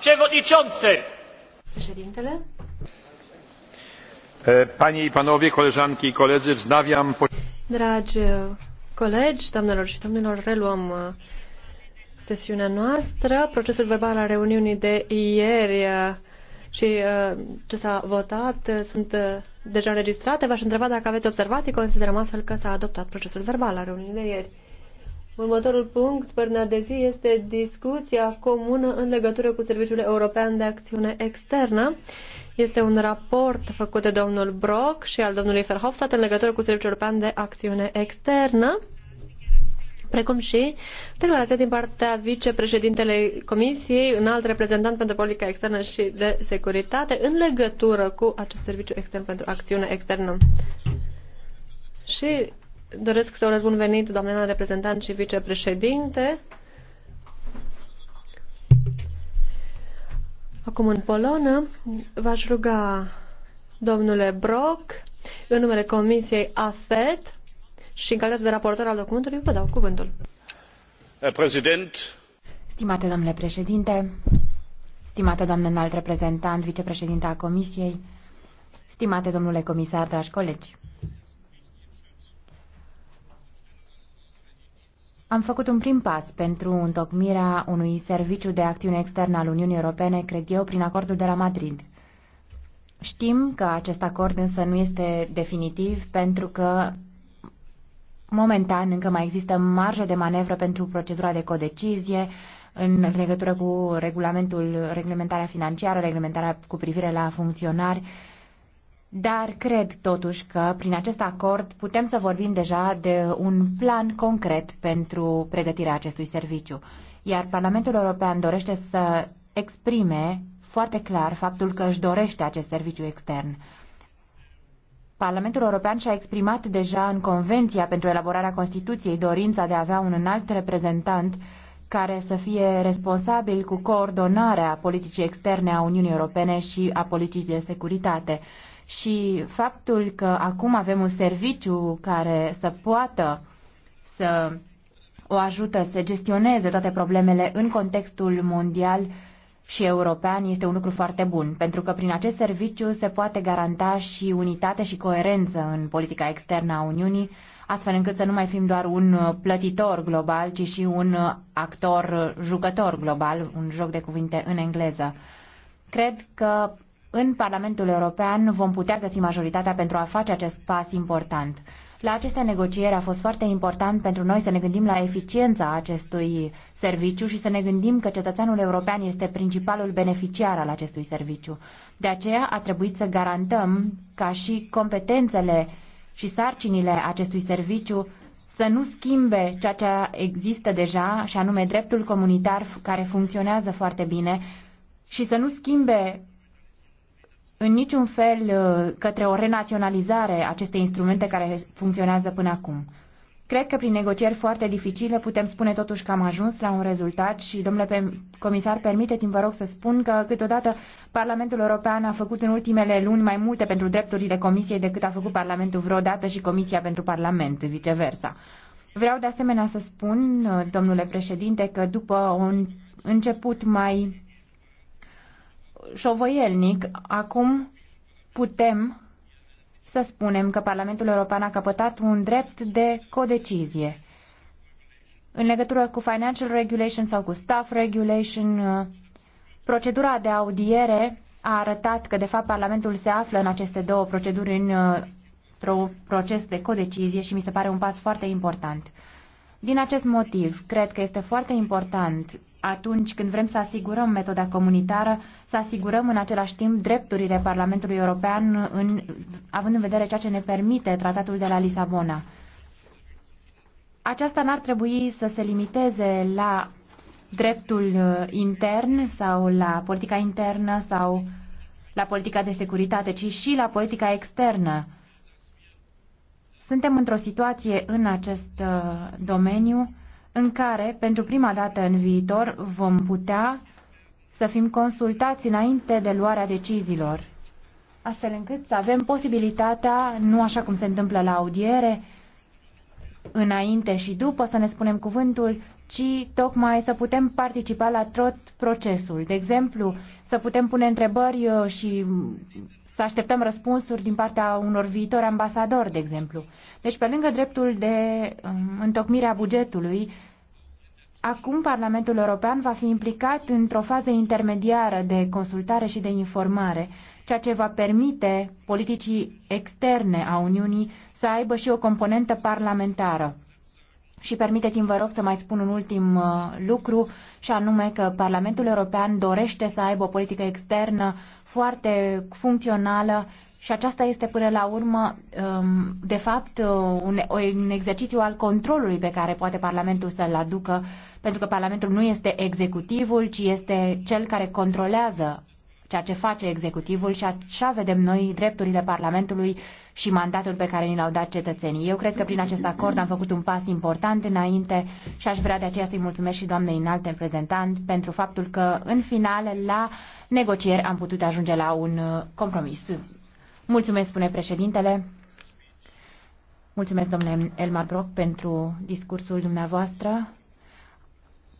przewodniczący! Președintele? Panie i panowie, koleżanki i koledzy, wznawiam... Dragi colegi, doamnelor și domnilor, reluăm sesiunea noastră. Procesul verbal al reuniunii de ieri și ce s-a votat sunt deja înregistrate. V-aș întreba dacă aveți observații, considerăm astfel că s-a adoptat procesul verbal al reuniunii de ieri. Următorul punct, pârna de zi, este discuția comună în legătură cu Serviciul European de Acțiune Externă. Este un raport făcut de domnul Brock și al domnului Verhofstadt în legătură cu Serviciul European de Acțiune Externă precum și declarația din partea vicepreședintelei Comisiei, un alt reprezentant pentru politica externă și de securitate, în legătură cu acest serviciu extern pentru acțiune externă. Și Doresc să urez bun venit, doamna reprezentant și vicepreședinte. Acum în polonă v-aș ruga, domnule Brock, în numele Comisiei AFET și în calitate de raportor al documentului, vă dau cuvântul. Prezident. Stimate domnule președinte, stimate doamnă înalt reprezentant, vicepreședinte a Comisiei, stimate domnule comisar, dragi colegi, Am făcut un prim pas pentru întocmirea unui serviciu de acțiune externă al Uniunii Europene, cred eu, prin acordul de la Madrid. Știm că acest acord însă nu este definitiv pentru că momentan încă mai există marjă de manevră pentru procedura de codecizie în legătură cu regulamentul, reglementarea financiară, reglementarea cu privire la funcționari dar cred totuși că prin acest acord putem să vorbim deja de un plan concret pentru pregătirea acestui serviciu. Iar Parlamentul European dorește să exprime foarte clar faptul că își dorește acest serviciu extern. Parlamentul European și-a exprimat deja în Convenția pentru elaborarea Constituției dorința de a avea un înalt reprezentant care să fie responsabil cu coordonarea politicii externe a Uniunii Europene și a politicii de securitate și faptul că acum avem un serviciu care să poată să o ajută să gestioneze toate problemele în contextul mondial și european este un lucru foarte bun, pentru că prin acest serviciu se poate garanta și unitate și coerență în politica externă a Uniunii, astfel încât să nu mai fim doar un plătitor global, ci și un actor jucător global, un joc de cuvinte în engleză. Cred că în Parlamentul European vom putea găsi majoritatea pentru a face acest pas important. La aceste negocieri a fost foarte important pentru noi să ne gândim la eficiența acestui serviciu și să ne gândim că cetățeanul european este principalul beneficiar al acestui serviciu. De aceea a trebuit să garantăm ca și competențele și sarcinile acestui serviciu să nu schimbe ceea ce există deja, și anume dreptul comunitar care funcționează foarte bine, și să nu schimbe în niciun fel uh, către o renaționalizare a acestei instrumente care funcționează până acum. Cred că prin negocieri foarte dificile putem spune totuși că am ajuns la un rezultat și, domnule comisar, permiteți-mi, vă rog, să spun că câteodată Parlamentul European a făcut în ultimele luni mai multe pentru drepturile Comisiei decât a făcut Parlamentul vreodată și Comisia pentru Parlament, viceversa. Vreau de asemenea să spun, uh, domnule președinte, că după un început mai șovăielnic, acum putem să spunem că Parlamentul European a căpătat un drept de codecizie în legătură cu Financial Regulation sau cu Staff Regulation. Procedura de audiere a arătat că, de fapt, Parlamentul se află în aceste două proceduri în un proces de codecizie și mi se pare un pas foarte important. Din acest motiv, cred că este foarte important atunci când vrem să asigurăm metoda comunitară, să asigurăm în același timp drepturile Parlamentului European, în, având în vedere ceea ce ne permite tratatul de la Lisabona. Aceasta n-ar trebui să se limiteze la dreptul uh, intern sau la politica internă sau la politica de securitate, ci și la politica externă. Suntem într-o situație în acest uh, domeniu în care, pentru prima dată în viitor, vom putea să fim consultați înainte de luarea deciziilor, astfel încât să avem posibilitatea, nu așa cum se întâmplă la audiere, înainte și după să ne spunem cuvântul, ci tocmai să putem participa la tot procesul. De exemplu, să putem pune întrebări uh, și să așteptăm răspunsuri din partea unor viitori ambasadori, de exemplu. Deci, pe lângă dreptul de um, întocmirea bugetului, acum Parlamentul European va fi implicat într-o fază intermediară de consultare și de informare, ceea ce va permite politicii externe a Uniunii să aibă și o componentă parlamentară. Și permiteți-mi, vă rog, să mai spun un ultim uh, lucru, și anume că Parlamentul European dorește să aibă o politică externă foarte funcțională și aceasta este până la urmă, um, de fapt, uh, un, un exercițiu al controlului pe care poate Parlamentul să-l aducă, pentru că Parlamentul nu este executivul, ci este cel care controlează ceea ce face executivul și așa vedem noi drepturile Parlamentului și mandatul pe care ni l-au dat cetățenii. Eu cred că prin acest acord am făcut un pas important înainte și aș vrea de aceea să-i mulțumesc și doamnei înalt reprezentant pentru faptul că în final la negocieri am putut ajunge la un uh, compromis. Mulțumesc, spune președintele. Mulțumesc, domnule Elmar Brock, pentru discursul dumneavoastră.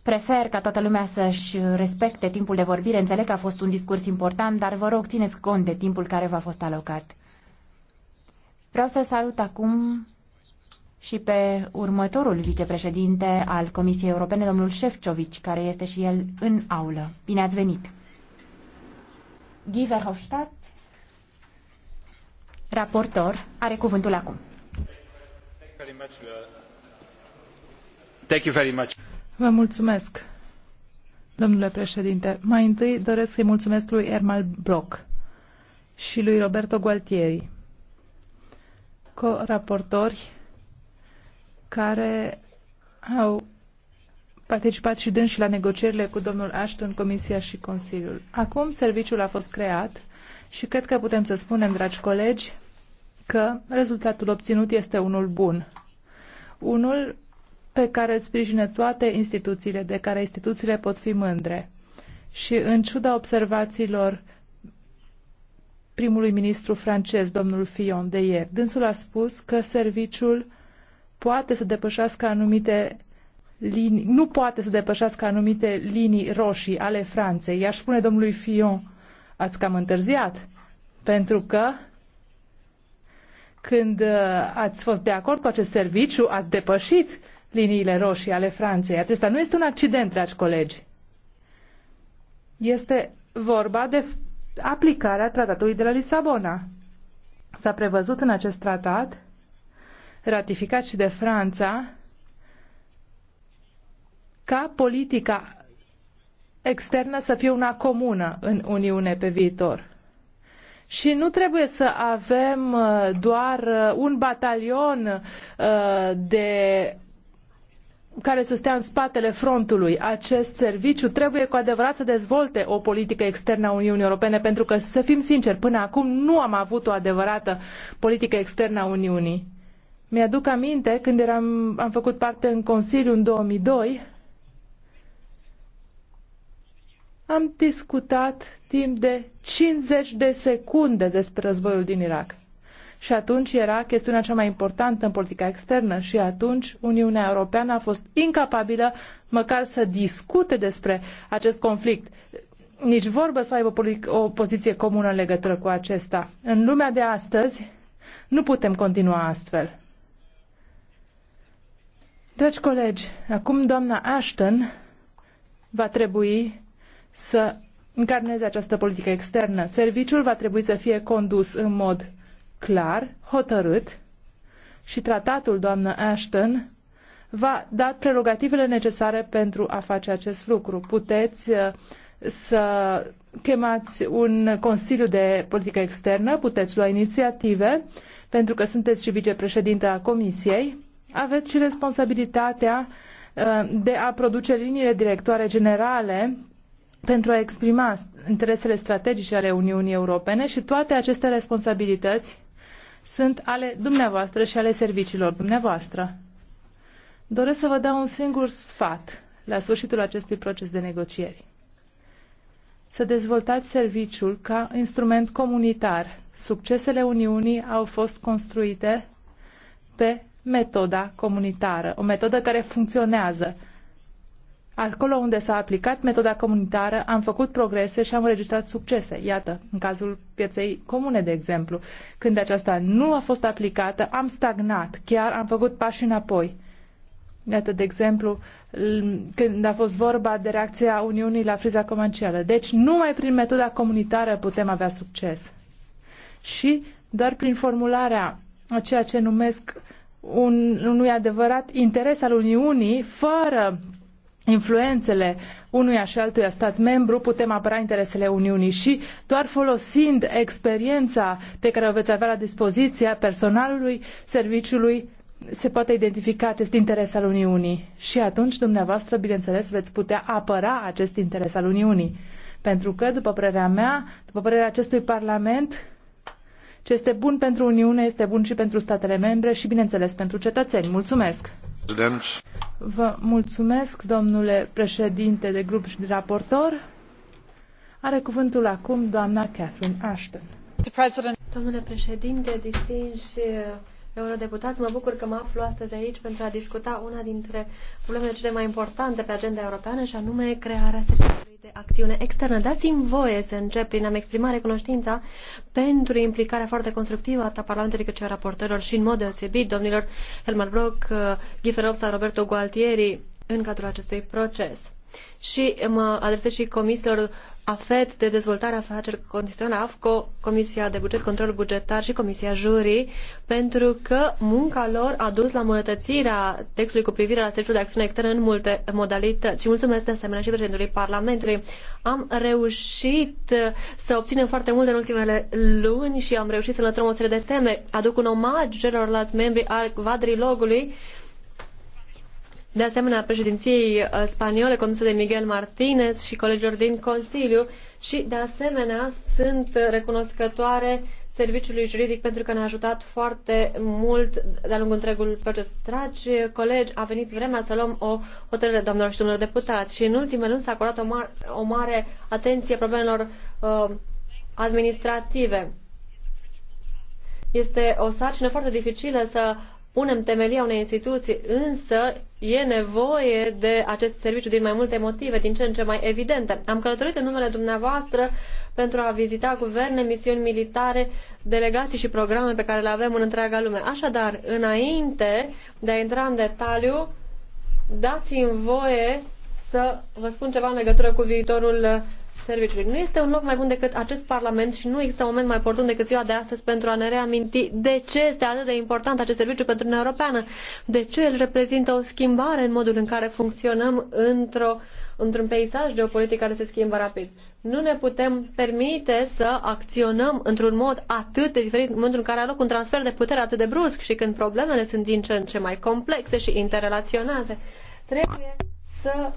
Prefer ca toată lumea să-și respecte timpul de vorbire. Înțeleg că a fost un discurs important, dar vă rog, țineți cont de timpul care v-a fost alocat. Vreau să salut acum și pe următorul vicepreședinte al Comisiei Europene, domnul Șefciovici, care este și el în aulă. Bine ați venit! Guy Verhofstadt, raportor, are cuvântul acum. Thank you very much. Vă mulțumesc, domnule președinte. Mai întâi doresc să-i mulțumesc lui Ermal Bloch și lui Roberto Gualtieri, co-raportori care au participat și dâns și la negocierile cu domnul Ashton, Comisia și Consiliul. Acum serviciul a fost creat și cred că putem să spunem, dragi colegi, că rezultatul obținut este unul bun. Unul pe care îl sprijină toate instituțiile, de care instituțiile pot fi mândre. Și în ciuda observațiilor primului ministru francez, domnul Fion, de ieri, dânsul a spus că serviciul poate să depășească anumite linii, nu poate să depășească anumite linii roșii ale Franței. I-aș spune domnului Fion, ați cam întârziat, pentru că când uh, ați fost de acord cu acest serviciu, ați depășit liniile roșii ale Franței. Acesta nu este un accident, dragi colegi. Este vorba de aplicarea tratatului de la Lisabona. S-a prevăzut în acest tratat, ratificat și de Franța, ca politica externă să fie una comună în Uniune pe viitor. Și nu trebuie să avem uh, doar uh, un batalion uh, de care să stea în spatele frontului. Acest serviciu trebuie cu adevărat să dezvolte o politică externă a Uniunii Europene, pentru că, să fim sinceri, până acum nu am avut o adevărată politică externă a Uniunii. Mi-aduc aminte când eram, am făcut parte în Consiliu în 2002, am discutat timp de 50 de secunde despre războiul din Irak. Și atunci era chestiunea cea mai importantă în politica externă și atunci Uniunea Europeană a fost incapabilă măcar să discute despre acest conflict nici vorbă să aibă o poziție comună în legătură cu acesta. În lumea de astăzi nu putem continua astfel. Dragi colegi, acum doamna Ashton va trebui să încarneze această politică externă. Serviciul va trebui să fie condus în mod clar, hotărât și tratatul, doamnă Ashton, va da prerogativele necesare pentru a face acest lucru. Puteți uh, să chemați un Consiliu de Politică Externă, puteți lua inițiative, pentru că sunteți și vicepreședinte a Comisiei, aveți și responsabilitatea uh, de a produce liniile directoare generale pentru a exprima interesele strategice ale Uniunii Europene și toate aceste responsabilități sunt ale dumneavoastră și ale serviciilor dumneavoastră. Doresc să vă dau un singur sfat la sfârșitul acestui proces de negocieri. Să dezvoltați serviciul ca instrument comunitar. Succesele Uniunii au fost construite pe metoda comunitară, o metodă care funcționează. Acolo unde s-a aplicat metoda comunitară, am făcut progrese și am înregistrat succese. Iată, în cazul pieței comune, de exemplu, când aceasta nu a fost aplicată, am stagnat, chiar am făcut pași înapoi. Iată, de exemplu, când a fost vorba de reacția Uniunii la friza comercială. Deci, numai prin metoda comunitară putem avea succes. Și doar prin formularea a ceea ce numesc un, unui adevărat interes al Uniunii, fără influențele unuia și altuia stat membru, putem apăra interesele Uniunii și doar folosind experiența pe care o veți avea la dispoziția personalului serviciului se poate identifica acest interes al Uniunii. Și atunci, dumneavoastră, bineînțeles, veți putea apăra acest interes al Uniunii. Pentru că, după părerea mea, după părerea acestui Parlament, ce este bun pentru Uniune este bun și pentru statele membre și, bineînțeles, pentru cetățeni. Mulțumesc! Vă mulțumesc, domnule președinte de grup și de raportor. Are cuvântul acum doamna Catherine Ashton. Domnule președinte, distinși eurodeputați, mă bucur că mă aflu astăzi aici pentru a discuta una dintre problemele cele mai importante pe agenda europeană și anume crearea serviciului de acțiune externă. Dați-mi voie să încep prin a-mi exprima recunoștința pentru implicarea foarte constructivă a Parlamentului cât și a raportorilor și în mod deosebit domnilor Helmar Brock, uh, Giferov sau Roberto Gualtieri în cadrul acestui proces. Și mă adresez și uh, AFET de dezvoltare afaceri condiționale, AFCO, Comisia de Buget, Control Bugetar și Comisia juri, pentru că munca lor a dus la îmbunătățirea textului cu privire la serviciul de acțiune externă în multe modalități. Și mulțumesc de asemenea și președintelui Parlamentului. Am reușit să obținem foarte mult în ultimele luni și am reușit să lătrăm o serie de teme. Aduc un omagiu celorlalți membri al quadrilogului de asemenea președinției uh, spaniole conduse de Miguel Martinez și colegilor din Consiliu și, de asemenea, sunt recunoscătoare serviciului juridic pentru că ne-a ajutat foarte mult de-a lungul întregul proces. Dragi colegi, a venit vremea să luăm o hotărâre, doamnelor și domnilor deputați, și în ultimele luni s-a acordat o, mar- o mare atenție problemelor uh, administrative. Este o sarcină foarte dificilă să punem temelia unei instituții, însă e nevoie de acest serviciu din mai multe motive, din ce în ce mai evidente. Am călătorit în numele dumneavoastră pentru a vizita guverne, misiuni militare, delegații și programe pe care le avem în întreaga lume. Așadar, înainte de a intra în detaliu, dați-mi voie să vă spun ceva în legătură cu viitorul serviciului. Nu este un loc mai bun decât acest Parlament și nu există moment mai oportun decât ziua de astăzi pentru a ne reaminti de ce este atât de important acest serviciu pentru Uniunea Europeană, de ce el reprezintă o schimbare în modul în care funcționăm într-o, într-un peisaj geopolitic care se schimbă rapid. Nu ne putem permite să acționăm într-un mod atât de diferit în momentul în care a loc un transfer de putere atât de brusc și când problemele sunt din ce în ce mai complexe și interrelaționate. Trebuie să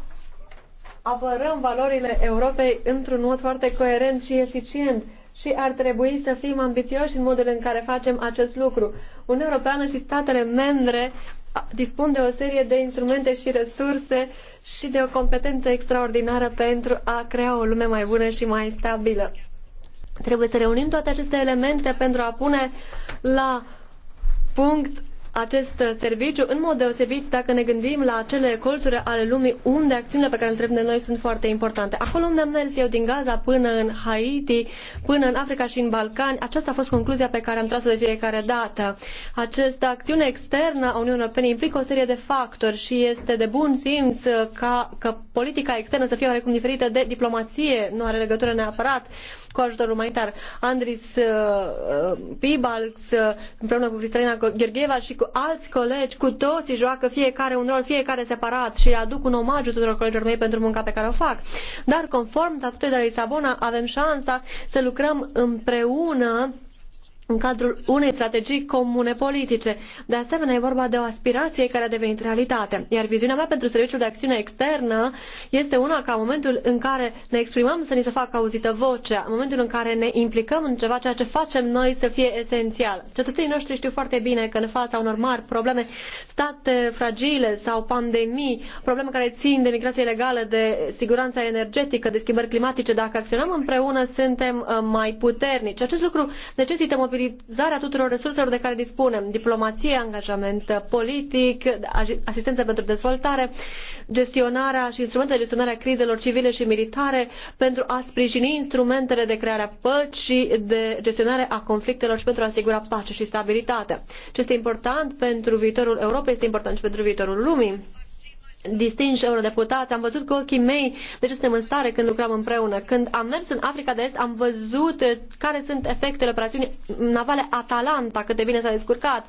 apărăm valorile Europei într-un mod foarte coerent și eficient și ar trebui să fim ambițioși în modul în care facem acest lucru. Uniunea Europeană și statele membre dispun de o serie de instrumente și resurse și de o competență extraordinară pentru a crea o lume mai bună și mai stabilă. Trebuie să reunim toate aceste elemente pentru a pune la punct acest uh, serviciu, în mod deosebit dacă ne gândim la acele colțuri ale lumii unde acțiunile pe care le întreprindem noi sunt foarte importante. Acolo unde am mers eu din Gaza până în Haiti, până în Africa și în Balcani, aceasta a fost concluzia pe care am tras-o de fiecare dată. Această acțiune externă a Uniunii Europene implică o serie de factori și este de bun simț ca, că politica externă să fie oarecum diferită de diplomație, nu are legătură neapărat cu ajutorul umanitar. Andris uh, uh, Pibalx, uh, împreună cu Cristalina Gheorgheva și cu alți colegi, cu toții joacă fiecare un rol, fiecare separat și aduc un omagiu tuturor colegilor mei pentru munca pe care o fac. Dar conform statutului de la Lisabona avem șansa să lucrăm împreună în cadrul unei strategii comune politice. De asemenea, e vorba de o aspirație care a devenit realitate. Iar viziunea mea pentru Serviciul de Acțiune Externă este una ca momentul în care ne exprimăm să ni se facă auzită vocea, în momentul în care ne implicăm în ceva, ceea ce facem noi să fie esențial. Cetățenii noștri știu foarte bine că în fața unor mari probleme, state fragile sau pandemii, probleme care țin de migrație ilegală, de siguranța energetică, de schimbări climatice, dacă acționăm împreună, suntem uh, mai puternici. Acest lucru necesită mobilizarea tuturor resurselor de care dispunem, diplomație, angajament politic, asistență pentru dezvoltare, gestionarea și instrumentele de gestionare a crizelor civile și militare pentru a sprijini instrumentele de creare a păcii, de gestionare a conflictelor și pentru a asigura pace și stabilitate. Ce este important pentru viitorul Europei este important și pentru viitorul lumii distinși eurodeputați, am văzut cu ochii mei de deci ce suntem în stare când lucrăm împreună. Când am mers în Africa de Est, am văzut eh, care sunt efectele operațiunii navale Atalanta, cât de bine s-a descurcat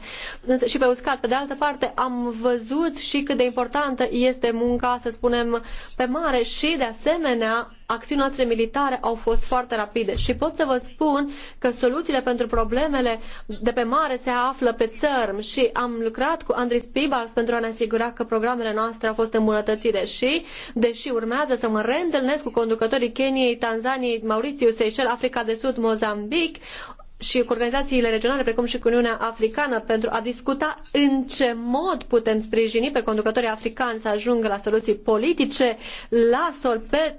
și pe uscat. Pe de altă parte, am văzut și cât de importantă este munca, să spunem, pe mare și, de asemenea, acțiunile noastre militare au fost foarte rapide și pot să vă spun că soluțiile pentru problemele de pe mare se află pe țărm și am lucrat cu Andris Pibals pentru a ne asigura că programele noastre au fost îmbunătățite și, deși urmează să mă reîntâlnesc cu conducătorii Keniei, Tanzaniei, Mauritius, Seychelles, Africa de Sud, Mozambic, și cu organizațiile regionale, precum și cu Uniunea Africană, pentru a discuta în ce mod putem sprijini pe conducătorii africani să ajungă la soluții politice, la sol, pe,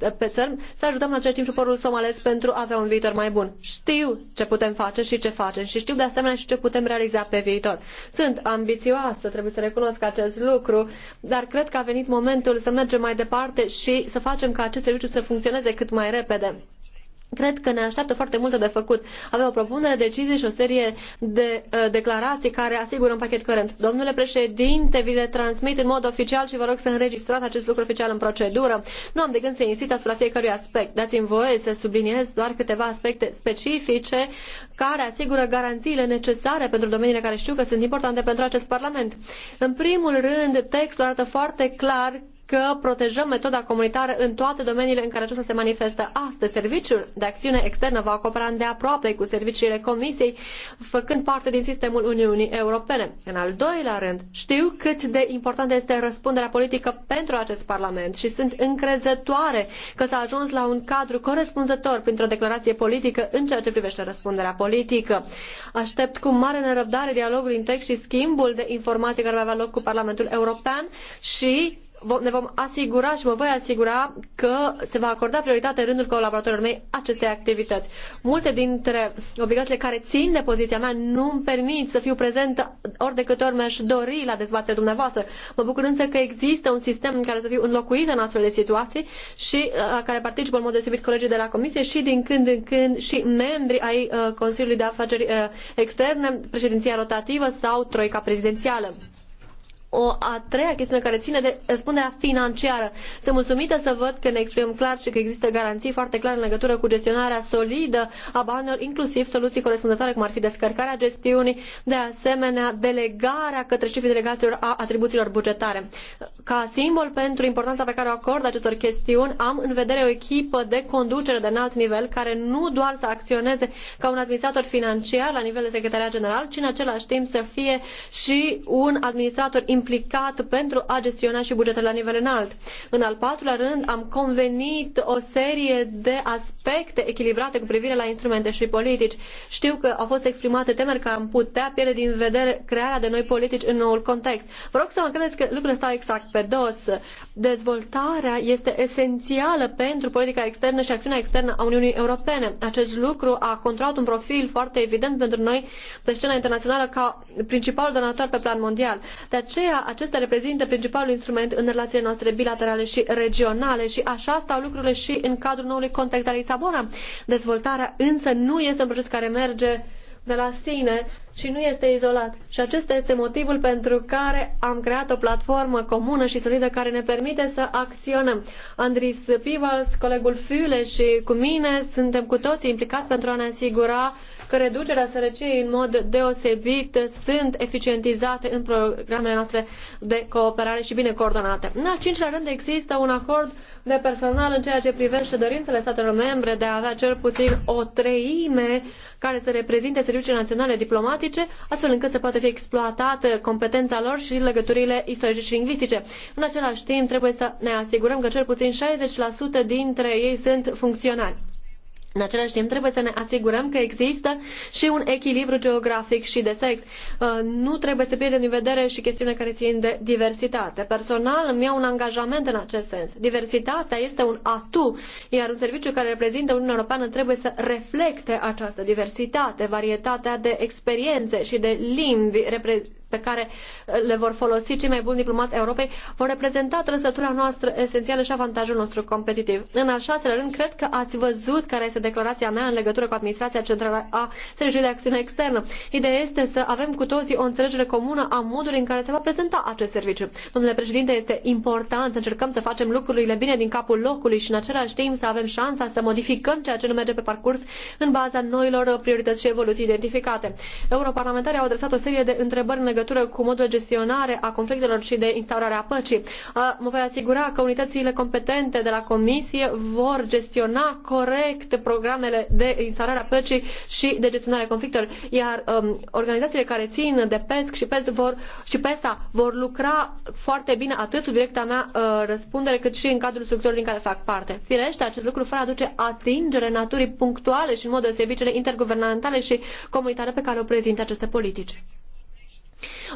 uh, pe țărm, să ajutăm în același timp și poporul somalez pentru a avea un viitor mai bun. Știu ce putem face și ce facem și știu de asemenea și ce putem realiza pe viitor. Sunt ambițioasă, trebuie să recunosc acest lucru, dar cred că a venit momentul să mergem mai departe și să facem ca acest serviciu să funcționeze cât mai repede. Cred că ne așteaptă foarte multe de făcut. Avem o propunere, decizii și o serie de uh, declarații care asigură un pachet curent. Domnule președinte, vi le transmit în mod oficial și vă rog să înregistrați acest lucru oficial în procedură. Nu am de gând să insist asupra fiecărui aspect. Dați-mi voie să subliniez doar câteva aspecte specifice care asigură garanțiile necesare pentru domeniile care știu că sunt importante pentru acest Parlament. În primul rând, textul arată foarte clar că protejăm metoda comunitară în toate domeniile în care aceasta se manifestă astăzi. Serviciul de acțiune externă va acopera îndeaproape cu serviciile Comisiei, făcând parte din sistemul Uniunii Europene. În al doilea rând, știu cât de importantă este răspunderea politică pentru acest Parlament și sunt încrezătoare că s-a ajuns la un cadru corespunzător printr-o declarație politică în ceea ce privește răspunderea politică. Aștept cu mare nerăbdare dialogul în text și schimbul de informații care va avea loc cu Parlamentul European și ne vom asigura și mă voi asigura că se va acorda prioritate în rândul colaboratorilor mei acestei activități. Multe dintre obligațiile care țin de poziția mea nu îmi permit să fiu prezentă ori de câte ori mi-aș dori la dezbaterea dumneavoastră. Mă bucur însă că există un sistem în care să fiu înlocuită în astfel de situații și la uh, care participă în mod deosebit colegii de la Comisie și din când în când și membri ai uh, Consiliului de Afaceri uh, Externe, președinția rotativă sau troica prezidențială o a treia chestiune care ține de răspunderea financiară. Sunt mulțumită să văd că ne exprimăm clar și că există garanții foarte clare în legătură cu gestionarea solidă a banilor, inclusiv soluții corespunzătoare, cum ar fi descărcarea gestiunii, de asemenea delegarea către șefii delegaților a atribuțiilor bugetare. Ca simbol pentru importanța pe care o acord acestor chestiuni, am în vedere o echipă de conducere de înalt nivel care nu doar să acționeze ca un administrator financiar la nivel de secretariat general, ci în același timp să fie și un administrator implicat pentru a gestiona și bugetele la nivel înalt. În al patrulea rând, am convenit o serie de aspecte echilibrate cu privire la instrumente și politici. Știu că au fost exprimate temeri că am putea pierde din vedere crearea de noi politici în noul context. Vă rog să mă credeți că lucrurile stau exact pe pe dos. Dezvoltarea este esențială pentru politica externă și acțiunea externă a Uniunii Europene. Acest lucru a controlat un profil foarte evident pentru noi pe scena internațională ca principal donator pe plan mondial. De aceea, acesta reprezintă principalul instrument în relațiile noastre bilaterale și regionale și așa stau lucrurile și în cadrul noului context al Lisabona. Dezvoltarea însă nu este un proces care merge de la sine, și nu este izolat. Și acesta este motivul pentru care am creat o platformă comună și solidă care ne permite să acționăm. Andris Pivas, colegul Fiule și cu mine suntem cu toții implicați pentru a ne asigura uh, că reducerea sărăciei în mod deosebit sunt eficientizate în programele noastre de cooperare și bine coordonate. În al cincilea rând există un acord de personal în ceea ce privește dorințele statelor membre de a avea cel puțin o treime care să reprezinte serviciile naționale diplomatice, astfel încât să poată fi exploatată competența lor și legăturile istorice și lingvistice. În același timp, trebuie să ne asigurăm că cel puțin 60% dintre ei sunt funcționari. În același timp, trebuie să ne asigurăm că există și un echilibru geografic și de sex. Uh, nu trebuie să pierdem din vedere și chestiunea care țin de diversitate. Personal, îmi iau un angajament în acest sens. Diversitatea este un atu, iar un serviciu care reprezintă Uniunea Europeană trebuie să reflecte această diversitate, varietatea de experiențe și de limbi pe care uh, le vor folosi cei mai buni diplomați Europei vor reprezenta trăsătura noastră esențială și avantajul nostru competitiv. În al șaselea rând, cred că ați văzut care este declarația mea în legătură cu administrația centrală a Serviciului de Acțiune Externă. Ideea este să avem cu toții o înțelegere comună a modului în care se va prezenta acest serviciu. Domnule președinte, este important să încercăm să facem lucrurile bine din capul locului și în același timp să avem șansa să modificăm ceea ce nu merge pe parcurs în baza noilor priorități și evoluții identificate. Europarlamentarii au adresat o serie de întrebări în legătură cu modul de gestionare a conflictelor și de instaurare a păcii. Mă voi asigura că unitățile competente de la Comisie vor gestiona corect programele de instaurare a păcii și de gestionare a conflictelor, iar um, organizațiile care țin de PESC și, PESC vor, și PESA vor lucra foarte bine atât sub directa mea uh, răspundere cât și în cadrul structurilor din care fac parte. Firește, acest lucru fără a aduce atingere naturii punctuale și în mod deosebit cele interguvernamentale și comunitare pe care o prezintă aceste politici.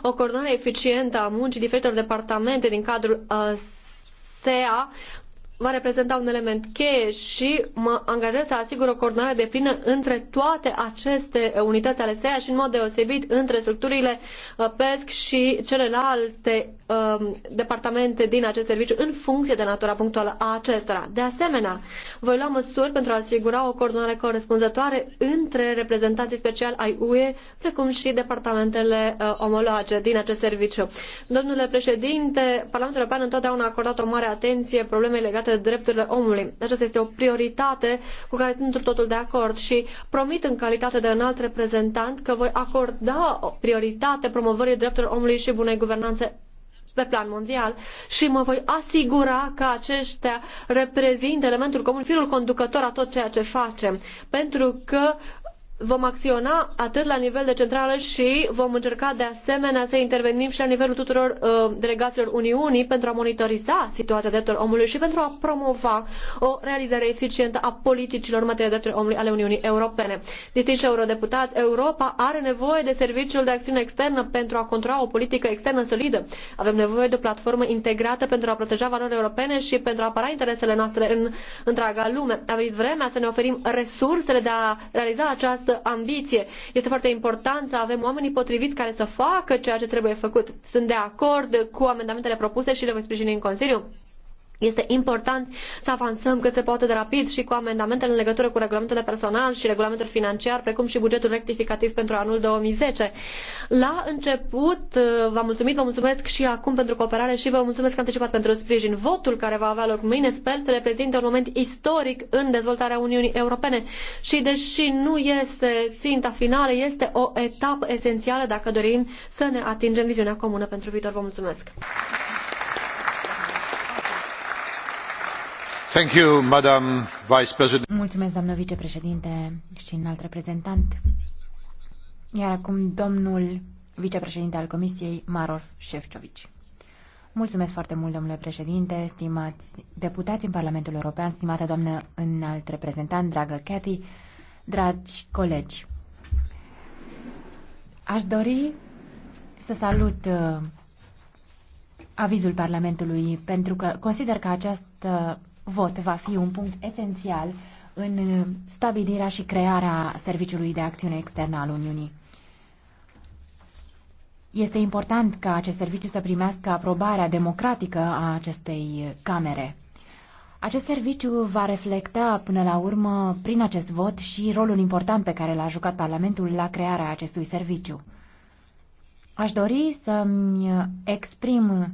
O coordonare eficientă a muncii diferitelor departamente din cadrul uh, SEA va reprezenta un element cheie și mă angajez să asigur o coordonare de plină între toate aceste unități ale SEA și în mod deosebit între structurile uh, PESC și celelalte Um, departamente din acest serviciu în funcție de natura punctuală a acestora. De asemenea, voi lua măsuri pentru a asigura o coordonare corespunzătoare între reprezentanții speciali ai UE, precum și departamentele uh, omologe din acest serviciu. Domnule președinte, Parlamentul European întotdeauna a acordat o mare atenție problemei legate de drepturile omului. Aceasta este o prioritate cu care sunt totul de acord și promit în calitate de înalt reprezentant că voi acorda o prioritate promovării drepturilor omului și bunei guvernanțe pe plan mondial și mă voi asigura că aceștia reprezintă elementul comun, firul conducător a tot ceea ce facem. Pentru că Vom acționa atât la nivel de centrală și vom încerca de asemenea să intervenim și la nivelul tuturor uh, delegațiilor Uniunii pentru a monitoriza situația drepturilor omului și pentru a promova o realizare eficientă a politicilor în materie de drepturile omului ale Uniunii Europene. Distinși eurodeputați, Europa are nevoie de serviciul de acțiune externă pentru a controla o politică externă solidă. Avem nevoie de o platformă integrată pentru a proteja valorile europene și pentru a apăra interesele noastre în întreaga lume. A venit vremea să ne oferim resursele de a realiza această această ambiție. Este foarte important să avem oamenii potriviți care să facă ceea ce trebuie făcut. Sunt de acord cu amendamentele propuse și le voi sprijini în Consiliu. Este important să avansăm cât se poate de rapid și cu amendamentele în legătură cu regulamentul de personal și regulamentul financiar, precum și bugetul rectificativ pentru anul 2010. La început, uh, v-am mulțumit, vă mulțumesc și acum pentru cooperare și vă mulțumesc anticipat pentru sprijin. Votul care va avea loc mâine sper să reprezinte un moment istoric în dezvoltarea Uniunii Europene și deși nu este ținta finală, este o etapă esențială dacă dorim să ne atingem viziunea comună pentru viitor. Vă mulțumesc! Mulțumesc, doamnă vicepreședinte și înalt reprezentant. Iar acum domnul vicepreședinte al Comisiei, Maror Șefcovici. Mulțumesc foarte mult, domnule președinte, stimați deputați în Parlamentul European, stimată doamnă înalt reprezentant, dragă Cathy, dragi colegi. Aș dori să salut uh, avizul Parlamentului pentru că consider că această vot va fi un punct esențial în stabilirea și crearea Serviciului de Acțiune Externă al Uniunii. Este important ca acest serviciu să primească aprobarea democratică a acestei camere. Acest serviciu va reflecta până la urmă, prin acest vot, și rolul important pe care l-a jucat Parlamentul la crearea acestui serviciu. Aș dori să-mi exprim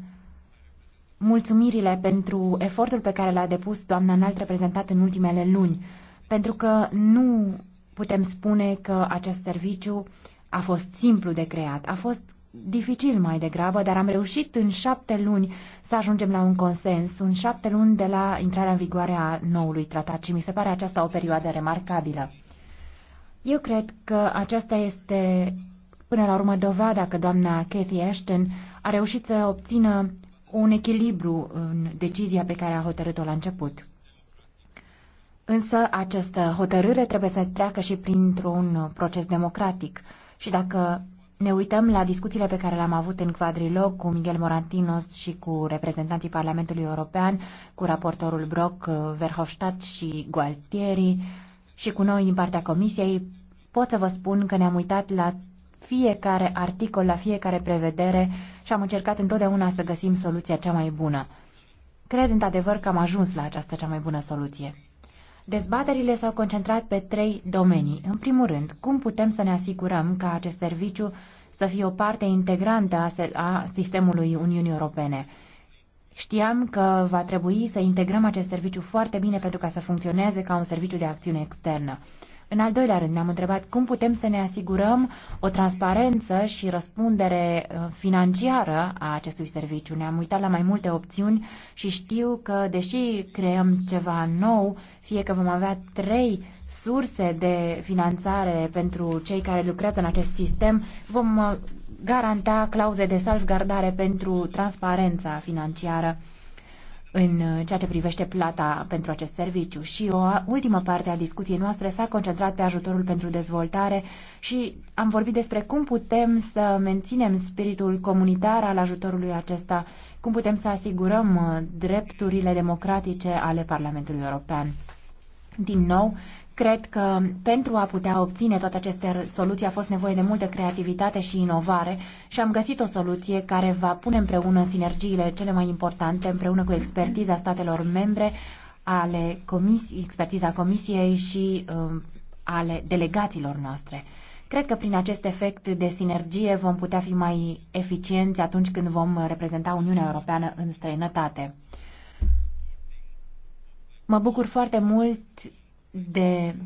mulțumirile pentru efortul pe care l-a depus doamna înalt reprezentat în ultimele luni, pentru că nu putem spune că acest serviciu a fost simplu de creat, a fost dificil mai degrabă, dar am reușit în șapte luni să ajungem la un consens, în șapte luni de la intrarea în vigoare a noului tratat și mi se pare aceasta o perioadă remarcabilă. Eu cred că aceasta este până la urmă dovada că doamna Cathy Ashton a reușit să obțină un echilibru în decizia pe care a hotărât-o la început. Însă această hotărâre trebuie să treacă și printr-un proces democratic. Și dacă ne uităm la discuțiile pe care le-am avut în quadrilog cu Miguel Morantinos și cu reprezentanții Parlamentului European, cu raportorul Brock, uh, Verhofstadt și Gualtieri și cu noi din partea Comisiei, pot să vă spun că ne-am uitat la fiecare articol, la fiecare prevedere și am încercat întotdeauna să găsim soluția cea mai bună. Cred într-adevăr că am ajuns la această cea mai bună soluție. Dezbaterile s-au concentrat pe trei domenii. În primul rând, cum putem să ne asigurăm că acest serviciu să fie o parte integrantă a sistemului Uniunii Europene. Știam că va trebui să integrăm acest serviciu foarte bine pentru ca să funcționeze ca un serviciu de acțiune externă. În al doilea rând, ne-am întrebat cum putem să ne asigurăm o transparență și răspundere uh, financiară a acestui serviciu. Ne-am uitat la mai multe opțiuni și știu că, deși creăm ceva nou, fie că vom avea trei surse de finanțare pentru cei care lucrează în acest sistem, vom uh, garanta clauze de salvgardare pentru transparența financiară în uh, ceea ce privește plata pentru acest serviciu. Și o ultimă parte a discuției noastre s-a concentrat pe ajutorul pentru dezvoltare și am vorbit despre cum putem să menținem spiritul comunitar al ajutorului acesta, cum putem să asigurăm uh, drepturile democratice ale Parlamentului European. Din nou, Cred că pentru a putea obține toate aceste soluții a fost nevoie de multă creativitate și inovare și am găsit o soluție care va pune împreună sinergiile cele mai importante, împreună cu expertiza statelor membre, ale comisii, expertiza comisiei și um, ale delegațiilor noastre. Cred că prin acest efect de sinergie vom putea fi mai eficienți atunci când vom reprezenta Uniunea Europeană în străinătate. Mă bucur foarte mult de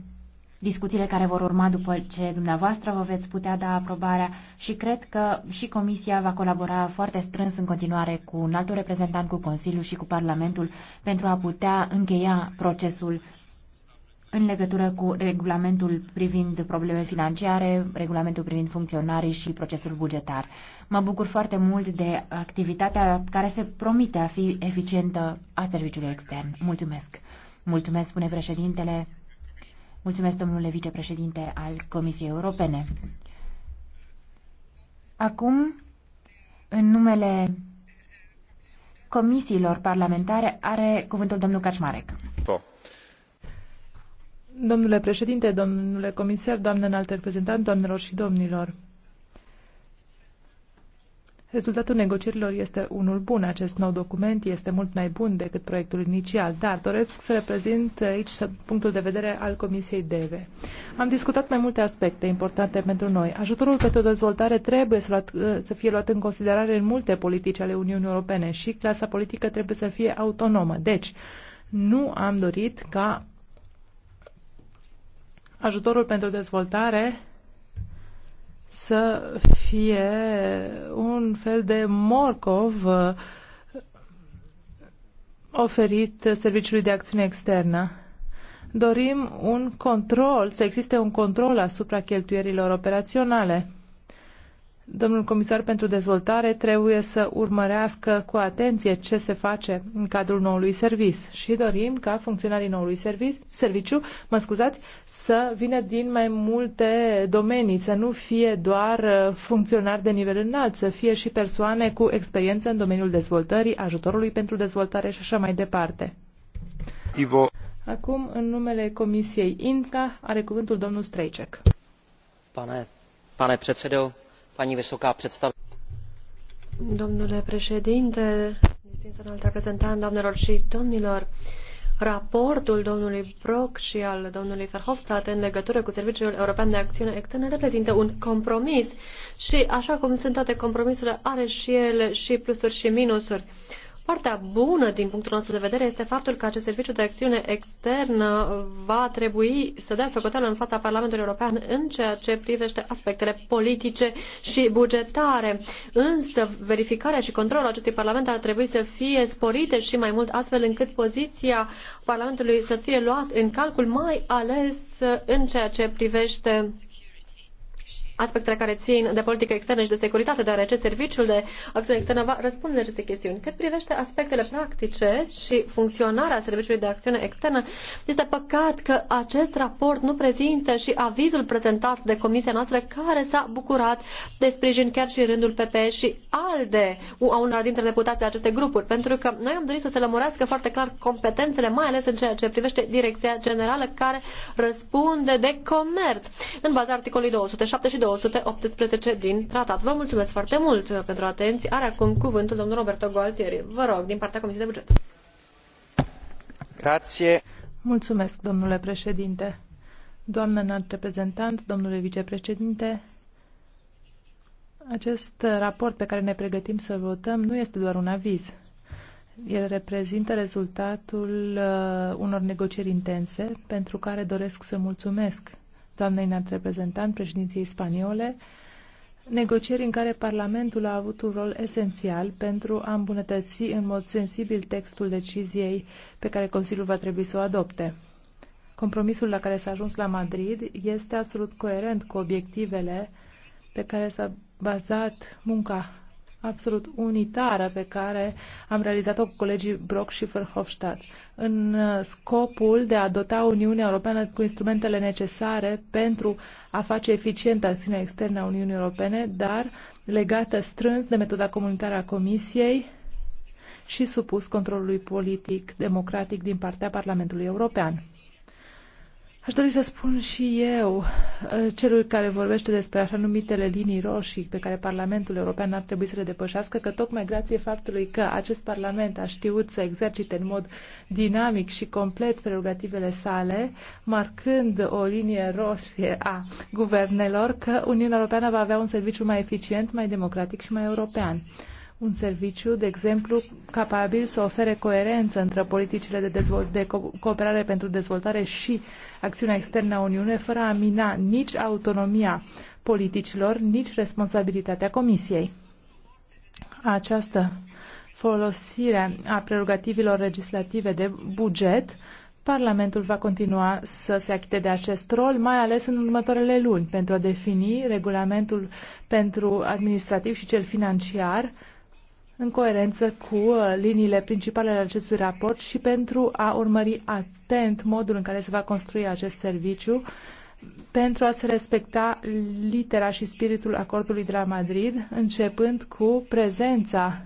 discuțiile care vor urma după ce dumneavoastră vă veți putea da aprobarea și cred că și Comisia va colabora foarte strâns în continuare cu un alt reprezentant, cu Consiliul și cu Parlamentul pentru a putea încheia procesul în legătură cu regulamentul privind probleme financiare, regulamentul privind funcționarii și procesul bugetar. Mă bucur foarte mult de activitatea care se promite a fi eficientă a serviciului extern. Mulțumesc! Mulțumesc, spune președintele. Mulțumesc, domnule vicepreședinte al Comisiei Europene. Acum, în numele comisiilor parlamentare, are cuvântul domnul Cașmarec. Domnule președinte, domnule comisar, doamnă înalt reprezentant, doamnelor și domnilor, Rezultatul negocierilor este unul bun. Acest nou document este mult mai bun decât proiectul inițial, dar doresc să reprezint aici punctul de vedere al Comisiei DEVE. Am discutat mai multe aspecte importante pentru noi. Ajutorul pentru dezvoltare trebuie să, luat, să fie luat în considerare în multe politici ale Uniunii Europene și clasa politică trebuie să fie autonomă. Deci, nu am dorit ca ajutorul pentru dezvoltare să fie un fel de morcov uh, oferit Serviciului de Acțiune Externă. Dorim un control, să existe un control asupra cheltuierilor operaționale. Domnul comisar pentru dezvoltare trebuie să urmărească cu atenție ce se face în cadrul noului servis și dorim ca funcționarii noului servis, serviciu, mă scuzați, să vină din mai multe domenii, să nu fie doar uh, funcționari de nivel înalt, să fie și persoane cu experiență în domeniul dezvoltării, ajutorului pentru dezvoltare și așa mai departe. Ivo. Acum, în numele Comisiei INCA, are cuvântul domnul Strejcek. Pane, pane předsedo, paní vysoká představitelko. Domnule președinte, distinsă înalt reprezentant, doamnelor și domnilor, raportul domnului Brok și al domnului Verhofstadt în legătură cu Serviciul European de Acțiune Externă reprezintă un compromis și, așa cum sunt toate compromisurile, are și ele și plusuri și minusuri. Uh, Partea bună, din punctul nostru de vedere, este faptul că acest serviciu de acțiune externă va trebui să dea socoteală în fața Parlamentului European în ceea ce privește aspectele politice și bugetare. Însă, verificarea și controlul acestui Parlament ar trebui să fie sporite și mai mult, astfel încât poziția Parlamentului să fie luat în calcul, mai ales în ceea ce privește aspectele care țin de politică externă și de securitate, deoarece serviciul de acțiune externă va răspunde de aceste chestiuni. Cât privește aspectele practice și funcționarea serviciului de acțiune externă, este păcat că acest raport nu prezintă și avizul prezentat de comisia noastră care s-a bucurat de sprijin chiar și rândul PP și ALDE, a unor dintre deputații aceste grupuri, pentru că noi am dorit să se lămurească foarte clar competențele, mai ales în ceea ce privește direcția generală care răspunde de comerț. În baza articolului 272 și 218 din tratat. Vă mulțumesc foarte mult pentru atenție. Are acum cuvântul domnul Roberto Gualtieri. Vă rog, din partea Comisiei de Buget. Grație. Mulțumesc, domnule președinte. Doamnă înalt reprezentant, domnule vicepreședinte, acest raport pe care ne pregătim să votăm nu este doar un aviz. El reprezintă rezultatul uh, unor negocieri intense pentru care doresc să mulțumesc doamnei înalt reprezentant președinției spaniole, negocieri în care Parlamentul a avut un rol esențial pentru a îmbunătăți în mod sensibil textul deciziei pe care Consiliul va trebui să o adopte. Compromisul la care s-a ajuns la Madrid este absolut coerent cu obiectivele pe care s-a bazat munca absolut unitară pe care am realizat-o cu colegii Brock și Verhofstadt în uh, scopul de a dota Uniunea Europeană cu instrumentele necesare pentru a face eficientă acțiunea externă a Uniunii Europene, dar legată strâns de metoda comunitară a Comisiei și supus controlului politic democratic din partea Parlamentului European. Aș dori să spun și eu uh, celui care vorbește despre așa numitele linii roșii pe care Parlamentul European ar trebui să le depășească, că tocmai grație faptului că acest Parlament a știut să exercite în mod dinamic și complet prerogativele sale, marcând o linie roșie a guvernelor, că Uniunea Europeană va avea un serviciu mai eficient, mai democratic și mai european un serviciu, de exemplu, capabil să ofere coerență între politicile de, dezvol- de co- cooperare pentru dezvoltare și acțiunea externă a Uniunii, fără a mina nici autonomia politicilor, nici responsabilitatea Comisiei. Această folosire a prerogativilor legislative de buget, Parlamentul va continua să se achite de acest rol, mai ales în următoarele luni, pentru a defini regulamentul pentru administrativ și cel financiar, în coerență cu uh, liniile principale ale acestui raport și pentru a urmări atent modul în care se va construi acest serviciu pentru a se respecta litera și spiritul acordului de la Madrid, începând cu prezența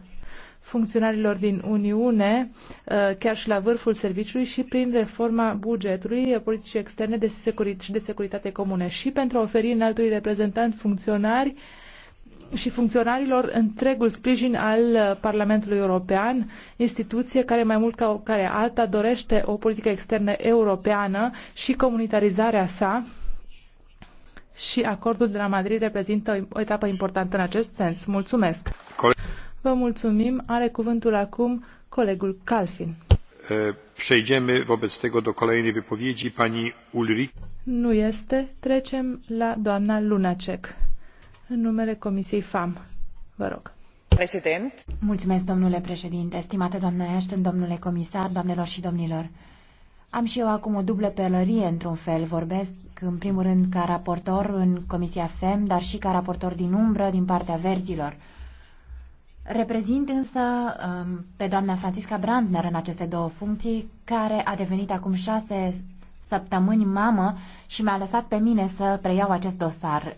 funcționarilor din Uniune, uh, chiar și la vârful serviciului și prin reforma bugetului uh, politicii externe de securitate și de securitate comune și pentru a oferi înaltului reprezentant funcționari și funcționarilor întregul sprijin al uh, Parlamentului European, instituție care mai mult ca care alta dorește o politică externă europeană și comunitarizarea sa și acordul de la Madrid reprezintă o etapă importantă în acest sens. Mulțumesc! Vă mulțumim. Are cuvântul acum colegul Calfin. Przejdziemy wobec tego do kolejnej wypowiedzi pani Nu este. Trecem la doamna Lunacek. În numele Comisiei FAM, vă rog. President. Mulțumesc, domnule președinte, stimate doamne Ashton, domnule comisar, doamnelor și domnilor. Am și eu acum o dublă pelărie, într-un fel. Vorbesc, în primul rând, ca raportor în Comisia FEM, dar și ca raportor din umbră, din partea verzilor. Reprezint însă um, pe doamna Francisca Brandner în aceste două funcții, care a devenit acum șase săptămâni mamă și mi-a lăsat pe mine să preiau acest dosar.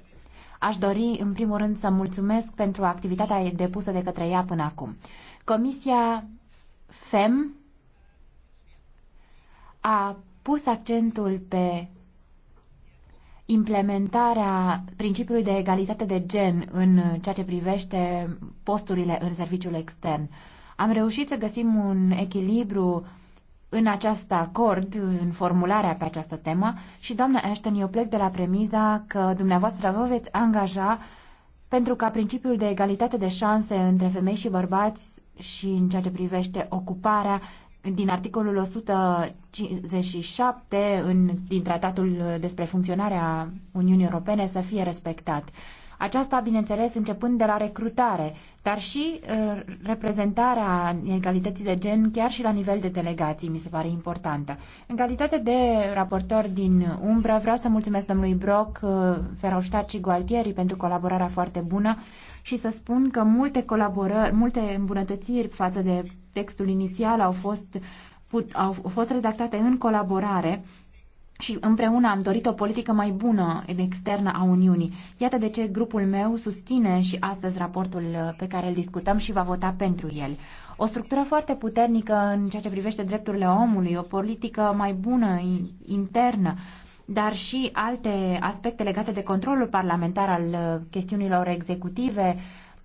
Aș dori, în primul rând, să mulțumesc pentru activitatea depusă de către ea până acum. Comisia FEM a pus accentul pe implementarea principiului de egalitate de gen în ceea ce privește posturile în serviciul extern. Am reușit să găsim un echilibru în acest acord, în formularea pe această temă și, doamna Ashton, eu plec de la premiza că dumneavoastră vă veți angaja pentru ca principiul de egalitate de șanse între femei și bărbați și în ceea ce privește ocuparea din articolul 157 în, din Tratatul despre funcționarea Uniunii Europene să fie respectat. Aceasta, bineînțeles, începând de la recrutare, dar și uh, reprezentarea egalității de gen chiar și la nivel de delegații mi se pare importantă. În calitate de raportor din Umbra, vreau să mulțumesc domnului Brock, uh, și Gualtieri pentru colaborarea foarte bună și să spun că multe colaborări, multe îmbunătățiri față de textul inițial au fost, put, au fost redactate în colaborare și împreună am dorit o politică mai bună externă a Uniunii. Iată de ce grupul meu susține și astăzi raportul uh, pe care îl discutăm și va vota pentru el. O structură foarte puternică în ceea ce privește drepturile omului, o politică mai bună internă, dar și alte aspecte legate de controlul parlamentar al uh, chestiunilor executive,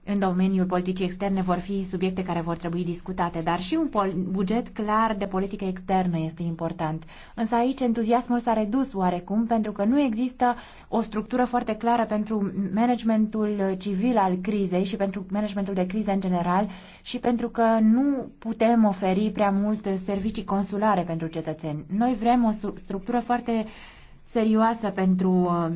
în domeniul politicii externe vor fi subiecte care vor trebui discutate, dar și un buget clar de politică externă este important. Însă aici entuziasmul s-a redus oarecum pentru că nu există o structură foarte clară pentru managementul civil al crizei și pentru managementul de criză în general și pentru că nu putem oferi prea mult servicii consulare pentru cetățeni. Noi vrem o structură foarte serioasă pentru uh,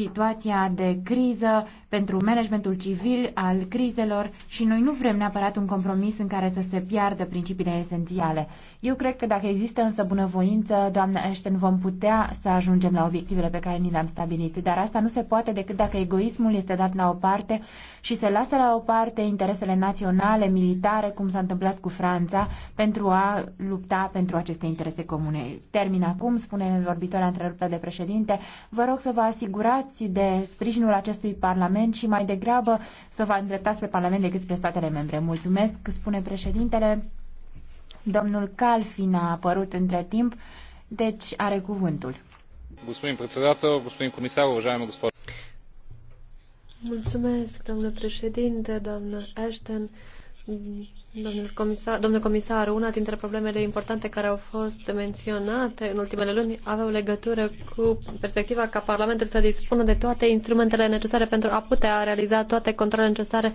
situația de criză pentru managementul civil al crizelor și noi nu vrem neapărat un compromis în care să se piardă principiile esențiale. Eu cred că dacă există însă bunăvoință, doamnă Ashton, vom putea să ajungem la obiectivele pe care ni le-am stabilit, dar asta nu se poate decât dacă egoismul este dat la o parte și se lasă la o parte interesele naționale, militare, cum s-a întâmplat cu Franța, pentru a lupta pentru aceste interese comune. Termin acum, spune vorbitoarea întreruptă de președinte. Vă rog să vă asigurați lipsați de sprijinul acestui Parlament și mai degrabă să vă îndreptați spre Parlament decât spre statele membre. Mulțumesc, spune președintele. Domnul Calfin a apărut între timp, deci are cuvântul. Господин председател, господин комисар, уважаема госпожо. Mulțumesc, domnule președinte, doamnă Ashton, Domnul comisar, domnul comisar, una dintre problemele importante care au fost menționate în ultimele luni aveau legătură cu perspectiva ca Parlamentul să dispună de toate instrumentele necesare pentru a putea realiza toate controlele necesare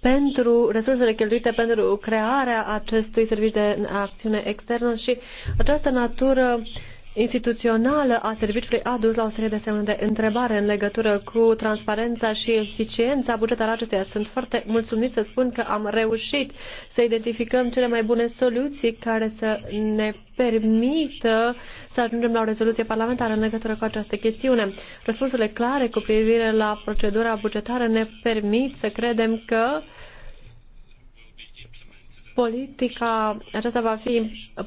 pentru resursele cheltuite pentru crearea acestui serviciu de acțiune externă și această natură uh, instituțională a serviciului a dus la o serie de semne de întrebare în legătură cu transparența și eficiența bugetară acestuia. Sunt foarte mulțumit să spun că am reușit să identificăm cele mai bune soluții care să ne permită să ajungem la o rezoluție parlamentară în legătură cu această chestiune. Răspunsurile clare cu privire la procedura bugetară ne permit să credem că politica aceasta va fi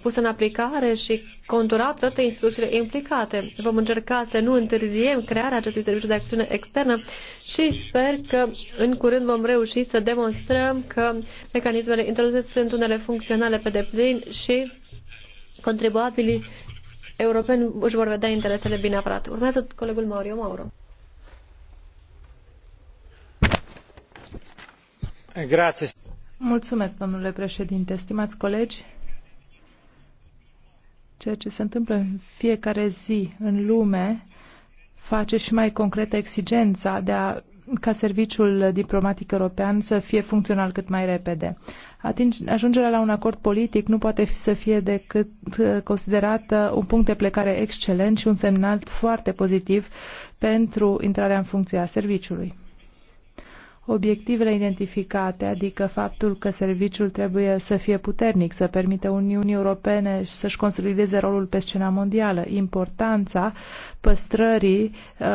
pusă în aplicare și conturat toate instituțiile implicate. Vom încerca să nu întârziem crearea acestui serviciu de acțiune externă și sper că în curând vom reuși să demonstrăm că mecanismele introduse sunt unele funcționale pe deplin și contribuabilii europeni își vor vedea interesele bine aparate. Urmează colegul Mario Mauro. Grazie. Mulțumesc, domnule președinte. Stimați colegi, ceea ce se întâmplă în fiecare zi în lume face și mai concretă exigența de a, ca serviciul diplomatic european să fie funcțional cât mai repede. Atingi, ajungerea la un acord politic nu poate fi să fie decât uh, considerată un punct de plecare excelent și un semnal foarte pozitiv pentru intrarea în funcție a serviciului obiectivele identificate, adică faptul că serviciul trebuie să fie puternic, să permite Uniunii Europene să-și consolideze rolul pe scena mondială, importanța păstrării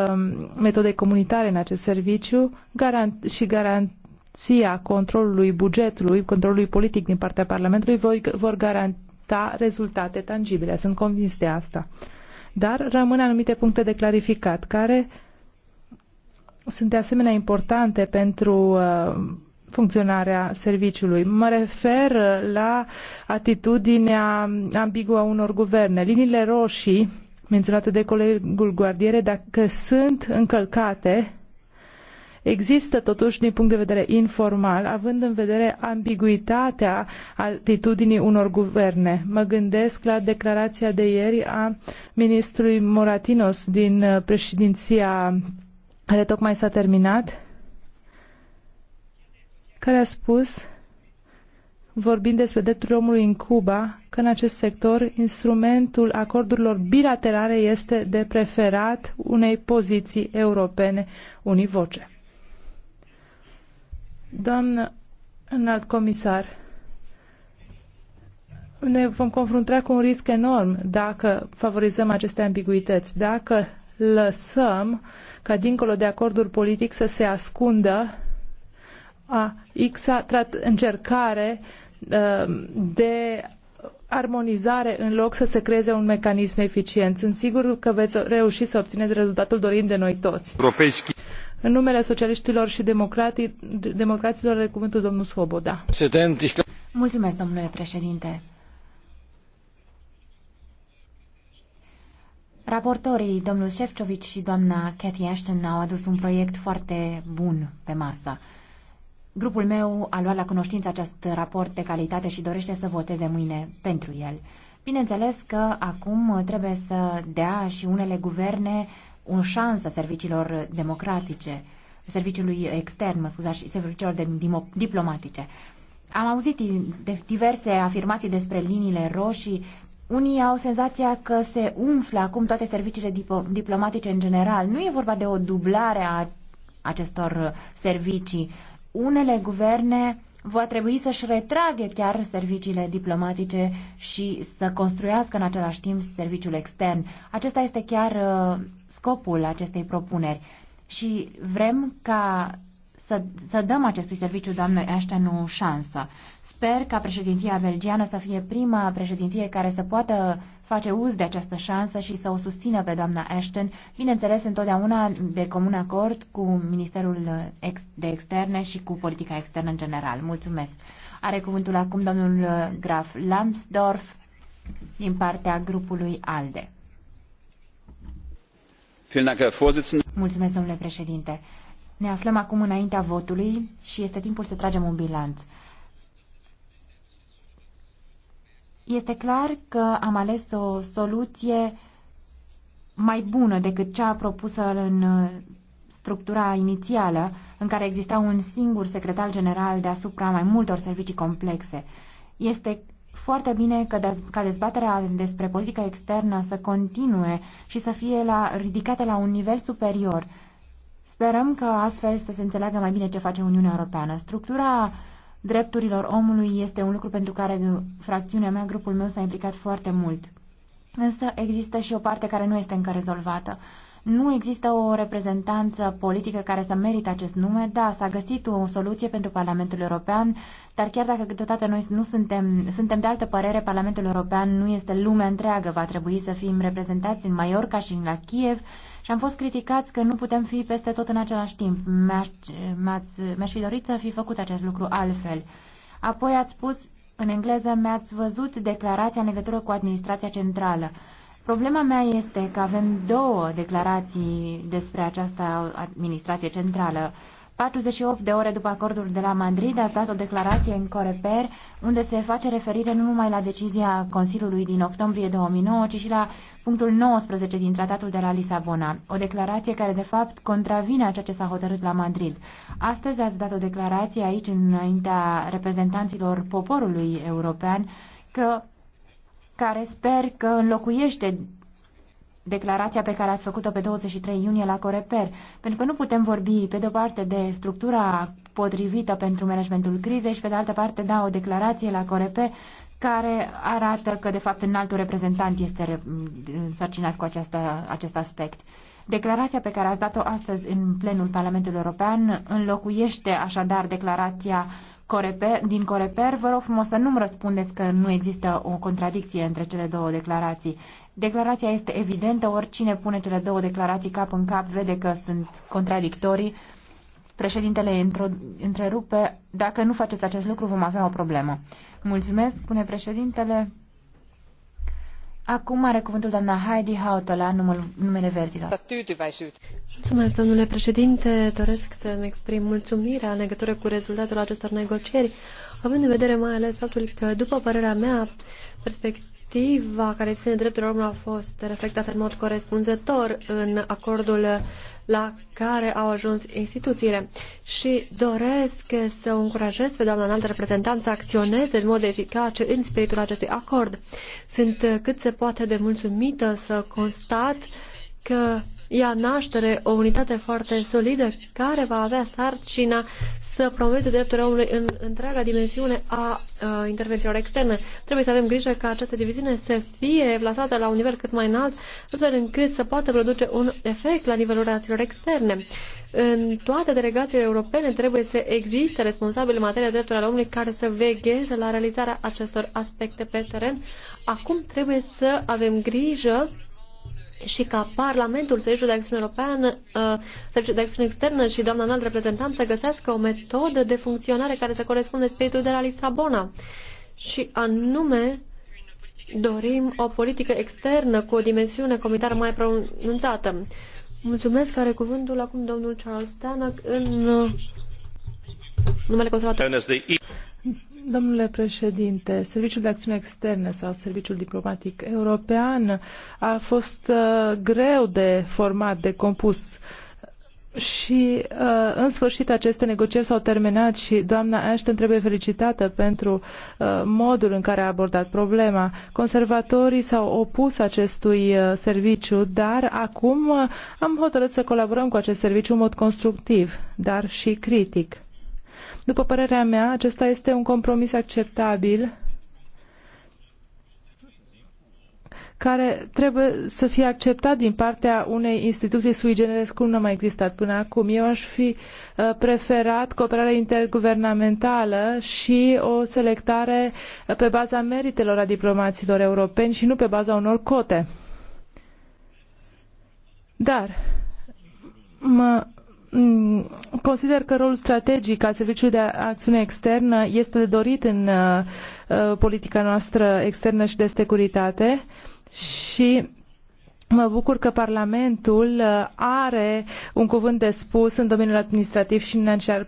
um, metodei comunitare în acest serviciu garant- și garant garanția controlului bugetului, controlului politic din partea Parlamentului voi, vor garanta rezultate tangibile. Sunt convins de asta. Dar rămân anumite puncte de clarificat care sunt de asemenea importante pentru uh, funcționarea serviciului. Mă refer uh, la atitudinea ambiguă a unor guverne. Liniile roșii menționate de colegul Guardiere, dacă sunt încălcate, există totuși din punct de vedere informal, având în vedere ambiguitatea atitudinii unor guverne. Mă gândesc la declarația de ieri a ministrului Moratinos din uh, președinția care tocmai s-a terminat, care a spus, vorbind despre dreptul omului în Cuba, că în acest sector instrumentul acordurilor bilaterale este de preferat unei poziții europene univoce. Doamnă înalt comisar, ne vom confrunta cu un risc enorm dacă favorizăm aceste ambiguități, dacă lăsăm ca dincolo de acordul politic să se ascundă a X încercare uh, de armonizare în loc să se creeze un mecanism eficient. Sunt sigur că veți reuși să obțineți rezultatul dorit de noi toți. Europeschi. În numele socialiștilor și democraților, recuvântul domnul Svoboda. Mulțumesc, domnule președinte. Raportorii, domnul Șefcovic și doamna Cathy Ashton, au adus un proiect foarte bun pe masă. Grupul meu a luat la cunoștință acest raport de calitate și dorește să voteze mâine pentru el. Bineînțeles că acum trebuie să dea și unele guverne o șansă serviciilor democratice, serviciului extern, mă scuzați, și serviciilor de, diplomatice. Am auzit diverse afirmații despre liniile roșii unii au senzația că se umflă acum toate serviciile diplomatice în general. Nu e vorba de o dublare a acestor uh, servicii. Unele guverne va trebui să-și retragă chiar serviciile diplomatice și să construiască în același timp serviciul extern. Acesta este chiar uh, scopul acestei propuneri. Și vrem ca să, să dăm acestui serviciu doamnei Ashton o șansă. Sper ca președinția belgiană să fie prima președinție care să poată face uz de această șansă și să o susțină pe doamna Ashton, bineînțeles întotdeauna de comun acord cu Ministerul de Externe și cu politica externă în general. Mulțumesc! Are cuvântul acum domnul uh, Graf Lambsdorff din partea grupului ALDE. Mulțumesc, domnule președinte. Ne aflăm acum înaintea votului și este timpul să tragem un bilanț. Este clar că am ales o soluție mai bună decât cea propusă în uh, structura inițială, în care exista un singur secretar general deasupra mai multor servicii complexe. Este foarte bine că de- ca dezbaterea despre politica externă să continue și să fie la, ridicată la un nivel superior, Sperăm că astfel să se înțeleagă mai bine ce face Uniunea Europeană. Structura drepturilor omului este un lucru pentru care fracțiunea mea, grupul meu s-a implicat foarte mult. Însă există și o parte care nu este încă rezolvată. Nu există o reprezentanță politică care să merite acest nume. Da, s-a găsit o soluție pentru Parlamentul European, dar chiar dacă câteodată noi nu suntem, suntem de altă părere, Parlamentul European nu este lumea întreagă. Va trebui să fim reprezentați în Mallorca și în la Kiev și am fost criticați că nu putem fi peste tot în același timp. Mi-aș fi dorit să fi făcut acest lucru altfel. Apoi ați spus în engleză, mi-ați văzut declarația în legătură cu administrația centrală. Problema mea este că avem două declarații despre această administrație centrală. 48 de ore după acordul de la Madrid a dat o declarație în Coreper unde se face referire nu numai la decizia Consiliului din octombrie 2009, ci și la punctul 19 din Tratatul de la Lisabona, o declarație care de fapt contravine a ceea ce s-a hotărât la Madrid. Astăzi ați dat o declarație aici înaintea reprezentanților poporului european că care sper că înlocuiește declarația pe care ați făcut-o pe 23 iunie la Coreper, pentru că nu putem vorbi, pe de-o parte, de structura potrivită pentru managementul crizei și, pe de altă parte, da o declarație la Coreper care arată că, de fapt, înaltul reprezentant este însărcinat cu această, acest aspect. Declarația pe care ați dat-o astăzi în plenul Parlamentului European înlocuiește așadar declarația Coreper, din Coreper, vă rog frumos să nu-mi răspundeți că nu există o contradicție între cele două declarații. Declarația este evidentă, oricine pune cele două declarații cap în cap vede că sunt contradictorii. Președintele întrerupe, dacă nu faceți acest lucru vom avea o problemă. Mulțumesc, spune președintele. Acum are cuvântul doamna Heidi Hautala, numel, numele verzilor. Mulțumesc, domnule președinte. Doresc să-mi exprim mulțumirea în legătură cu rezultatul acestor negocieri, având în vedere mai ales faptul că, după părerea mea, perspectiva care ține drepturile omului a fost reflectată în mod corespunzător în acordul la care au ajuns instituțiile. Și doresc să o încurajez pe doamna înaltă reprezentant să acționeze în mod eficace în spiritul acestui acord. Sunt cât se poate de mulțumită să constat că ia naștere o unitate foarte solidă care va avea sarcina să promoveze drepturile omului în întreaga dimensiune a uh, intervențiilor externe. Trebuie să avem grijă ca această diviziune să fie plasată la un nivel cât mai înalt, astfel încât să poată produce un efect la nivelul relațiilor externe. În toate delegațiile europene trebuie să existe responsabili în materie de drepturi omului care să vegheze la realizarea acestor aspecte pe teren. Acum trebuie să avem grijă și ca Parlamentul, Serviciului de Acțiune Europeană, uh, Serviciul de Acțiune Externă și doamna înalt reprezentant să găsească o metodă de funcționare care să corespundă spiritul de la Lisabona. Și anume, dorim o politică externă cu o dimensiune comunitară mai pronunțată. Mulțumesc, care cuvântul acum domnul Charles Stanek în uh, numele conservator. Domnule președinte, Serviciul de Acțiune Externă sau Serviciul Diplomatic European a fost uh, greu de format, de compus și uh, în sfârșit aceste negocieri s-au terminat și doamna Ashton trebuie felicitată pentru uh, modul în care a abordat problema. Conservatorii s-au opus acestui uh, serviciu, dar acum uh, am hotărât să colaborăm cu acest serviciu în mod constructiv, dar și critic. După părerea mea, acesta este un compromis acceptabil care trebuie să fie acceptat din partea unei instituții sui generis, cum nu a mai existat până acum. Eu aș fi uh, preferat cooperare interguvernamentală și o selectare pe baza meritelor a diplomaților europeni și nu pe baza unor cote. Dar mă Mm, consider că rolul strategic al Serviciului de Acțiune Externă este de dorit în uh, uh, politica noastră externă și de securitate și Mă bucur că Parlamentul uh, are un cuvânt de spus în domeniul administrativ și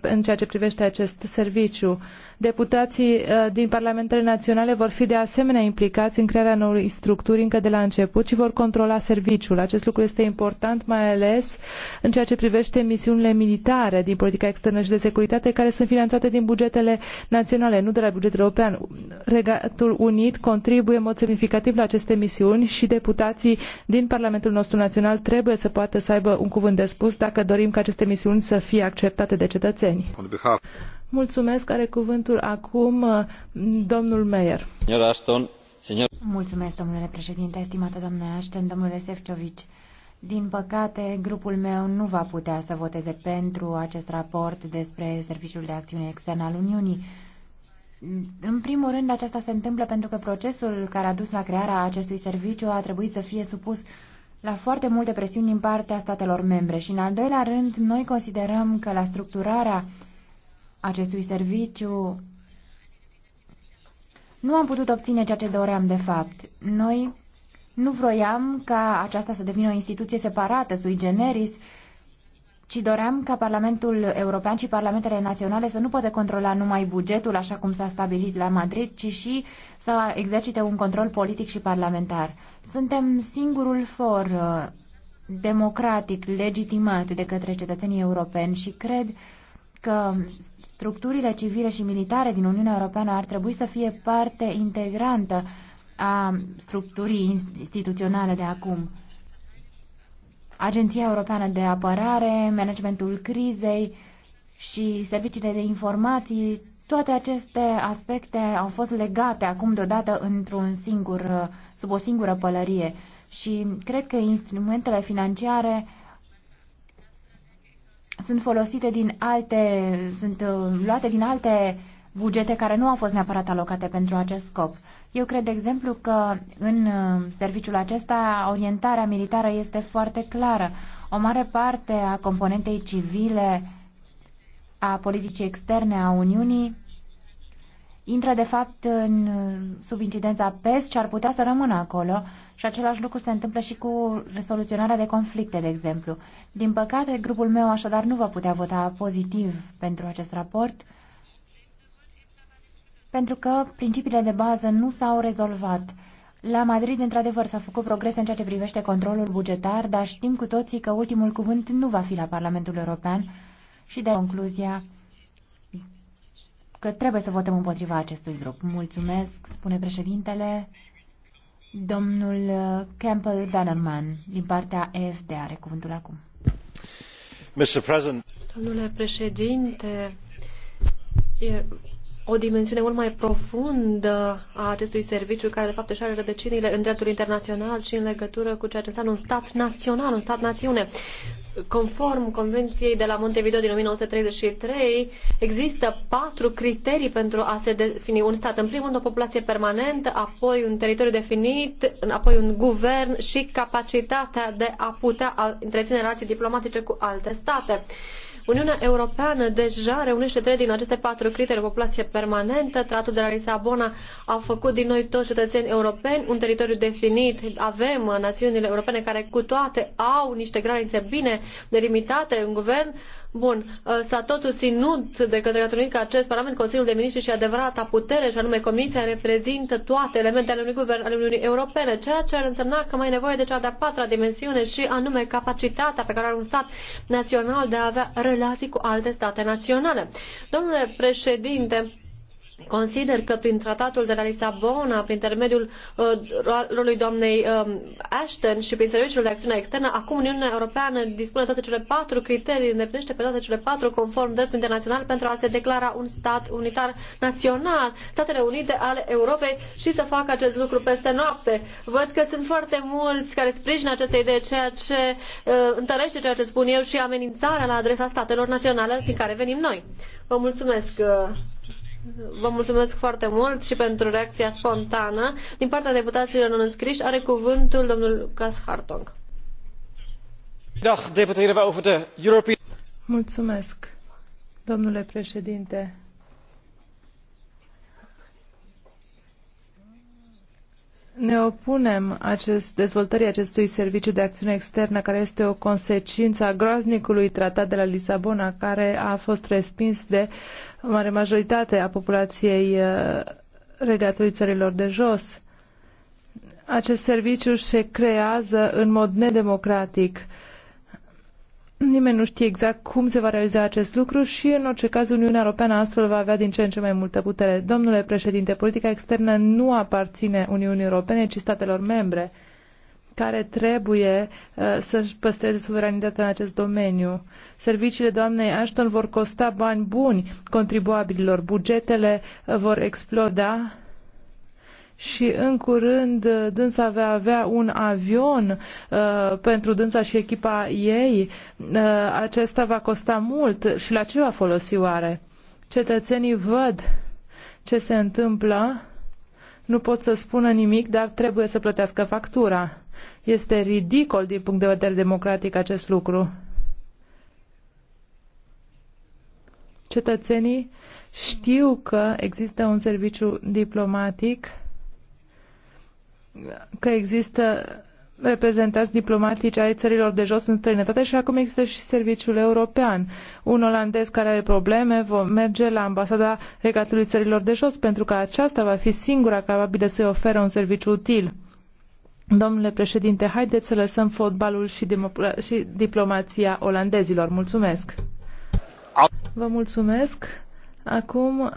în ceea ce privește acest serviciu. Deputații uh, din Parlamentele Naționale vor fi de asemenea implicați în crearea noului structuri încă de la început și vor controla serviciul. Acest lucru este important, mai ales în ceea ce privește misiunile militare din politica externă și de securitate, care sunt finanțate din bugetele naționale, nu de la bugetul european. Regatul Unit contribuie în mod semnificativ la aceste misiuni și deputații din Parlamentul nostru național trebuie să poată să aibă un cuvânt de spus dacă dorim ca aceste misiuni să fie acceptate de cetățeni. Mulțumesc, are cuvântul acum uh, domnul Meyer. Mulțumesc, domnule președinte, estimată doamnă Ashton, domnule Sefcovici. Din păcate, grupul meu nu va putea să voteze pentru acest raport despre Serviciul de Acțiune Externă al Uniunii. În primul rând, aceasta se întâmplă pentru că procesul care a dus la crearea acestui serviciu a trebuit să fie supus la foarte multe presiuni din partea statelor membre și, în al doilea rând, noi considerăm că la structurarea uh, acestui serviciu, nu am putut obține ceea ce doream de fapt. Noi nu vroiam ca aceasta să devină o instituție separată, sui generis, ci doream ca Parlamentul European și Parlamentele Naționale să nu poată controla numai bugetul, așa cum s-a stabilit la Madrid, ci și să exercite un control politic și parlamentar. Suntem singurul for uh, democratic legitimat de către cetățenii europeni și cred că structurile civile și militare din Uniunea Europeană ar trebui să fie parte integrantă a structurii instituționale de acum. Agenția Europeană de Apărare, managementul crizei și serviciile de informații, toate aceste aspecte au fost legate acum deodată într-un singur, sub o singură pălărie și cred că instrumentele financiare sunt folosite din alte, sunt uh, luate din alte bugete care nu au fost neapărat alocate pentru acest scop. Eu cred, de exemplu, că în uh, serviciul acesta orientarea militară este foarte clară. O mare parte a componentei civile a politicii externe a Uniunii intră de fapt în, sub incidența PES și ar putea să rămână acolo și același lucru se întâmplă și cu resoluționarea de conflicte, de exemplu. Din păcate, grupul meu așadar nu va putea vota pozitiv pentru acest raport pentru că principiile de bază nu s-au rezolvat. La Madrid, într-adevăr, s-a făcut progres în ceea ce privește controlul bugetar, dar știm cu toții că ultimul cuvânt nu va fi la Parlamentul European și de concluzia că trebuie să votăm împotriva acestui grup. Mulțumesc, spune președintele. Domnul Campbell Bannerman, din partea EFD, are cuvântul acum. Mr. President. Domnule președinte, e o dimensiune mult mai profundă a acestui serviciu, care de fapt își are rădăcinile în dreptul internațional și în legătură cu ceea ce înseamnă un stat național, un stat-națiune. Conform Convenției de la Montevideo din 1933, există patru criterii pentru a se defini un stat. În primul rând, o populație permanentă, apoi un teritoriu definit, apoi un guvern și capacitatea de a putea întreține relații diplomatice cu alte state. Uniunea Europeană deja reunește trei din aceste patru criterii, populație permanentă, tratul de la Lisabona a făcut din noi toți cetățeni europeni un teritoriu definit, avem națiunile europene care cu toate au niște granițe bine delimitate în guvern, Bun, uh, s-a tot susținut de către Regatul că acest Parlament, Consiliul de Miniștri și adevărata putere, și anume Comisia, reprezintă toate elementele unui guvern al Uniunii Europene, ceea ce ar însemna că mai e nevoie de deci, cea de-a patra dimensiune și anume capacitatea pe care are un stat național de a avea relații cu alte state naționale. Domnule președinte, Consider că prin tratatul de la Lisabona, prin intermediul uh, rolului doamnei um, Ashton și prin serviciul de acțiune externă, acum Uniunea Europeană dispune toate cele patru criterii, îndeplinește pe toate cele patru conform dreptului internațional pentru a se declara un stat unitar național, Statele Unite ale Europei și să facă acest lucru peste noapte. Văd că sunt foarte mulți care sprijină această idee, ceea ce uh, întărește ceea ce spun eu și amenințarea la adresa statelor naționale din care venim noi. Vă mulțumesc! Uh Vă mulțumesc foarte mult și pentru reacția spontană. Din partea deputaților non înscriși are cuvântul domnul Lucas Hartong. Mulțumesc, domnule președinte. Ne opunem acest, dezvoltării acestui serviciu de acțiune externă, care este o consecință a groaznicului tratat de la Lisabona, care a fost respins de o mare majoritate a populației uh, regatului țărilor de jos. Acest serviciu se creează în mod nedemocratic Nimeni nu știe exact cum se va realiza acest lucru și, în orice caz, Uniunea Europeană astfel va avea din ce în ce mai multă putere. Domnule președinte, politica externă nu aparține Uniunii Europene, ci statelor membre care trebuie uh, să-și păstreze suveranitatea în acest domeniu. Serviciile doamnei Ashton vor costa bani buni contribuabililor, bugetele uh, vor exploda și în curând uh, dânsa va avea un avion uh, pentru dânsa și echipa ei. Uh, acesta va costa mult și la ce va folosi oare? Cetățenii văd ce se întâmplă, nu pot să spună nimic, dar trebuie să plătească factura. Este ridicol din punct de vedere democratic acest lucru. Cetățenii știu că există un serviciu diplomatic că există reprezentanți diplomatici ai țărilor de jos în străinătate și acum există și serviciul european. Un olandez care are probleme va merge la ambasada regatului țărilor de jos pentru că aceasta va fi singura capabilă să-i ofere un serviciu util. Domnule președinte, haideți să lăsăm fotbalul și, și diplomația olandezilor. Mulțumesc! Vă mulțumesc! Acum uh,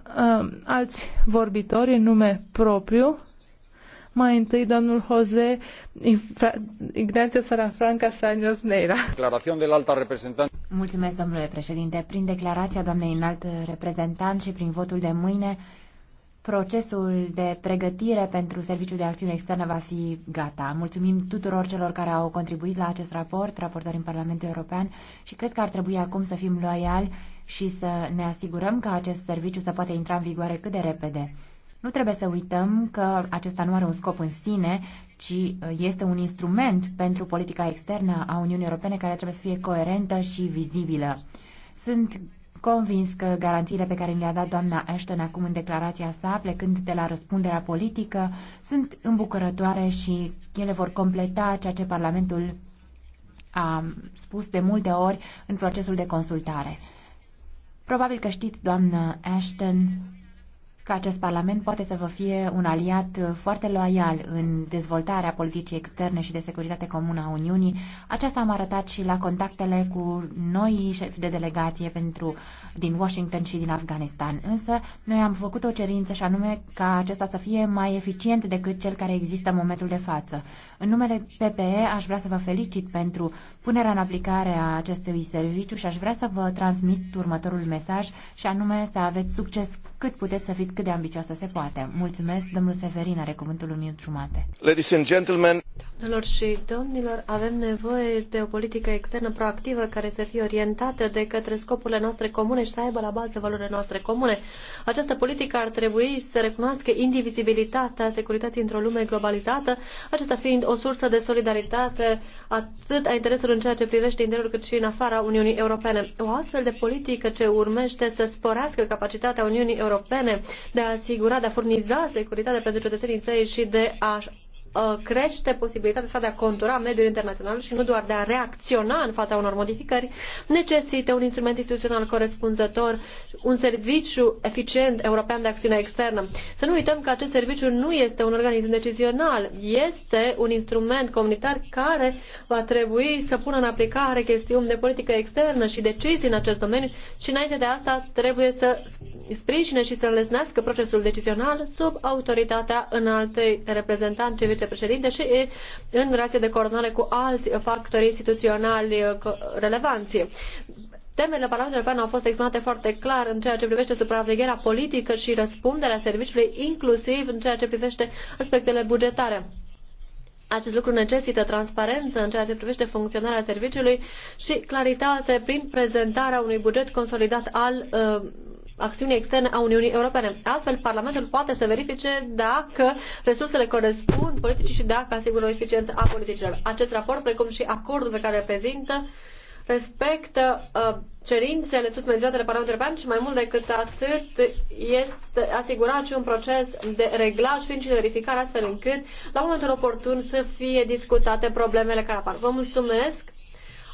alți vorbitori în nume propriu. Mai întâi, domnul Jose Infra- Ignacio Sarafranca Sanios Neira. Declarația de la alta reprezentantă. Mulțumesc, domnule președinte. Prin declarația doamnei înalt reprezentant și prin votul de mâine, procesul de pregătire pentru Serviciul de Acțiune Externă va fi gata. Mulțumim tuturor celor care au contribuit la acest raport, raportori în Parlamentul European și cred că ar trebui acum să fim loiali și să ne asigurăm că acest serviciu să poate intra în vigoare cât de repede. Nu trebuie să uităm că acesta nu are un scop în sine, ci uh, este un instrument pentru politica externă a Uniunii Europene care trebuie să fie coerentă și vizibilă. Sunt convins că garanțiile pe care le-a dat doamna Ashton acum în declarația sa, plecând de la răspunderea politică, sunt îmbucurătoare și ele vor completa ceea ce Parlamentul a spus de multe ori în procesul de consultare. Probabil că știți, doamnă Ashton, că acest Parlament poate să vă fie un aliat foarte loial în dezvoltarea politicii externe și de securitate comună a Uniunii. Aceasta am arătat și la contactele cu noi șefi de delegație pentru, din Washington și din Afganistan. Însă, noi am făcut o cerință și anume ca acesta să fie mai eficient decât cel care există în momentul de față. În numele PPE aș vrea să vă felicit pentru punerea în aplicare a acestui serviciu și aș vrea să vă transmit următorul mesaj și anume să aveți succes cât puteți să fiți cât de ambicioasă se poate. Mulțumesc, domnul Severin, are cuvântul un minut jumate. Ladies and gentlemen, Domnilor și domnilor, avem nevoie de o politică externă proactivă care să fie orientată de către scopurile noastre comune și să aibă la bază valorile noastre comune. Această politică ar trebui să recunoască indivizibilitatea securității într-o lume globalizată, acesta fiind o sursă de solidaritate atât a intereselor în ceea ce privește interiorul cât și în afara Uniunii Europene. O astfel de politică ce urmește să sporească capacitatea Uniunii Europene de a asigura, de a furniza securitate pentru cetățenii săi și de a Uh, crește posibilitatea sa de a contura mediul internațional și nu doar de a reacționa în fața unor modificări, necesită un instrument instituțional corespunzător, un serviciu eficient european de acțiune externă. Să nu uităm că acest serviciu nu este un organism decizional, este un instrument comunitar care va trebui să pună în aplicare chestiuni de politică externă și decizii în acest domeniu și înainte de asta trebuie să sprijine și să înlesnească procesul decizional sub autoritatea înaltei reprezentanți vicepreședinte și în relație de coordonare cu alți factori instituționali relevanți. Temele Parlamentului European au fost exprimate foarte clar în ceea ce privește supravegherea politică și răspunderea serviciului, inclusiv în ceea ce privește aspectele bugetare. Acest lucru necesită transparență în ceea ce privește funcționarea serviciului și claritate prin prezentarea unui buget consolidat al uh, acțiunii externe a Uniunii Europene. Astfel, Parlamentul poate să verifice dacă resursele corespund politicii și dacă asigură o eficiență a politicilor. Acest raport, precum și acordul pe care îl prezintă, respectă uh, cerințele susmenționate de Parlamentul European și mai mult decât atât este asigurat și un proces de reglaj, fiind și de verificare, astfel încât la momentul oportun să fie discutate problemele care apar. Vă mulțumesc!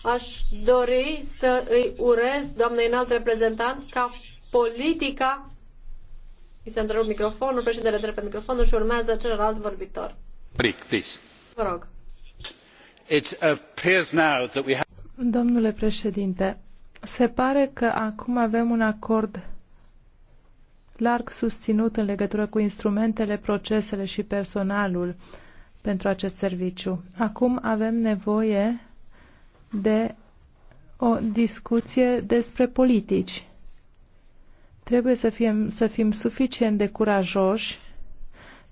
Aș dori să îi urez doamnei înalt reprezentant ca politica îi se întrerup microfonul, președintele întrerupe microfonul și urmează celălalt vorbitor. Brick, please. Vă rog. It appears now that we have... Domnule președinte, se pare că acum avem un acord larg susținut în legătură cu instrumentele, procesele și personalul pentru acest serviciu. Acum avem nevoie de o discuție despre politici. Trebuie să fim, să fim suficient de curajoși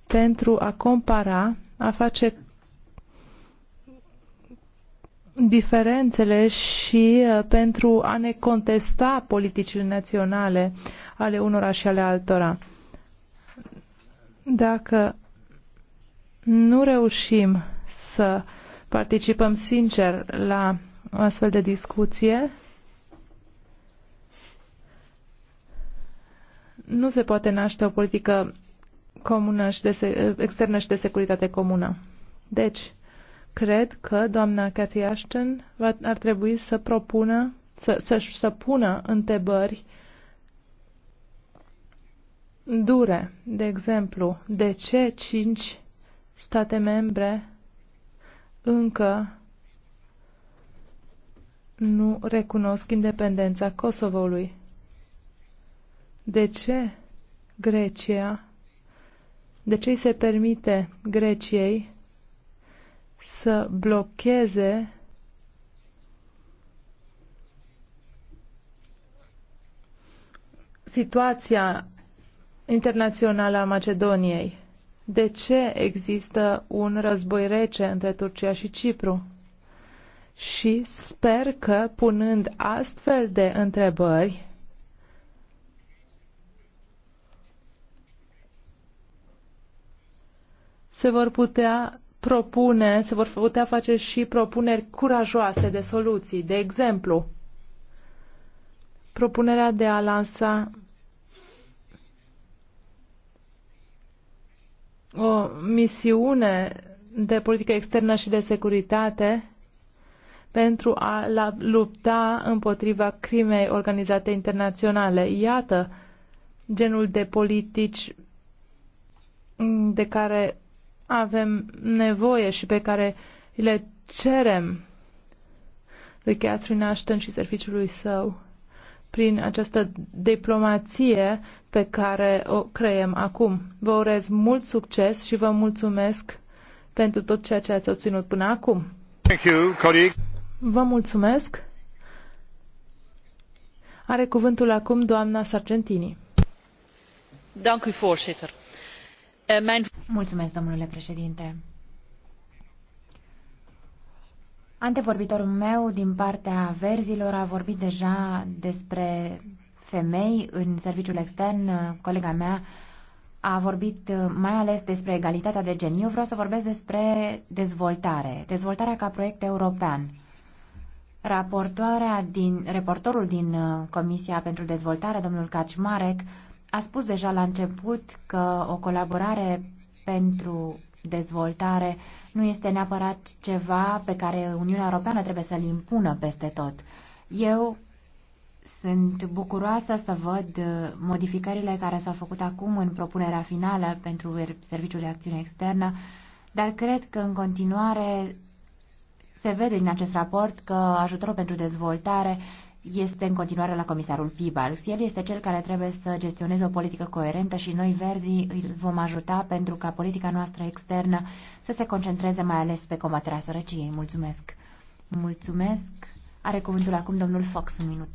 pentru a compara, a face diferențele și uh, pentru a ne contesta politicile naționale ale unora și ale altora. Dacă nu reușim să participăm sincer la o astfel de discuție, nu se poate naște o politică comună și de externă și de securitate comună. Deci, cred că doamna Cathy Ashton va, ar trebui să propună, să, să, să pună întrebări dure. De exemplu, de ce cinci state membre încă nu recunosc independența Kosovoului? De ce Grecia, de ce îi se permite Greciei să blocheze situația internațională a Macedoniei? De ce există un război rece între Turcia și Cipru? Și sper că, punând astfel de întrebări, se vor putea propune, se vor putea face și propuneri curajoase de soluții. De exemplu, propunerea de a lansa o misiune de politică externă și de securitate pentru a la, lupta împotriva crimei organizate internaționale. Iată genul de politici de care avem nevoie și pe care le cerem lui Catherine Ashton și serviciului său prin această diplomație pe care o creăm acum. Vă urez mult succes și vă mulțumesc pentru tot ceea ce ați obținut până acum. Thank you, colleague. Vă mulțumesc. Are cuvântul acum doamna Sargentini. Dank u, voorzitter. Uh, Mulțumesc, domnule președinte. Antevorbitorul meu din partea verzilor a vorbit deja despre femei în serviciul extern. Colega mea a vorbit uh, mai ales despre egalitatea de gen. Eu vreau să vorbesc despre dezvoltare, dezvoltarea ca proiect european. Raportoarea din, reportorul din uh, Comisia pentru Dezvoltare, domnul Kaczmarek, a spus deja la început că o colaborare pentru dezvoltare nu este neapărat ceva pe care Uniunea Europeană trebuie să-l impună peste tot. Eu sunt bucuroasă să văd modificările care s-au făcut acum în propunerea finală pentru Serviciul de Acțiune Externă, dar cred că în continuare se vede din acest raport că ajutorul pentru dezvoltare este în continuare la comisarul Piebalgs. El este cel care trebuie să gestioneze o politică coerentă și noi verzii îl vom ajuta pentru ca politica noastră externă să se concentreze mai ales pe combaterea sărăciei. Mulțumesc! Mulțumesc! Are cuvântul acum domnul Fox un minut.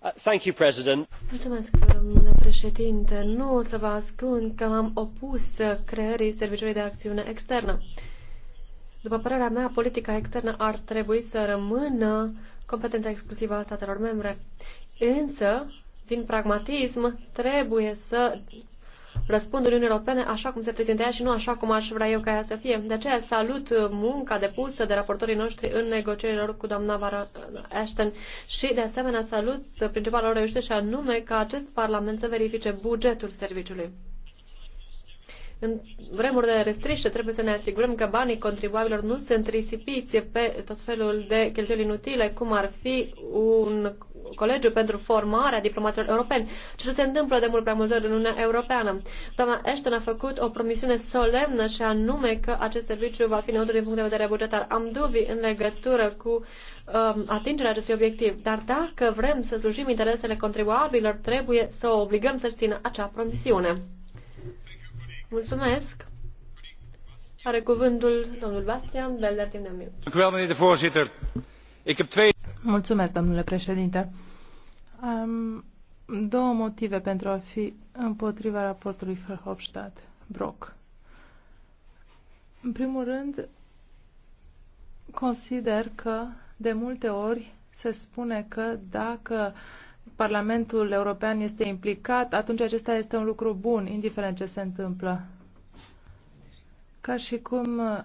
Uh, thank you, President. Mulțumesc, domnule președinte. Nu o să vă spun că m-am opus creării Serviciului de Acțiune Externă. După părerea mea, politica externă ar trebui să rămână competența exclusivă a statelor membre. Însă, din pragmatism, trebuie să răspund Uniunii Europene așa cum se prezintă ea și nu așa cum aș vrea eu ca ea să fie. De aceea salut munca depusă de raportorii noștri în negocierilor cu doamna Vara Ashton și de asemenea salut principalul reușit și anume ca acest Parlament să verifice bugetul serviciului în vremuri de restriște trebuie să ne asigurăm că banii contribuabilor nu sunt risipiți pe tot felul de cheltuieli inutile, cum ar fi un colegiu pentru formarea diplomaților europeni, ce se întâmplă de mult prea multe ori în Uniunea Europeană. Doamna Ashton a făcut o promisiune solemnă și anume că acest serviciu va fi neutru din punct de vedere bugetar. Am dubii în legătură cu um, atingerea acestui obiectiv, dar dacă vrem să slujim interesele contribuabililor, trebuie să o obligăm să-și țină acea promisiune. Mulțumesc. Are cuvântul domnul Bastian Belder din Mulțumesc, domnule președinte. Am două motive pentru a fi împotriva raportului Verhofstadt Brock. În primul rând, consider că de multe ori se spune că dacă uh, Parlamentul European este implicat, atunci acesta este un lucru bun, indiferent ce se întâmplă. Ca și cum uh,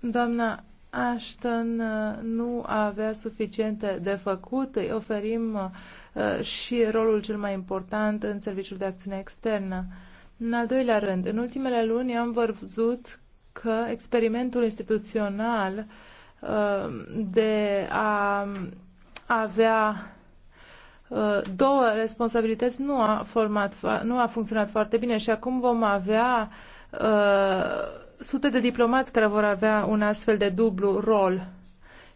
doamna Ashton uh, nu avea suficiente de făcut, îi oferim uh, și rolul cel mai important în Serviciul de Acțiune Externă. În al doilea rând, în ultimele luni am văzut că experimentul instituțional de a avea Uh, două responsabilități nu a, format, nu a funcționat foarte bine și acum vom avea uh, sute de diplomați care vor avea un astfel de dublu rol.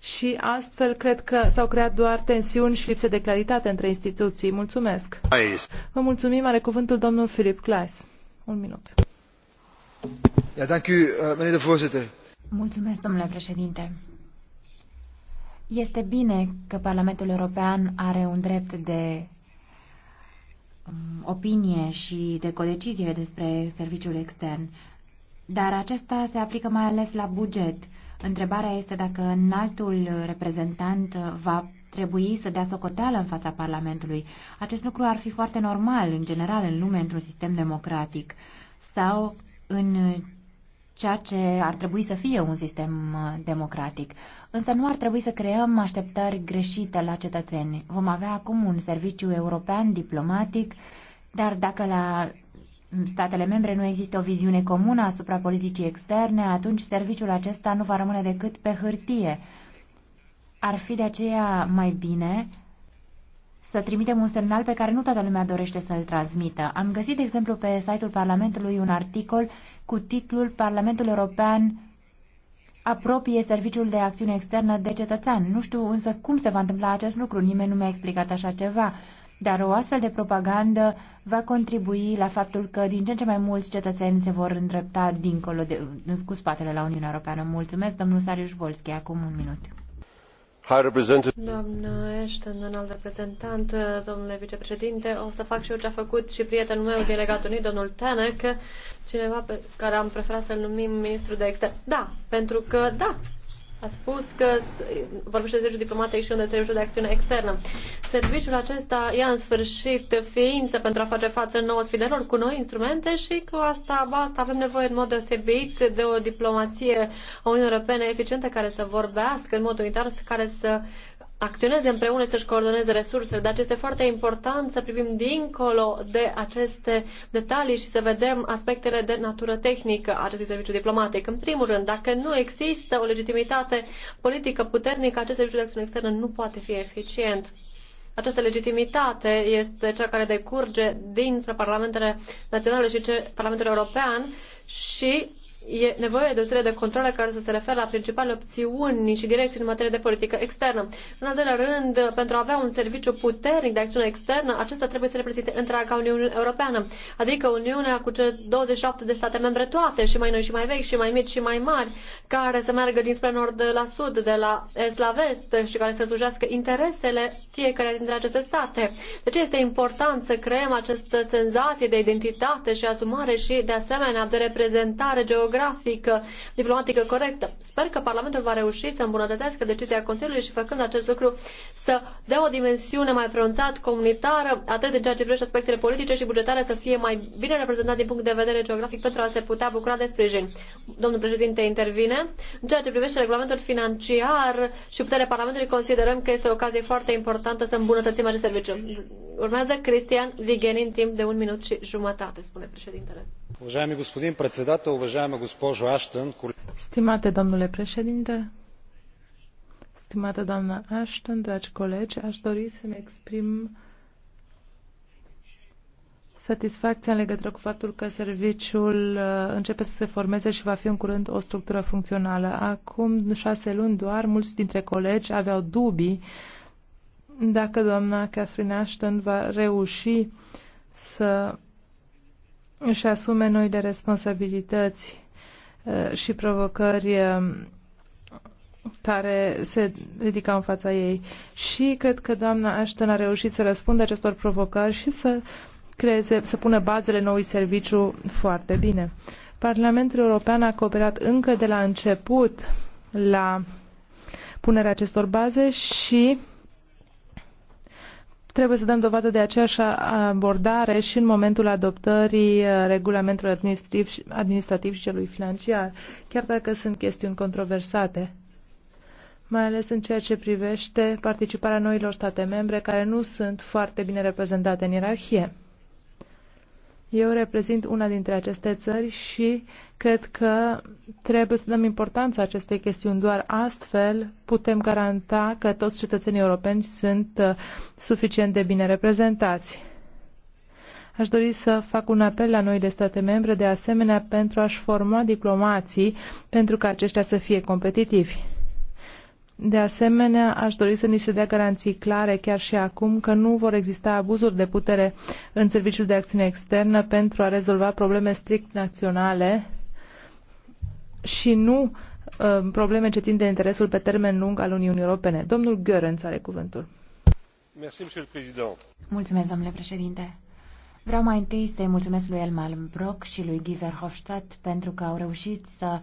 Și astfel cred că s-au creat doar tensiuni și lipse de claritate între instituții. Mulțumesc! Vă mulțumim, are cuvântul domnul Filip Klaes. Un minut. Ja, dank u, uh, de Mulțumesc, domnule președinte. Este bine că Parlamentul European are un drept de um, opinie și de codecizie despre serviciul extern, dar acesta se aplică mai ales la buget. Întrebarea este dacă înaltul reprezentant va trebui să dea socoteală în fața Parlamentului. Acest lucru ar fi foarte normal, în general, în lume, într-un sistem democratic sau în ceea ce ar trebui să fie un sistem uh, democratic însă nu ar trebui să creăm așteptări greșite la cetățeni. Vom avea acum un serviciu european diplomatic, dar dacă la statele membre nu există o viziune comună asupra politicii externe, atunci serviciul acesta nu va rămâne decât pe hârtie. Ar fi de aceea mai bine să trimitem un semnal pe care nu toată lumea dorește să-l transmită. Am găsit, de exemplu, pe site-ul Parlamentului un articol cu titlul Parlamentul European apropie Serviciul de Acțiune Externă de cetățean. Nu știu însă cum se va întâmpla acest lucru, nimeni nu mi-a explicat așa ceva. Dar o astfel de propagandă va contribui la faptul că din ce în ce mai mulți cetățeni se vor îndrepta dincolo de, cu spatele la Uniunea Europeană. Mulțumesc, domnul Sariuș Volski, acum un minut. Doamnă Ashton, înalt reprezentant, domnule vicepreședinte, o să fac și eu ce a făcut și prietenul meu din Regatul Unit, domnul Tenec, cineva pe care am preferat să-l numim ministru de externe. Da, pentru că, da, a spus că vorbește de serviciul diplomatic și unde serviciul de acțiune externă. Serviciul acesta ia în sfârșit ființă pentru a face față nouă sfidelor cu noi instrumente și cu asta, asta avem nevoie în mod deosebit de o diplomație a Uniunii Europene eficientă care să vorbească în mod unitar, care să acționeze împreună, să-și coordoneze resursele, dar este foarte important să privim dincolo de aceste detalii și să vedem aspectele de natură tehnică a acestui serviciu diplomatic. În primul rând, dacă nu există o legitimitate politică puternică, acest serviciu de acțiune externă nu poate fi eficient. Această legitimitate este cea care decurge dinspre parlamentele naționale și Parlamentul European și e nevoie de o serie de controle care să se referă la principalele opțiuni și direcții în materie de politică externă. În al doilea rând, pentru a avea un serviciu puternic de acțiune externă, acesta trebuie să reprezinte întreaga Uniune Europeană, adică Uniunea cu cele 27 de state membre toate, și mai noi și mai vechi, și mai mici și mai mari, care să meargă dinspre nord la sud, de la est la vest și care să slujească interesele fiecare dintre aceste state. De deci ce este important să creăm această senzație de identitate și asumare și, de asemenea, de reprezentare geografică geografică, diplomatică corectă. Sper că Parlamentul va reuși să îmbunătățească decizia Consiliului și făcând acest lucru să dea o dimensiune mai pronunțat comunitară, atât în ceea ce privește aspectele politice și bugetare, să fie mai bine reprezentat din punct de vedere geografic pentru a se putea bucura de sprijin. Domnul președinte intervine. În ceea ce privește regulamentul financiar și puterea Parlamentului, considerăm că este o ocazie foarte importantă să îmbunătățim acest serviciu. Urmează Cristian Vigenin, timp de un minut și jumătate, spune președintele. Stimate domnule președinte, stimată doamnă Ashton, dragi colegi, aș dori să-mi exprim satisfacția în legătură cu faptul că serviciul uh, începe să se formeze și va fi în curând o structură funcțională. Acum șase luni doar, mulți dintre colegi aveau dubii dacă doamna Catherine Ashton va reuși să își asume noile responsabilități uh, și provocări um, care se ridicau în fața ei. Și cred că doamna Ashton a reușit să răspundă acestor provocări și să creeze, să pună bazele noului serviciu foarte bine. Parlamentul European a cooperat încă de la început la punerea acestor baze și Trebuie să dăm dovadă de aceeași abordare și în momentul adoptării uh, regulamentului administrativ, administrativ și celui financiar, chiar dacă sunt chestiuni controversate mai ales în ceea ce privește participarea noilor state membre care nu sunt foarte bine reprezentate în ierarhie. Eu reprezint una dintre aceste țări și cred că trebuie să dăm importanța acestei chestiuni. Doar astfel putem garanta că toți cetățenii europeni sunt uh, suficient de bine reprezentați. Aș dori să fac un apel la noi state membre, de asemenea, pentru a-și forma diplomații pentru ca aceștia să fie competitivi. De asemenea, aș dori să ni se dea garanții clare chiar și acum că nu vor exista abuzuri de putere în serviciul de acțiune externă pentru a rezolva probleme strict naționale și nu uh, probleme ce țin de interesul pe termen lung al Uniunii Europene. Domnul Görens are cuvântul. Mulțumesc, domnule președinte. Vreau mai întâi să-i mulțumesc lui Elmar Brock și lui Giver Hofstadt pentru că au reușit să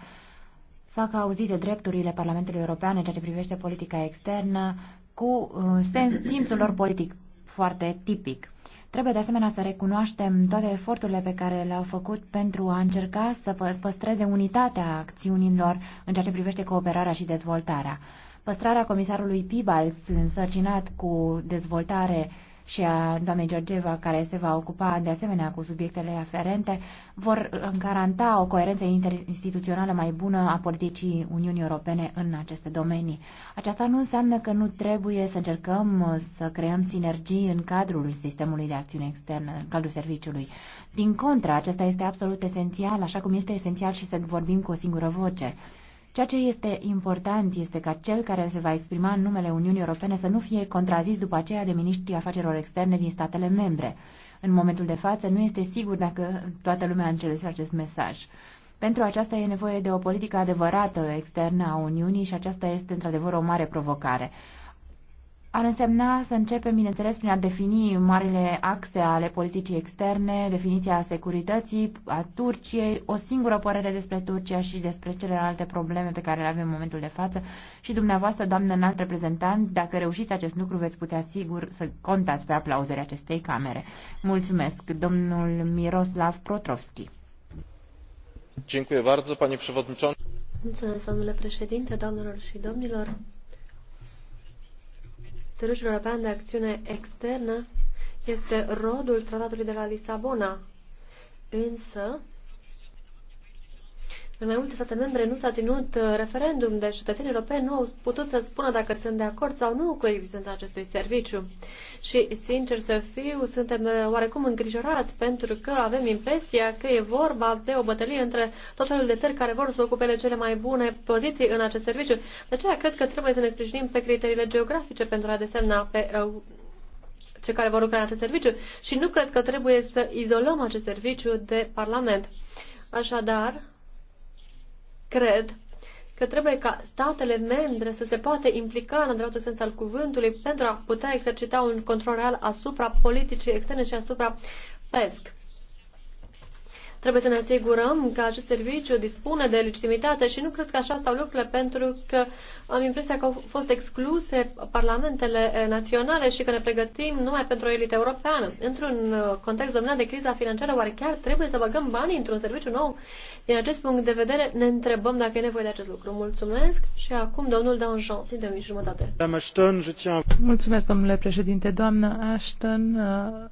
facă auzite drepturile Parlamentului European în ceea ce privește politica externă cu uh, sens, simțul lor politic foarte tipic. Trebuie de asemenea să recunoaștem toate eforturile pe care le-au făcut pentru a încerca să păstreze unitatea acțiunilor în ceea ce privește cooperarea și dezvoltarea. Păstrarea comisarului Pibals însărcinat cu dezvoltare și a doamnei Georgieva, care se va ocupa de asemenea cu subiectele aferente, vor garanta o coerență interinstituțională mai bună a politicii Uniunii Europene în aceste domenii. Aceasta nu înseamnă că nu trebuie să încercăm să creăm sinergii în cadrul sistemului de acțiune externă, în cadrul serviciului. Din contră, acesta este absolut esențial, așa cum este esențial și să vorbim cu o singură voce. Ceea ce este important este ca cel care se va exprima în numele Uniunii Europene să nu fie contrazis după aceea de miniștrii afacerilor externe din statele membre. În momentul de față nu este sigur dacă toată lumea a înțeles acest mesaj. Pentru aceasta e nevoie de o politică adevărată externă a Uniunii și aceasta este într-adevăr o mare provocare ar însemna să începem, bineînțeles, prin a defini marile axe ale politicii externe, definiția securității, a Turciei, o singură părere despre Turcia și despre celelalte probleme pe care le avem în momentul de față. Și dumneavoastră, doamnă înalt reprezentant, dacă reușiți acest lucru, veți putea sigur să contați pe aplauzele acestei camere. Mulțumesc, domnul Miroslav Protrovski. Mulțumesc, domnule președinte, doamnelor și domnilor. Serviciul European de Acțiune Externă este rodul Tratatului de la Lisabona. Însă, în mai multe state membre nu s-a ținut uh, referendum, deci cetățenii europeni nu au putut să spună dacă sunt de acord sau nu cu existența acestui serviciu. Și, sincer să fiu, suntem uh, oarecum îngrijorați pentru că avem impresia că e vorba de o bătălie între tot felul de țări care vor să ocupe cele mai bune poziții în acest serviciu. De aceea cred că trebuie să ne sprijinim pe criteriile geografice pentru a desemna pe uh, cei care vor lucra în acest serviciu și nu cred că trebuie să izolăm acest serviciu de Parlament. Așadar, cred că trebuie ca statele membre să se poată implica în adevăratul sens al cuvântului pentru a putea exercita un control real asupra politicii externe și asupra PESC. Trebuie să ne asigurăm că acest serviciu dispune de legitimitate și nu cred că așa stau lucrurile pentru că am impresia că au fost excluse parlamentele naționale și că ne pregătim numai pentru o elită europeană. Într-un uh, context dominat de criza financiară, oare chiar trebuie să băgăm banii într-un serviciu nou? Din acest punct de vedere, ne întrebăm dacă e nevoie de acest lucru. Mulțumesc și acum domnul Danjean, din de jumătate. Mulțumesc, domnule președinte. Doamnă Ashton, uh,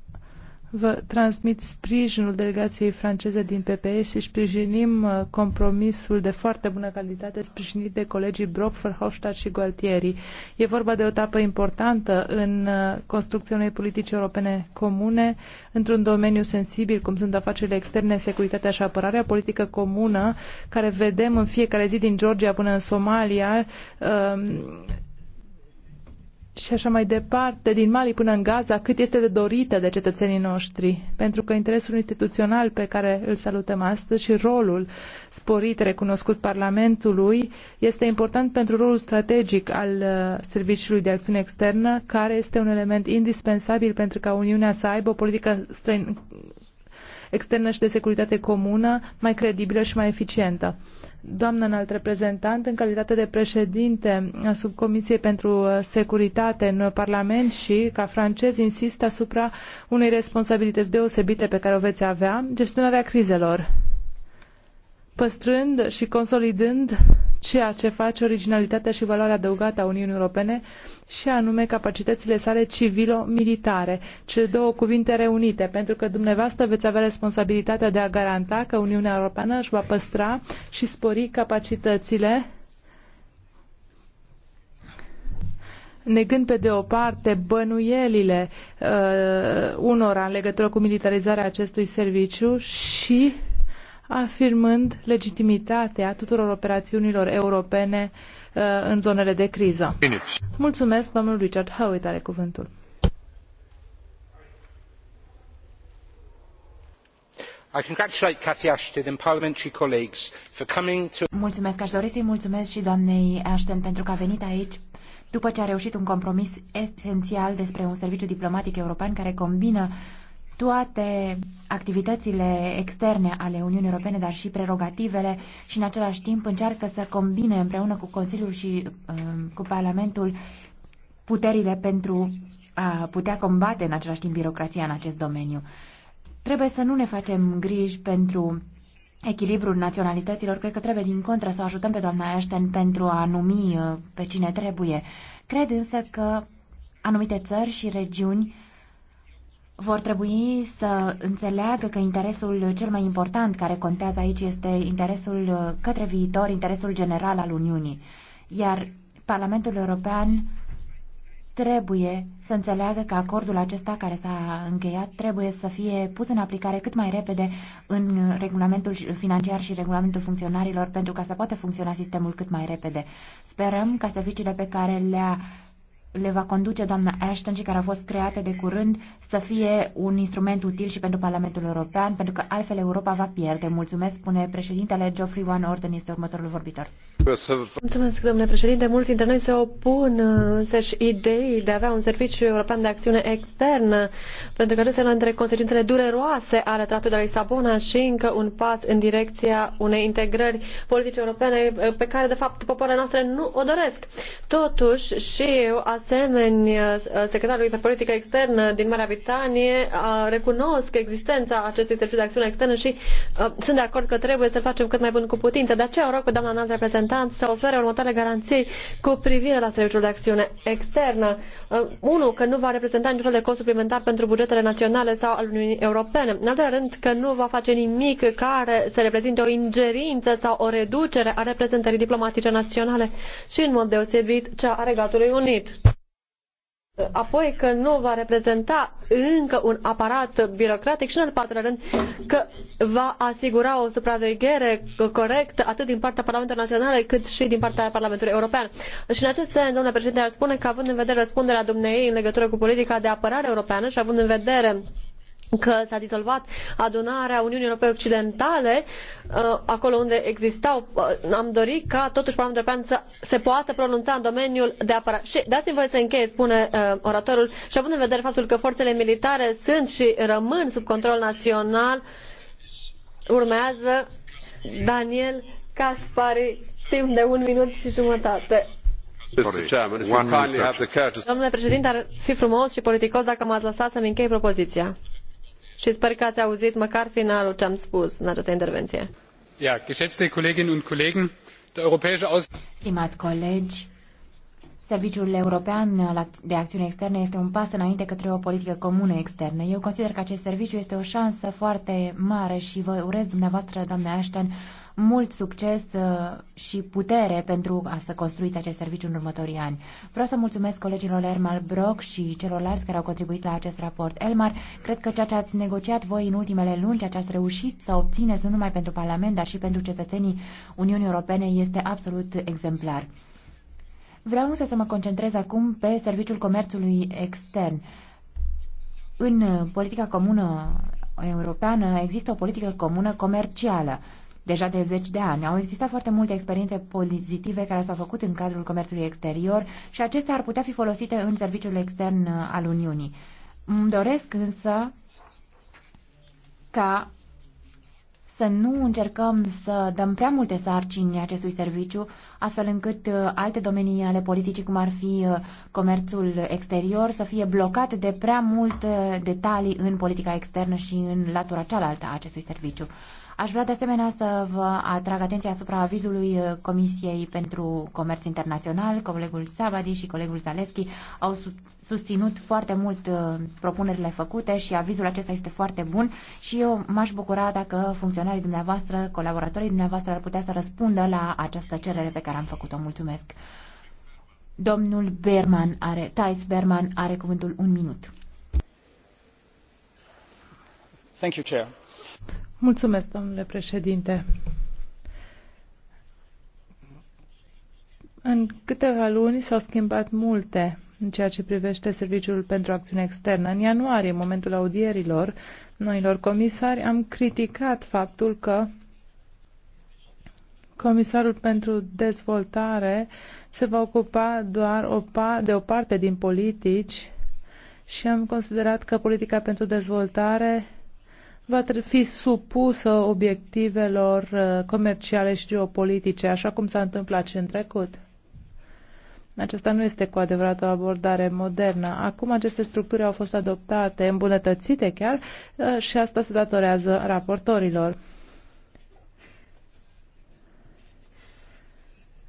Vă transmit sprijinul delegației franceze din PPE și sprijinim uh, compromisul de foarte bună calitate sprijinit de colegii Brock, Verhofstadt și Gualtieri. E vorba de o etapă importantă în uh, construcția unei politici europene comune într-un domeniu sensibil, cum sunt afacerile externe, securitatea și apărarea, politică comună, care vedem în fiecare zi din Georgia până în Somalia, uh, și așa mai departe, din Mali până în Gaza, cât este de dorită de cetățenii noștri, pentru că interesul instituțional pe care îl salutăm astăzi și rolul sporit recunoscut Parlamentului este important pentru rolul strategic al uh, Serviciului de Acțiune Externă, care este un element indispensabil pentru ca Uniunea să aibă o politică străin externă și de securitate comună mai credibilă și mai eficientă doamnă înalt reprezentant, în calitate de președinte a subcomisiei pentru uh, securitate în Parlament și ca francez insist asupra unei responsabilități deosebite pe care o veți avea, gestionarea crizelor păstrând și consolidând ceea ce face originalitatea și valoarea adăugată a Uniunii Europene și anume capacitățile sale civilo-militare, cele două cuvinte reunite, pentru că dumneavoastră veți avea responsabilitatea de a garanta că Uniunea Europeană își va păstra și spori capacitățile negând pe de o parte bănuielile uh, unora în legătură cu militarizarea acestui serviciu și uh, afirmând legitimitatea tuturor operațiunilor europene uh, în zonele de criză. Mulțumesc, domnul Richard Howitt are cuvântul. I congratulate Cathy Ashton and parliamentary colleagues for coming to... Mulțumesc, aș dori să-i mulțumesc și doamnei Ashton pentru că a venit aici după ce a reușit un compromis esențial despre un serviciu diplomatic european care combină uh, toate activitățile externe ale Uniunii Europene, dar și prerogativele și în același timp încearcă să combine împreună cu Consiliul și um, cu Parlamentul puterile pentru a putea combate în același timp birocrația în acest domeniu. Trebuie să nu ne facem griji pentru echilibrul naționalităților. Cred că trebuie din contră să ajutăm pe doamna Ashton pentru a numi uh, pe cine trebuie. Cred însă că anumite țări și regiuni vor trebui să înțeleagă că interesul cel mai important care contează aici este interesul către viitor, interesul general al Uniunii. Iar Parlamentul European trebuie să înțeleagă că acordul acesta care s-a încheiat trebuie să fie pus în aplicare cât mai repede în regulamentul financiar și regulamentul funcționarilor pentru ca să poată funcționa sistemul cât mai repede. Sperăm ca serviciile pe care le-a le va conduce doamna Ashton și care a fost create de curând să fie un instrument util și pentru Parlamentul European, pentru că altfel Europa va pierde. Mulțumesc, spune președintele Geoffrey Van Orden, este următorul vorbitor. Mulțumesc, domnule președinte. Mulți dintre noi se opun însăși ideii de a avea un serviciu european de acțiune externă, pentru că se sunt dintre consecințele dureroase ale Tratatului de Lisabona și încă un pas în direcția unei integrări politice europene pe care, de fapt, poporile noastre nu o doresc. Totuși, și eu asemenea, secretarul pe politică externă din Marea Britanie, recunosc existența acestui serviciu de acțiune externă și sunt de acord că trebuie să-l facem cât mai bun cu putință. De aceea o rog pe doamna înalt reprezentant să ofere următoarele garanții cu privire la serviciul de acțiune externă. Uh, unu, că nu va reprezenta niciun fel de cost suplimentar pentru bugetele naționale sau al Uniunii Europene. În al doilea rând, că nu va face nimic care să reprezinte o ingerință sau o reducere a reprezentării diplomatice naționale și, în mod deosebit, cea a Regatului Unit apoi că nu va reprezenta încă un aparat birocratic și, în al patrulea rând, că va asigura o supraveghere corectă atât din partea Parlamentului Național cât și din partea Parlamentului European. Și, în acest sens, domnule președinte, ar spune că, având în vedere răspunderea dumneei în legătură cu politica de apărare europeană și având în vedere că s-a dizolvat adunarea Uniunii Europene Occidentale, uh, acolo unde existau. Uh, am dorit ca totuși Parlamentul European să se poată pronunța în domeniul de apărare. Și dați-mi voie să încheie, spune uh, oratorul, și având în vedere faptul că forțele militare sunt și rămân sub control național, urmează Daniel Caspari timp de un minut și jumătate. Domnule președinte, ar fi frumos și politicos dacă m-ați lăsat să-mi închei propoziția și sper că ați auzit măcar finalul ce am spus în această intervenție. Ja, geschätzte Kolleginnen und Kollegen, der europäische Aus Stimați colegi, Serviciul European de Acțiune Externă este un pas înainte către o politică comună externă. Eu consider că acest serviciu este o șansă foarte mare și vă urez dumneavoastră, doamne Ashton, mult succes uh, și putere pentru a să construiți acest serviciu în următorii ani. Vreau să mulțumesc colegilor Elmar Brock și celorlalți care au contribuit la acest raport. Elmar, cred că ceea ce ați negociat voi în ultimele luni, ceea ce ați reușit să obțineți nu numai pentru Parlament, dar și pentru cetățenii Uniunii Europene este absolut exemplar. Vreau însă să mă concentrez acum pe serviciul comerțului extern. În politica comună europeană există o politică comună comercială deja de zeci de ani. Au existat foarte multe experiențe pozitive care s-au făcut în cadrul comerțului exterior și acestea ar putea fi folosite în serviciul extern uh, al Uniunii. Îmi doresc însă ca să nu încercăm să dăm prea multe sarcini acestui serviciu, astfel încât uh, alte domenii ale politicii, cum ar fi uh, comerțul exterior, să fie blocat de prea multe detalii în politica externă și în latura cealaltă a acestui serviciu. Aș vrea de asemenea să vă atrag atenția asupra avizului uh, Comisiei pentru Comerț Internațional. Colegul Sabadi și colegul Zaleschi au susținut foarte mult uh, propunerile făcute și avizul acesta este foarte bun și eu m-aș bucura dacă funcționarii dumneavoastră, colaboratorii dumneavoastră ar putea să răspundă la această cerere pe care am făcut-o. Mulțumesc! Domnul Berman are, Tais Berman are cuvântul un minut. Thank you, Chair. Mulțumesc, domnule președinte. În câteva luni s-au schimbat multe în ceea ce privește Serviciul pentru Acțiune Externă. În ianuarie, în momentul audierilor noilor comisari, am criticat faptul că Comisarul pentru Dezvoltare se va ocupa doar o de o parte din politici și am considerat că politica pentru dezvoltare va fi supusă obiectivelor uh, comerciale și geopolitice, așa cum s-a întâmplat și în trecut. Aceasta nu este cu adevărat o abordare modernă. Acum aceste structuri au fost adoptate, îmbunătățite chiar, uh, și asta se datorează raportorilor.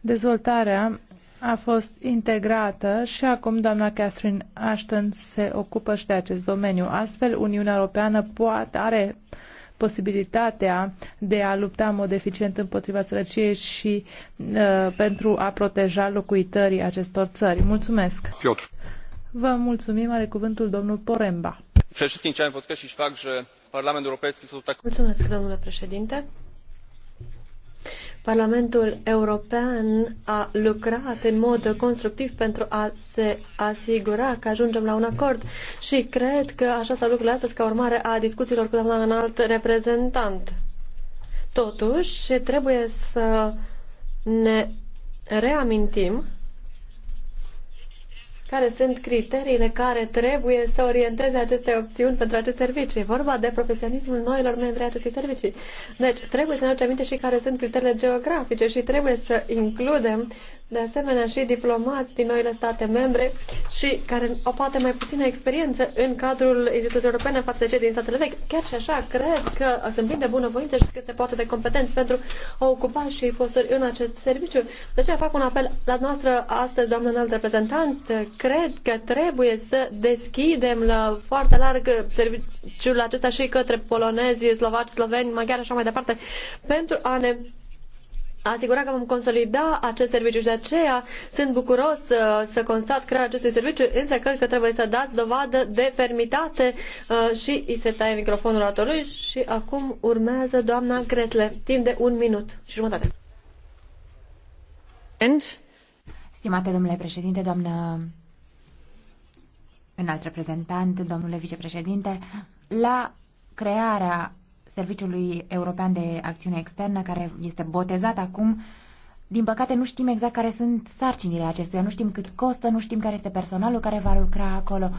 Dezvoltarea a fost integrată și acum doamna Catherine Ashton se ocupă și de acest domeniu. Astfel, Uniunea Europeană poate, are posibilitatea de a lupta în mod eficient împotriva sărăciei și uh, pentru a proteja locuitorii acestor țări. Mulțumesc! Piotr. Vă mulțumim, are cuvântul domnul Poremba. Mulțumesc, domnule președinte. Parlamentul European a lucrat în mod constructiv pentru a se asigura că ajungem la un acord și cred că așa s-a lucrat astăzi ca urmare a discuțiilor cu doamna înalt reprezentant. Totuși, trebuie să ne reamintim care sunt criteriile care trebuie să orienteze aceste opțiuni pentru acest serviciu. E vorba de profesionismul noilor membri ai acestui servicii. Deci, trebuie să ne aducem aminte și care sunt criteriile geografice și trebuie să includem de asemenea și diplomați din noile state membre și care au poate mai puțină experiență în cadrul instituției europene față de cei din statele vechi. Chiar și așa, cred că sunt plin de bunăvoință și cât se poate de competenți pentru a ocupa și posturi în acest serviciu. De aceea fac un apel la noastră astăzi, doamnă înalt reprezentant. Cred că trebuie să deschidem la foarte larg serviciul acesta și către polonezi, slovaci, sloveni, maghiari și așa mai departe, pentru a ne asigura că vom consolida acest serviciu și de aceea sunt bucuros să, uh, să constat crearea acestui serviciu, însă cred că trebuie să dați dovadă de fermitate uh, și îi se taie microfonul oratorului și acum urmează doamna Gresle, timp de un minut și jumătate. And? Stimate domnule președinte, doamnă înalt reprezentant, domnule vicepreședinte, la crearea Serviciului European de Acțiune Externă, care este botezat acum. Din păcate nu știm exact care sunt sarcinile acestuia, nu știm cât costă, nu știm care este personalul care va lucra acolo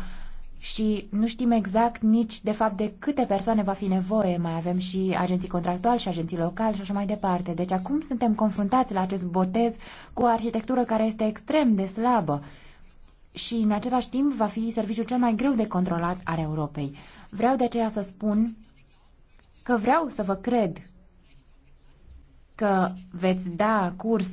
și nu știm exact nici de fapt de câte persoane va fi nevoie. Mai avem și agenții contractuali și agenții locali și așa mai departe. Deci acum suntem confruntați la acest botez cu o arhitectură care este extrem de slabă și în același timp va fi serviciul cel mai greu de controlat al Europei. Vreau de aceea să spun că vreau să vă cred că veți da curs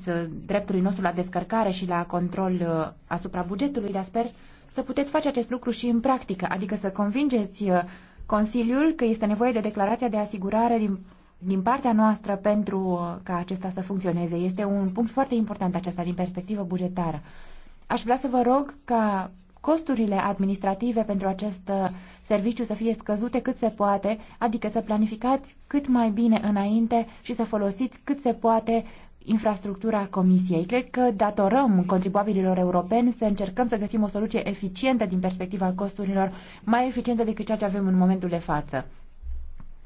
dreptului nostru la descărcare și la control uh, asupra bugetului, dar sper să puteți face acest lucru și în practică, adică să convingeți uh, Consiliul că este nevoie de declarația de asigurare din, din partea noastră pentru uh, ca acesta să funcționeze. Este un punct foarte important acesta din perspectivă bugetară. Aș vrea să vă rog ca costurile administrative pentru acest uh, serviciu să fie scăzute cât se poate, adică să planificați cât mai bine înainte și să folosiți cât se poate infrastructura Comisiei. Cred că datorăm contribuabililor europeni să încercăm să găsim o soluție eficientă din perspectiva costurilor, mai eficientă decât ceea ce avem în momentul de față.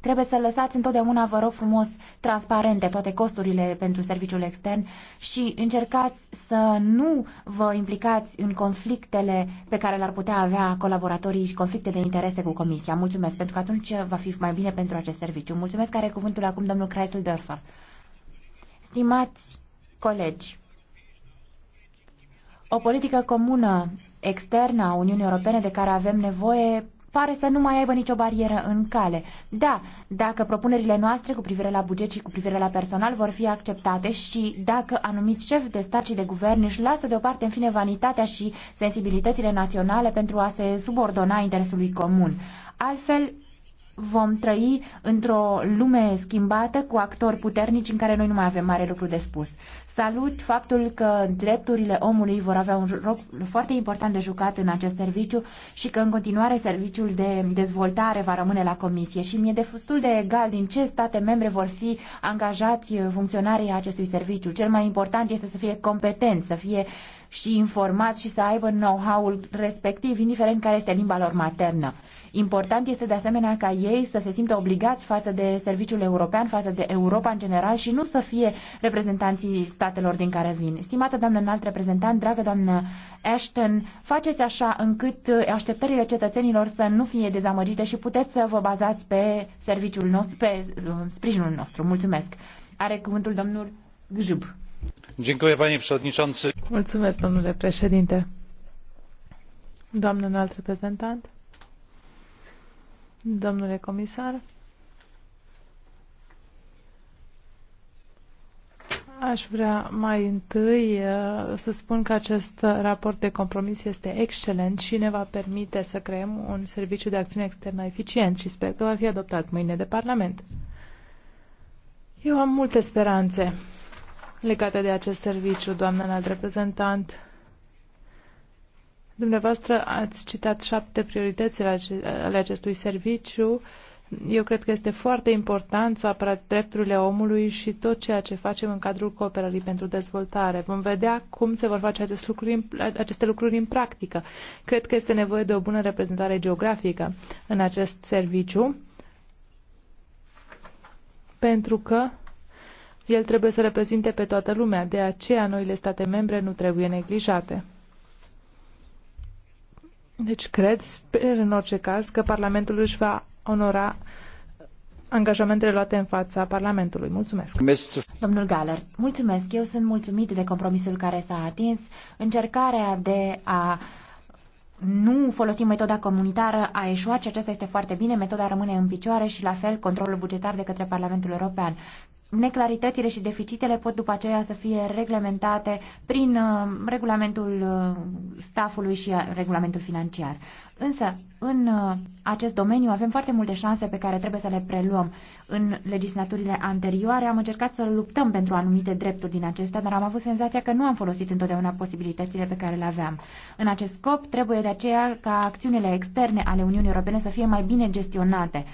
Trebuie să lăsați întotdeauna, vă rog frumos, transparente toate costurile pentru serviciul extern și încercați să nu vă implicați în conflictele pe care le-ar putea avea colaboratorii și conflicte de interese cu Comisia. Mulțumesc, pentru că atunci va fi mai bine pentru acest serviciu. Mulțumesc, care cuvântul acum domnul Kreisel Dörfer. Stimați colegi, o politică comună externă a Uniunii Europene de care avem nevoie pare să nu mai aibă nicio barieră în cale. Da, dacă propunerile noastre cu privire la buget și cu privire la personal vor fi acceptate și dacă anumiți șefi de stat și de guvern își lasă deoparte în fine vanitatea și sensibilitățile naționale pentru a se subordona interesului comun. Altfel, vom trăi într-o lume schimbată cu actori puternici în care noi nu mai avem mare lucru de spus. Salut faptul că drepturile omului vor avea un rol foarte important de jucat în acest serviciu și că în continuare serviciul de dezvoltare va rămâne la comisie și mi-e destul de egal din ce state membre vor fi angajați funcționarii acestui serviciu. Cel mai important este să fie competenți, să fie uh, și informați și să aibă know-how-ul respectiv, indiferent care este limba lor maternă. Important este de asemenea ca ei să se simtă obligați față de serviciul european, față de Europa în general și nu să fie reprezentanții statelor din care vin. Stimată doamnă înalt reprezentant, dragă doamnă Ashton, faceți așa încât așteptările cetățenilor să nu fie dezamăgite și puteți să vă bazați pe serviciul nostru, pe uh, sprijinul nostru. Mulțumesc. Are cuvântul domnul Gjub. Mulțumesc, domnule președinte. reprezentant, domnule comisar, vrea mai întâi uh, să spun că acest raport de compromis este excelent și ne va permite să creăm un serviciu de acțiune externă eficient și sper că va fi adoptat mâine de Parlament. Eu am multe speranțe legate de acest serviciu, doamnă înalt reprezentant. Dumneavoastră ați citat șapte priorități ale acestui serviciu. Eu cred că este foarte important să apărați drepturile omului și tot ceea ce facem în cadrul cooperării pentru dezvoltare. Vom vedea cum se vor face aceste lucruri, aceste lucruri în practică. Cred că este nevoie de o bună reprezentare geografică în acest serviciu, pentru că el trebuie să reprezinte pe toată lumea, de aceea noile state membre nu trebuie neglijate. Deci cred, sper în orice caz, că Parlamentul își va onora angajamentele luate în fața Parlamentului. Mulțumesc. Domnul Galler, mulțumesc. Eu sunt mulțumit de compromisul care s-a atins. Încercarea de a nu folosim metoda comunitară a eșuat și aceasta este foarte bine, metoda rămâne în picioare și la fel controlul bugetar de către Parlamentul European neclaritățile și deficitele pot după aceea să fie reglementate prin uh, regulamentul uh, stafului și uh, regulamentul financiar. Însă, în acest domeniu avem foarte multe șanse pe care trebuie să le preluăm. În legislaturile anterioare am încercat să luptăm pentru anumite drepturi din acestea, dar am avut senzația că nu am folosit întotdeauna posibilitățile pe care le aveam. În acest scop, trebuie de aceea ca acțiunile externe ale Uniunii Europene să fie mai bine gestionate.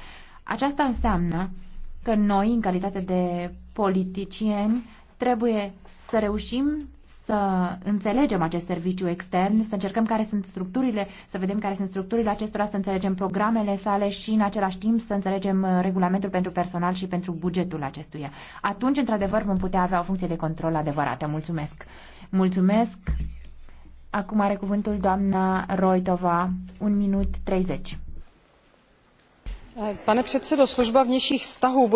Aceasta înseamnă că noi, în calitate de politicieni, trebuie să reușim să înțelegem acest serviciu extern, să încercăm care sunt structurile, să vedem care sunt structurile acestora, să înțelegem programele sale și în același timp să înțelegem uh, regulamentul pentru personal și pentru bugetul acestuia. Atunci, într-adevăr, vom putea avea o funcție de control adevărată. Mulțumesc! Mulțumesc! Acum are cuvântul doamna Roitova, 1 minut 30. Pane předsedo, služba vnějších vztahů...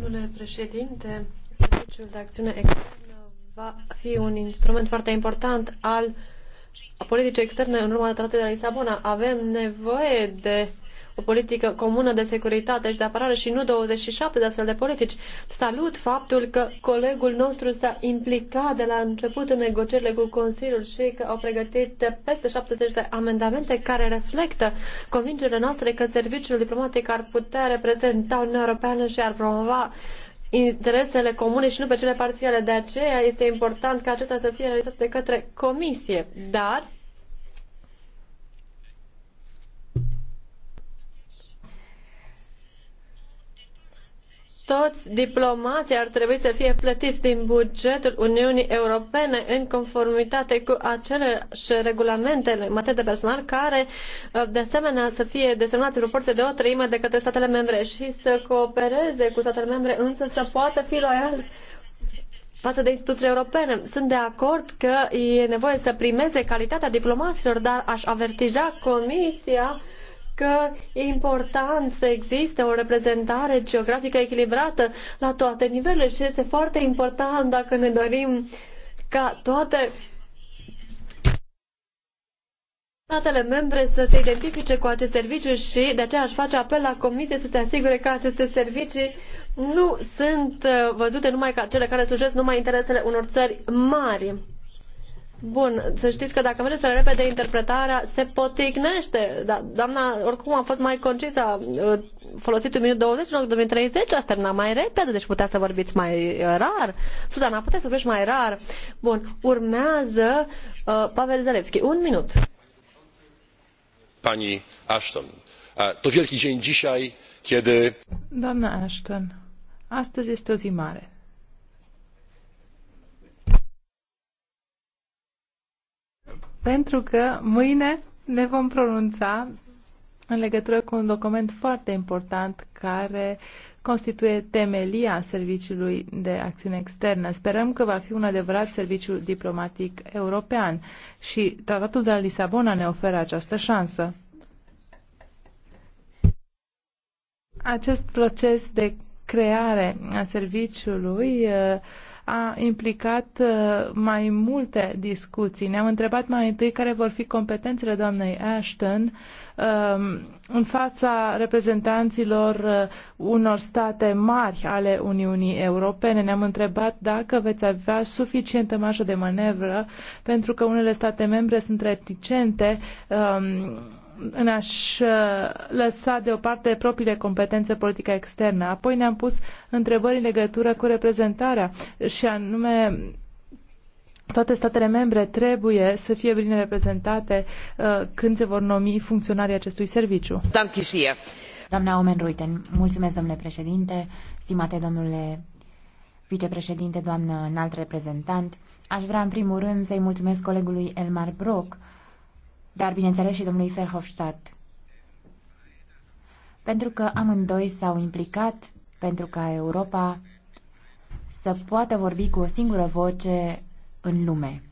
Domnule președinte, serviciul de acțiune externă va fi un instrument foarte important al politicii externe în urma tratatului de la Lisabona. Avem nevoie de o politică comună de securitate și de apărare și nu 27 de astfel de politici. Salut faptul că colegul nostru s-a implicat de la început în negocierile cu Consiliul și că au pregătit peste 70 de amendamente care reflectă convingerile noastre că serviciul diplomatic ar putea reprezenta Uniunea Europeană și ar promova interesele comune și nu pe cele parțiale. De aceea este important ca acesta să fie realizat de către Comisie. Dar toți diplomații ar trebui să fie plătiți din bugetul Uniunii Europene în conformitate cu aceleași regulamente în materie de personal care, uh, de asemenea, să fie desemnați în proporție de o treime de către statele membre și să coopereze cu statele membre, însă să poată fi loial față de instituțiile europene. Sunt de acord că e nevoie să primeze calitatea diplomaților, dar aș avertiza Comisia că e important să existe o reprezentare geografică echilibrată la toate nivelurile și este foarte important dacă ne dorim ca toate statele membre să se identifice cu acest serviciu și de aceea aș face apel la Comisie să se asigure că aceste servicii nu sunt uh, văzute numai ca cele care slujesc numai interesele unor țări mari. Bun, să știți că dacă mergeți repede interpretarea, se poticnește. Da, doamna, oricum a fost mai concisă, a uh, folosit un minut 20 în loc de 30, a terminat mai repede, deci putea să vorbiți mai uh, rar. Suzana, puteți să vorbești mai rar. Bun, urmează uh, Pavel Zalewski. Un minut. Pani Ashton, to wielki dzień dzisiaj, kiedy... Doamna Ashton, astăzi este o zi mare. pentru că mâine ne vom pronunța în legătură cu un document foarte important care constituie temelia Serviciului de Acțiune Externă. Sperăm că va fi un adevărat serviciu diplomatic european și Tratatul de la Lisabona ne oferă această șansă. Acest proces de creare a serviciului uh, a implicat uh, mai multe discuții. Ne-am întrebat mai întâi care vor fi competențele doamnei Ashton um, în fața reprezentanților uh, unor state mari ale Uniunii Europene. Ne-am întrebat dacă veți avea suficientă marjă de manevră pentru că unele state membre sunt reticente um, în a-și uh, lăsa deoparte propriile competențe politică externă. Apoi ne-am pus întrebări în legătură cu reprezentarea și anume toate statele membre trebuie să fie bine reprezentate uh, când se vor nomi funcționarii acestui serviciu. Doamna Omen Ruiten, mulțumesc domnule președinte, stimate domnule vicepreședinte, doamnă înalt reprezentant. Aș vrea în primul rând să-i mulțumesc colegului Elmar Brock dar bineînțeles și domnului Ferhofstadt. Pentru că amândoi s-au implicat pentru ca Europa să poată vorbi cu o singură voce în lume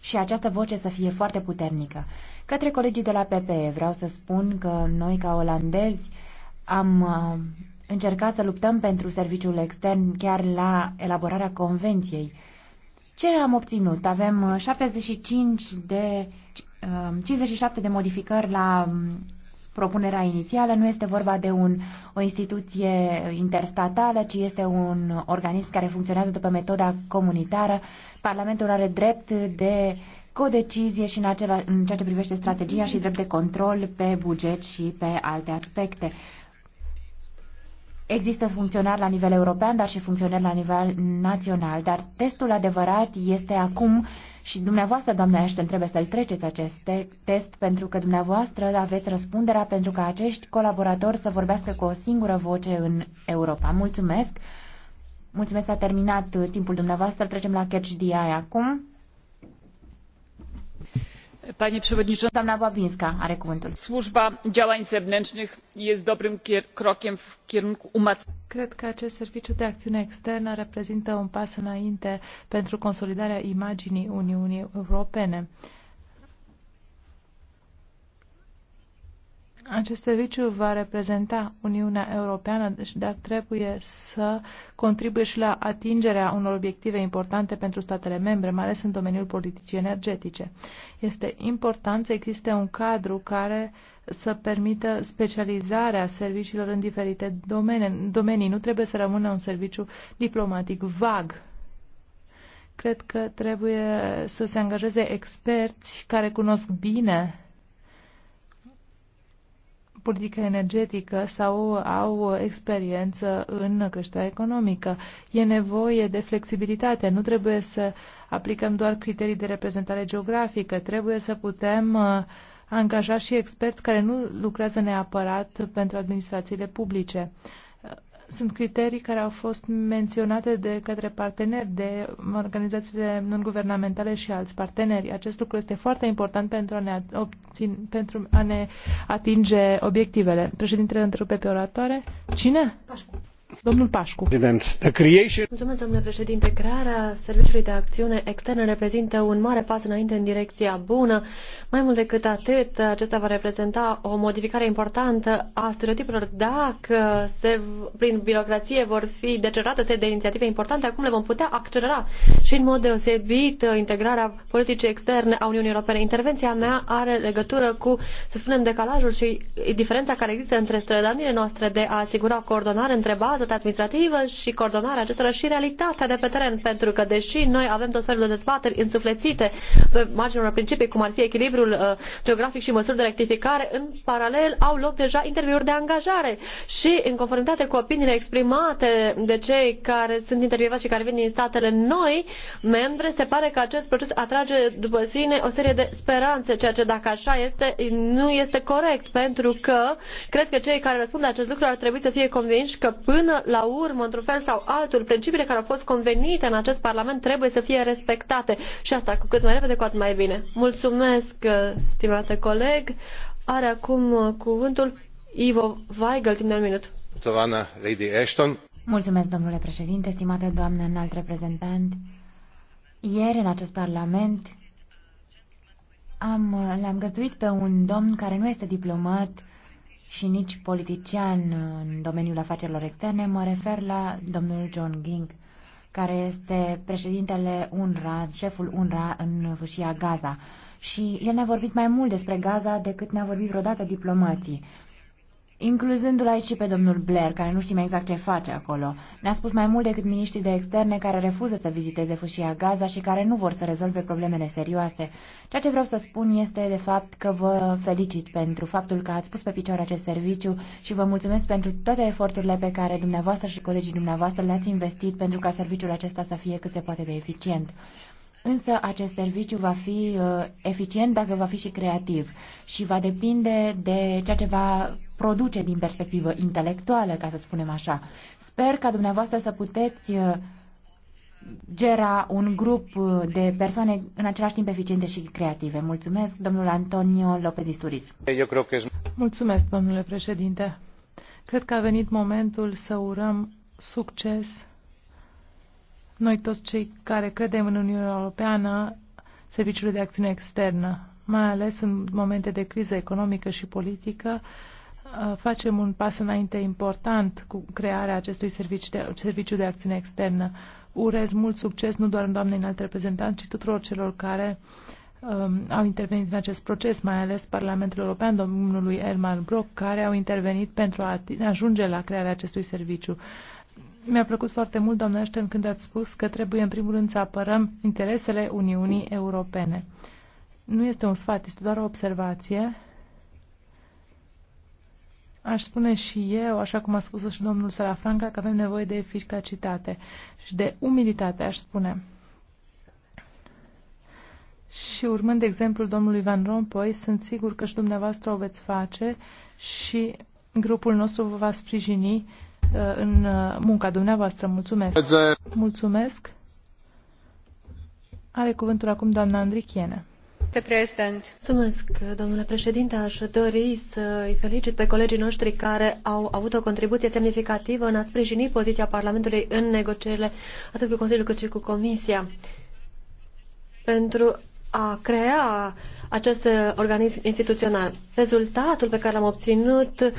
și această voce să fie foarte puternică. Către colegii de la PPE vreau să spun că noi, ca olandezi, am uh, încercat să luptăm pentru serviciul extern chiar la elaborarea convenției. Ce am obținut? Avem 75 uh, de 57 um, de modificări la um, propunerea inițială. Nu este vorba de un, o instituție interstatală, ci este un organism care funcționează după metoda comunitară. Parlamentul are drept de codecizie și în, acela, în ceea ce privește strategia și drept de control pe buget și pe alte aspecte. Există funcționari la nivel european, dar și funcționari la nivel național. Dar testul adevărat este acum și dumneavoastră, doamne Ashton, trebuie să-l treceți acest test pentru că dumneavoastră aveți răspunderea pentru ca acești colaboratori să vorbească cu o singură voce în Europa. Mulțumesc! Mulțumesc, a terminat timpul dumneavoastră. Trecem la Catch eye acum. Panie Służba działań zewnętrznych jest dobrym krokiem w kierunku umacniania. Cred că acest serviciu de acțiune externă reprezintă un pas înainte pentru consolidarea imaginii Uniunii Europene. Acest serviciu va reprezenta Uniunea Europeană, deci, dar trebuie să contribuie și la atingerea unor obiective importante pentru statele membre, mai ales în domeniul politicii energetice. Este important să existe un cadru care să permită specializarea serviciilor în diferite domenii. Nu trebuie să rămână un serviciu diplomatic vag cred că trebuie să se angajeze experți care cunosc bine politică energetică sau au experiență în creșterea economică. E nevoie de flexibilitate. Nu trebuie să aplicăm doar criterii de reprezentare geografică. Trebuie să putem uh, angaja și experți care nu lucrează neapărat pentru administrațiile publice. Sunt criterii care au fost menționate de către parteneri, de organizațiile non-guvernamentale și alți parteneri. Acest lucru este foarte important pentru a ne, obțin, pentru a ne atinge obiectivele. Președintele întrerupe pe oratoare. Cine? Pașcu. Domnul Pașcu. președinte. Crearea Serviciului de Acțiune Externă reprezintă un mare pas înainte în direcția bună. Mai mult decât atât, acesta va reprezenta o modificare importantă a stereotipelor. Dacă se, prin birocrație vor fi decerate o serie de inițiative importante, acum le vom putea accelera și în mod deosebit integrarea politicii externe a Uniunii Europene. Intervenția mea are legătură cu, să spunem, decalajul și diferența care există între strădanile noastre de a asigura coordonare între bază atât administrativă și coordonarea acestora și realitatea de pe teren, pentru că deși noi avem tot felul de dezbateri însuflețite pe marginea unor principii, cum ar fi echilibrul uh, geografic și măsuri de rectificare, în paralel au loc deja interviuri de angajare și în conformitate cu opiniile exprimate de cei care sunt intervievați și care vin din statele noi, membre, se pare că acest proces atrage după sine o serie de speranțe, ceea ce dacă așa este, nu este corect, pentru că cred că cei care răspund la acest lucru ar trebui să fie convinși că până până la urmă, într-un fel sau altul, principiile care au fost convenite în acest Parlament trebuie să fie respectate și asta cu cât mai repede, cu atât mai bine. Mulțumesc, uh, stimate coleg. Are acum uh, cuvântul Ivo Weigel, timp un minut. Lady Ashton. Mulțumesc, domnule președinte, stimată doamnă înalt reprezentant. Ieri, în acest Parlament, am, l-am găzduit pe un domn care nu este diplomat, și nici politician în domeniul afacerilor externe, mă refer la domnul John Ging, care este președintele UNRWA, șeful UNRWA în fâșia Gaza. Și el ne-a vorbit mai mult despre Gaza decât ne-a vorbit vreodată diplomații incluzându-l aici și pe domnul Blair, care nu știm exact ce face acolo. Ne-a spus mai mult decât miniștrii de externe care refuză să viziteze fâșia Gaza și care nu vor să rezolve problemele serioase. Ceea ce vreau să spun este, de fapt, că vă felicit pentru faptul că ați pus pe picioare acest serviciu și vă mulțumesc pentru toate eforturile pe care dumneavoastră și colegii dumneavoastră le-ați investit pentru ca serviciul acesta să fie cât se poate de eficient. Însă acest serviciu va fi uh, eficient dacă va fi și creativ și va depinde de ceea ce va produce din perspectivă intelectuală, ca să spunem așa. Sper ca dumneavoastră să puteți uh, gera un grup uh, de persoane în același timp eficiente și creative. Mulțumesc, domnul Antonio Lopez Isturiz. Mulțumesc, domnule președinte. Cred că a venit momentul să urăm succes noi toți cei care credem în Uniunea Europeană, Serviciului de Acțiune Externă, mai ales în momente de criză economică și politică, facem un pas înainte important cu crearea acestui serviciu de, serviciu de acțiune externă. Urez mult succes nu doar în doamnei înalt reprezentant, ci tuturor celor care um, au intervenit în acest proces, mai ales Parlamentul European, domnului Elmar Brock, care au intervenit pentru a ajunge la crearea acestui serviciu. Mi-a plăcut foarte mult, doamna Ashton, când ați spus că trebuie în primul rând să apărăm interesele Uniunii Europene. Nu este un sfat, este doar o observație Aș spune și eu, așa cum a spus și domnul Sarafranca, că avem nevoie de eficacitate și de umilitate, aș spune. Și urmând exemplul domnului Van Rompuy, sunt sigur că și dumneavoastră o veți face și grupul nostru vă va sprijini uh, în uh, munca dumneavoastră. Mulțumesc! Mulțumesc! Are cuvântul acum doamna Andrichiene. Domnule președinte, dori să îi felicit pe colegii noștri care au avut o contribuție semnificativă în a sprijini poziia Parlamentului în negocierile atât cu Consiliul cât i cu Comisia. Pentru a crea acest organism instituțional. Rezultatul pe care l-am obținut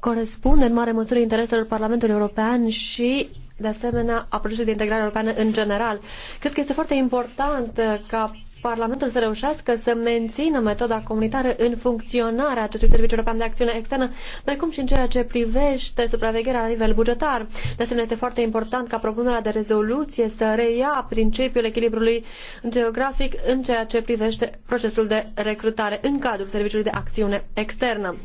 corespunde în mare măsură intereselor Parlamentului European și de asemenea a procesului de integrare europeană în general. Cred că este foarte important ca Parlamentul să reușească să mențină metoda comunitară în funcționarea acestui serviciu european de acțiune externă, precum și în ceea ce privește supravegherea la nivel bugetar. De asemenea, este foarte important ca propunerea de rezoluție să reia principiul echilibrului geografic în ceea ce privește procesul de recrutare în cadrul serviciului de acțiune externă.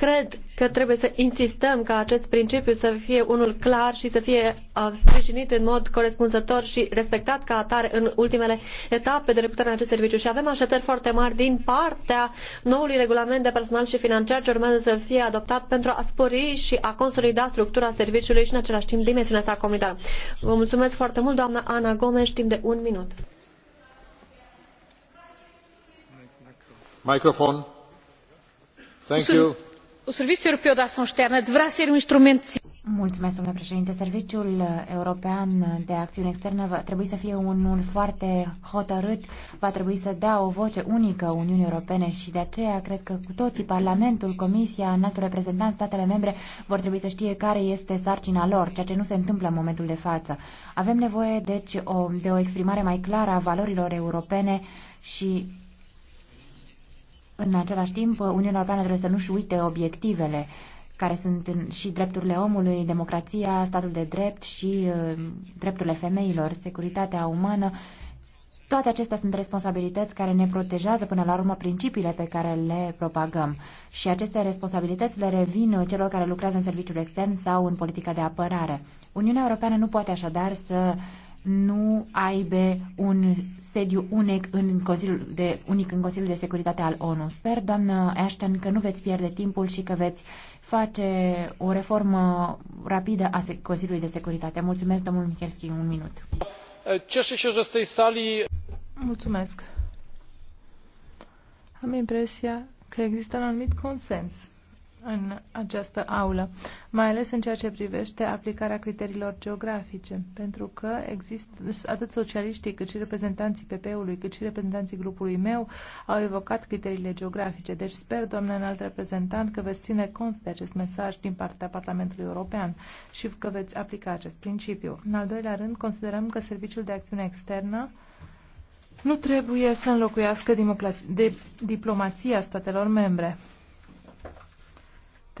Cred că trebuie să insistăm ca acest principiu să fie unul clar și să fie uh, sprijinit în mod corespunzător și respectat ca atare în ultimele etape de reputare în acest serviciu. Și avem așteptări foarte mari din partea noului regulament de personal și financiar ce urmează să fie adoptat pentru a spori și a consolida structura serviciului și în același timp dimensiunea sa comunitară. Vă mulțumesc foarte mult, doamna Ana Gomes, timp de un minut. Microfon. Thank you. Serviciul European de Acțiune Externă vrea să un um instrument. Mulțumesc, domnule președinte. Serviciul European de Acțiune Externă va trebui să fie unul foarte hotărât, va trebui să dea o voce unică Uniunii Europene și de aceea cred că cu toții, Parlamentul, Comisia, înaltul reprezentant, statele membre vor trebui să știe care este sarcina lor, ceea ce nu se întâmplă în momentul de față. Avem nevoie, deci, o, de o exprimare mai clară a valorilor europene și în același timp, Uniunea Europeană trebuie să nu-și uite obiectivele care sunt și drepturile omului, democrația, statul de drept și uh, drepturile femeilor, securitatea umană. Toate acestea sunt responsabilități care ne protejează până la urmă principiile pe care le propagăm. Și aceste responsabilități le revin celor care lucrează în serviciul extern sau în politica de apărare. Uniunea Europeană nu poate așadar să nu aibă un sediu unic în Consiliul de, unic în Consiliul de Securitate al ONU. Sper, doamnă Ashton, că nu veți pierde timpul și că veți face o reformă rapidă a Consiliului de Securitate. Mulțumesc, domnul Michelski, un minut. Ce și ce z sali... Mulțumesc. Am impresia că există un anumit consens în această aulă, mai ales în ceea ce privește aplicarea criteriilor geografice, pentru că există atât socialiștii cât și reprezentanții PP-ului, cât și reprezentanții grupului meu au evocat criteriile geografice. Deci sper, doamne înalt reprezentant, că veți ține cont de acest mesaj din partea Parlamentului European și că veți aplica acest principiu. În al doilea rând, considerăm că Serviciul de Acțiune Externă nu trebuie să înlocuiască de diplomația statelor membre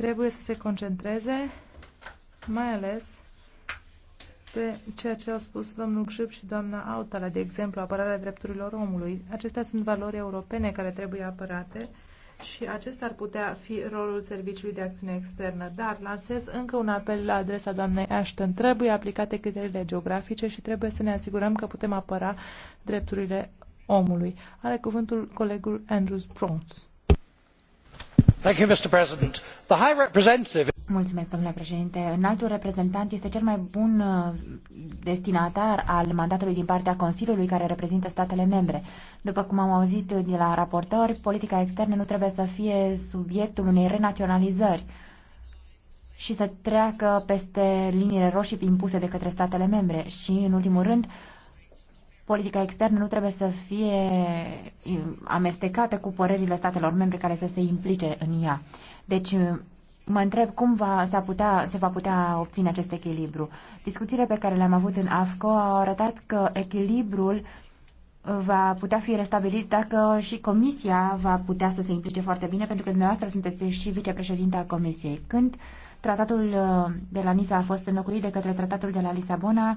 trebuie să se concentreze mai ales pe ceea ce au spus domnul Gșip și doamna Autala, de exemplu, apărarea drepturilor omului. Acestea sunt valori europene care trebuie apărate și acesta ar putea fi rolul Serviciului de Acțiune Externă. Dar lansez încă un apel la adresa doamnei Ashton. Trebuie aplicate criteriile geografice și trebuie să ne asigurăm că putem apăra drepturile omului. Are cuvântul colegul Andrews Brons înaltul reprezentant este cel mai bun uh, destinatar al mandatului din partea Consiliului care reprezintă statele membre. După cum am auzit de la raportori, politica externă nu trebuie să fie subiectul unei renaționalizări și să treacă peste liniile roșii impuse de către statele membre. Și, în ultimul rând, politica externă nu trebuie să fie amestecată cu părerile statelor membre care să se implice în ea. Deci, mă întreb cum va, s-a putea, se va putea obține acest echilibru. Discuțiile pe care le-am avut în AFCO au arătat că echilibrul va putea fi restabilit dacă și Comisia va putea să se implice foarte bine, pentru că dumneavoastră sunteți și vicepreședinta Comisiei. Când tratatul uh, de la Nisa a fost înlocuit de către tratatul de la Lisabona,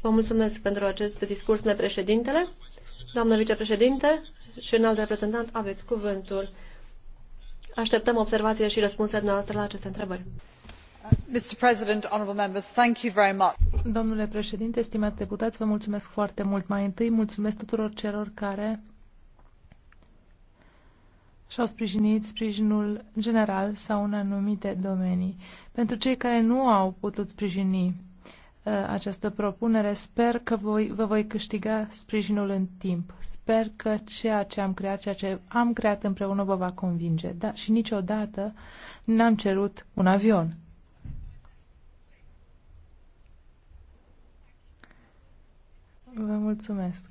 Vă mulțumesc pentru acest discurs, domnule președintele. Doamnă vicepreședinte și înalt reprezentant, aveți cuvântul. Așteptăm observațiile și răspunsurile noastre la aceste întrebări. Mr. President, honorable members, thank you very much. Domnule președinte, stimați deputați, vă mulțumesc foarte mult. Mai întâi mulțumesc tuturor celor care și-au sprijinit sprijinul general sau în anumite domenii. Pentru cei care nu au putut sprijini Uh, această propunere. Sper că voi, vă voi câștiga sprijinul în timp. Sper că ceea ce am creat, ceea ce am creat împreună vă va convinge. Da, și niciodată n-am cerut un avion. Vă mulțumesc.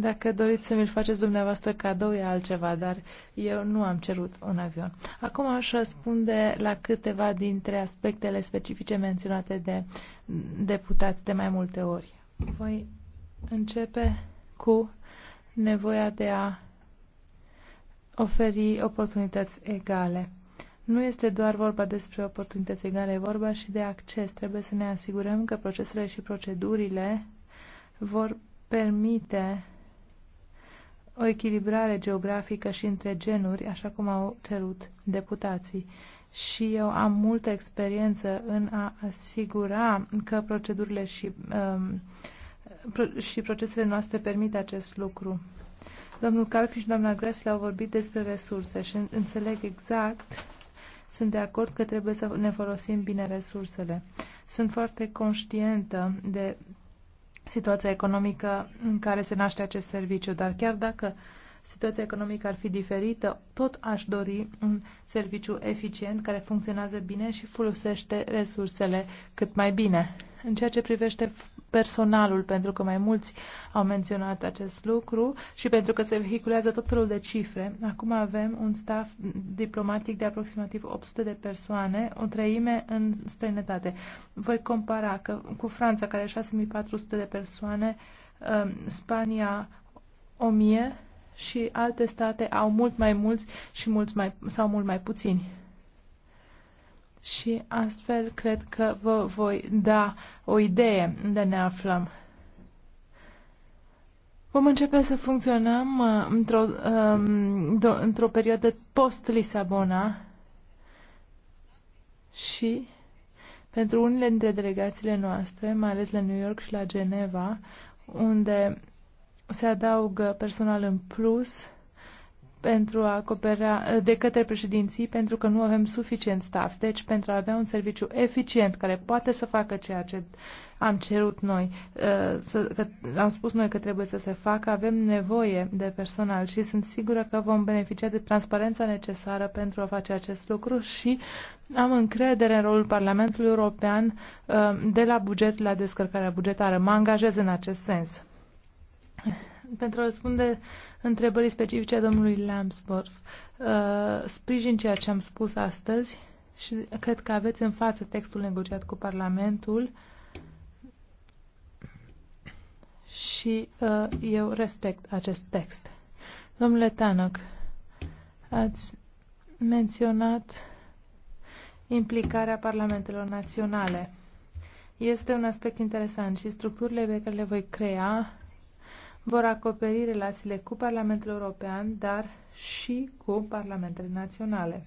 Dacă doriți să mi-l faceți dumneavoastră cadou, e altceva, dar eu nu am cerut un avion. Acum aș răspunde la câteva dintre aspectele specifice menționate de deputați de mai multe ori. Voi începe cu nevoia de a oferi oportunități egale. Nu este doar vorba despre oportunități egale, e vorba și de acces. Trebuie să ne asigurăm că procesele și procedurile vor permite o echilibrare geografică și între genuri, așa cum au cerut deputații. Și eu am multă experiență în a asigura că procedurile și, um, pro- și procesele noastre permit acest lucru. Domnul Calfi și doamna Gresle au vorbit despre resurse și înțeleg exact, sunt de acord că trebuie să ne folosim bine resursele. Sunt foarte conștientă de situația economică în care se naște acest serviciu, dar chiar dacă situația economică ar fi diferită, tot aș dori un serviciu eficient care funcționează bine și folosește resursele cât mai bine. În ceea ce privește personalul, pentru că mai mulți au menționat acest lucru și pentru că se vehiculează tot felul de cifre. Acum avem un staff diplomatic de aproximativ 800 de persoane, o treime în străinătate. Voi compara că cu Franța, care are 6400 de persoane, um, Spania 1000 și alte state au mult mai mulți și mulți mai, sau mult mai puțini și astfel cred că vă voi da o idee unde ne aflăm. Vom începe să funcționăm uh, într-o, um, într-o perioadă post-Lisabona și pentru unele dintre delegațiile noastre, mai ales la New York și la Geneva, unde se adaugă personal în plus, pentru a acopera, de către președinții pentru că nu avem suficient staff. Deci pentru a avea un serviciu eficient care poate să facă ceea ce am cerut noi, uh, să, că, am spus noi că trebuie să se facă, avem nevoie de personal și sunt sigură că vom beneficia de transparența necesară pentru a face acest lucru și am încredere în rolul Parlamentului European uh, de la buget la descărcarea bugetară. Mă angajez în acest sens. Pentru a răspunde întrebării specifice a domnului Uh, Sprijin ceea ce am spus astăzi și cred că aveți în față textul negociat cu Parlamentul și uh, eu respect acest text. Domnule Tanăc, ați menționat implicarea parlamentelor naționale. Este un aspect interesant și structurile pe care le voi crea vor acoperi relațiile cu Parlamentul European, dar și cu parlamentele naționale.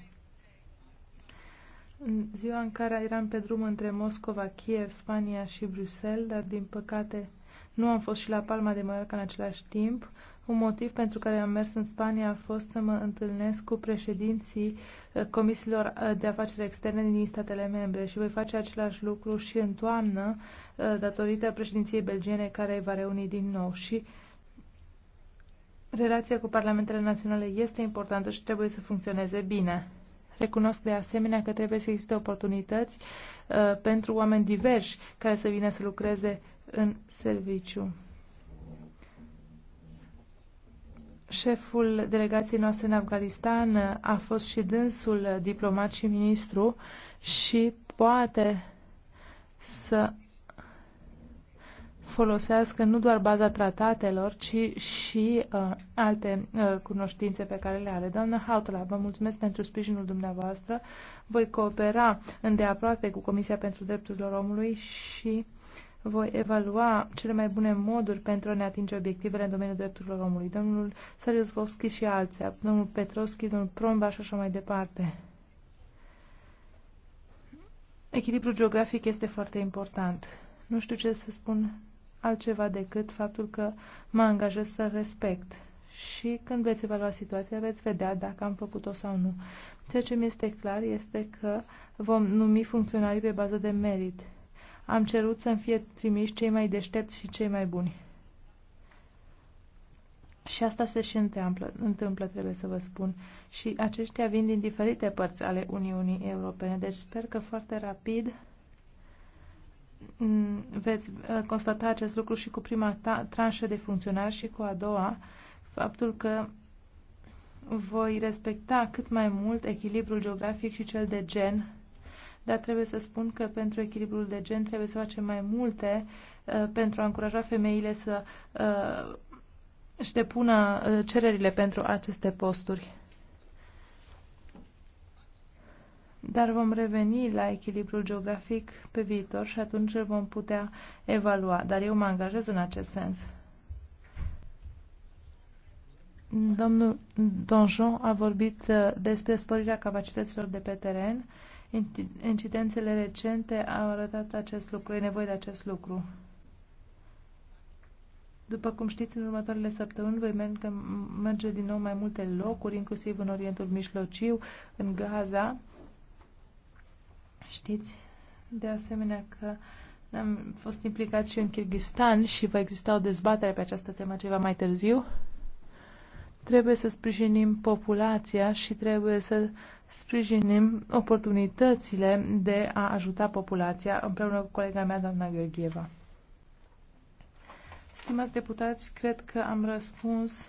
În ziua în care eram pe drum între Moscova, Kiev, Spania și Bruxelles, dar din păcate nu am fost și la Palma de Mallorca în același timp, un motiv pentru care am mers în Spania a fost să mă întâlnesc cu președinții eh, comisiilor eh, de afaceri externe din statele membre și voi face același lucru și în toamnă eh, datorită președinției belgiene care va reuni din nou și Relația cu parlamentele naționale este importantă și trebuie să funcționeze bine. Recunosc de asemenea că trebuie să existe oportunități uh, pentru oameni diversi care să vină să lucreze în serviciu. Șeful delegației noastre în Afganistan uh, a fost și dânsul diplomat și ministru și poate să folosească nu doar baza tratatelor, ci și uh, alte uh, cunoștințe pe care le are. Doamnă Hautala, vă mulțumesc pentru sprijinul dumneavoastră. Voi coopera îndeaproape cu Comisia pentru Drepturile Omului și voi evalua cele mai bune moduri pentru a ne atinge obiectivele în domeniul drepturilor omului. Domnul Sariusvovski și alții, domnul Petrovski, domnul Promba și așa mai departe. Echilibrul geografic este foarte important. Nu știu ce să spun altceva decât faptul că mă angajez să respect. Și când veți evalua situația, veți vedea dacă am făcut-o sau nu. Ceea ce mi este clar este că vom numi funcționarii pe bază de merit. Am cerut să-mi fie trimiși cei mai deștepți și cei mai buni. Și asta se și întâmplă, întâmplă, trebuie să vă spun. Și aceștia vin din diferite părți ale Uniunii Europene. Deci sper că foarte rapid Mm, veți uh, constata acest lucru și cu prima tranșă de funcționari și cu a doua, faptul că voi respecta cât mai mult echilibrul geografic și cel de gen, dar trebuie să spun că pentru echilibrul de gen trebuie să facem mai multe uh, pentru a încuraja femeile să uh, își depună uh, cererile pentru aceste posturi. dar vom reveni la echilibrul geografic pe viitor și atunci îl vom putea evalua. Dar eu mă angajez în acest sens. Domnul Donjon a vorbit uh, despre sporirea capacităților de pe teren. Incidențele recente au arătat acest lucru, e nevoie de acest lucru. După cum știți, în următoarele săptămâni voi merge, din nou mai multe locuri, inclusiv în Orientul Mijlociu, în Gaza, Știți, de asemenea, că am fost implicat și în Kyrgyzstan și va exista o dezbatere pe această temă ceva mai târziu. Trebuie să sprijinim populația și trebuie să sprijinim oportunitățile de a ajuta populația împreună cu colega mea, doamna Gheorgheva. Stimați deputați, cred că am răspuns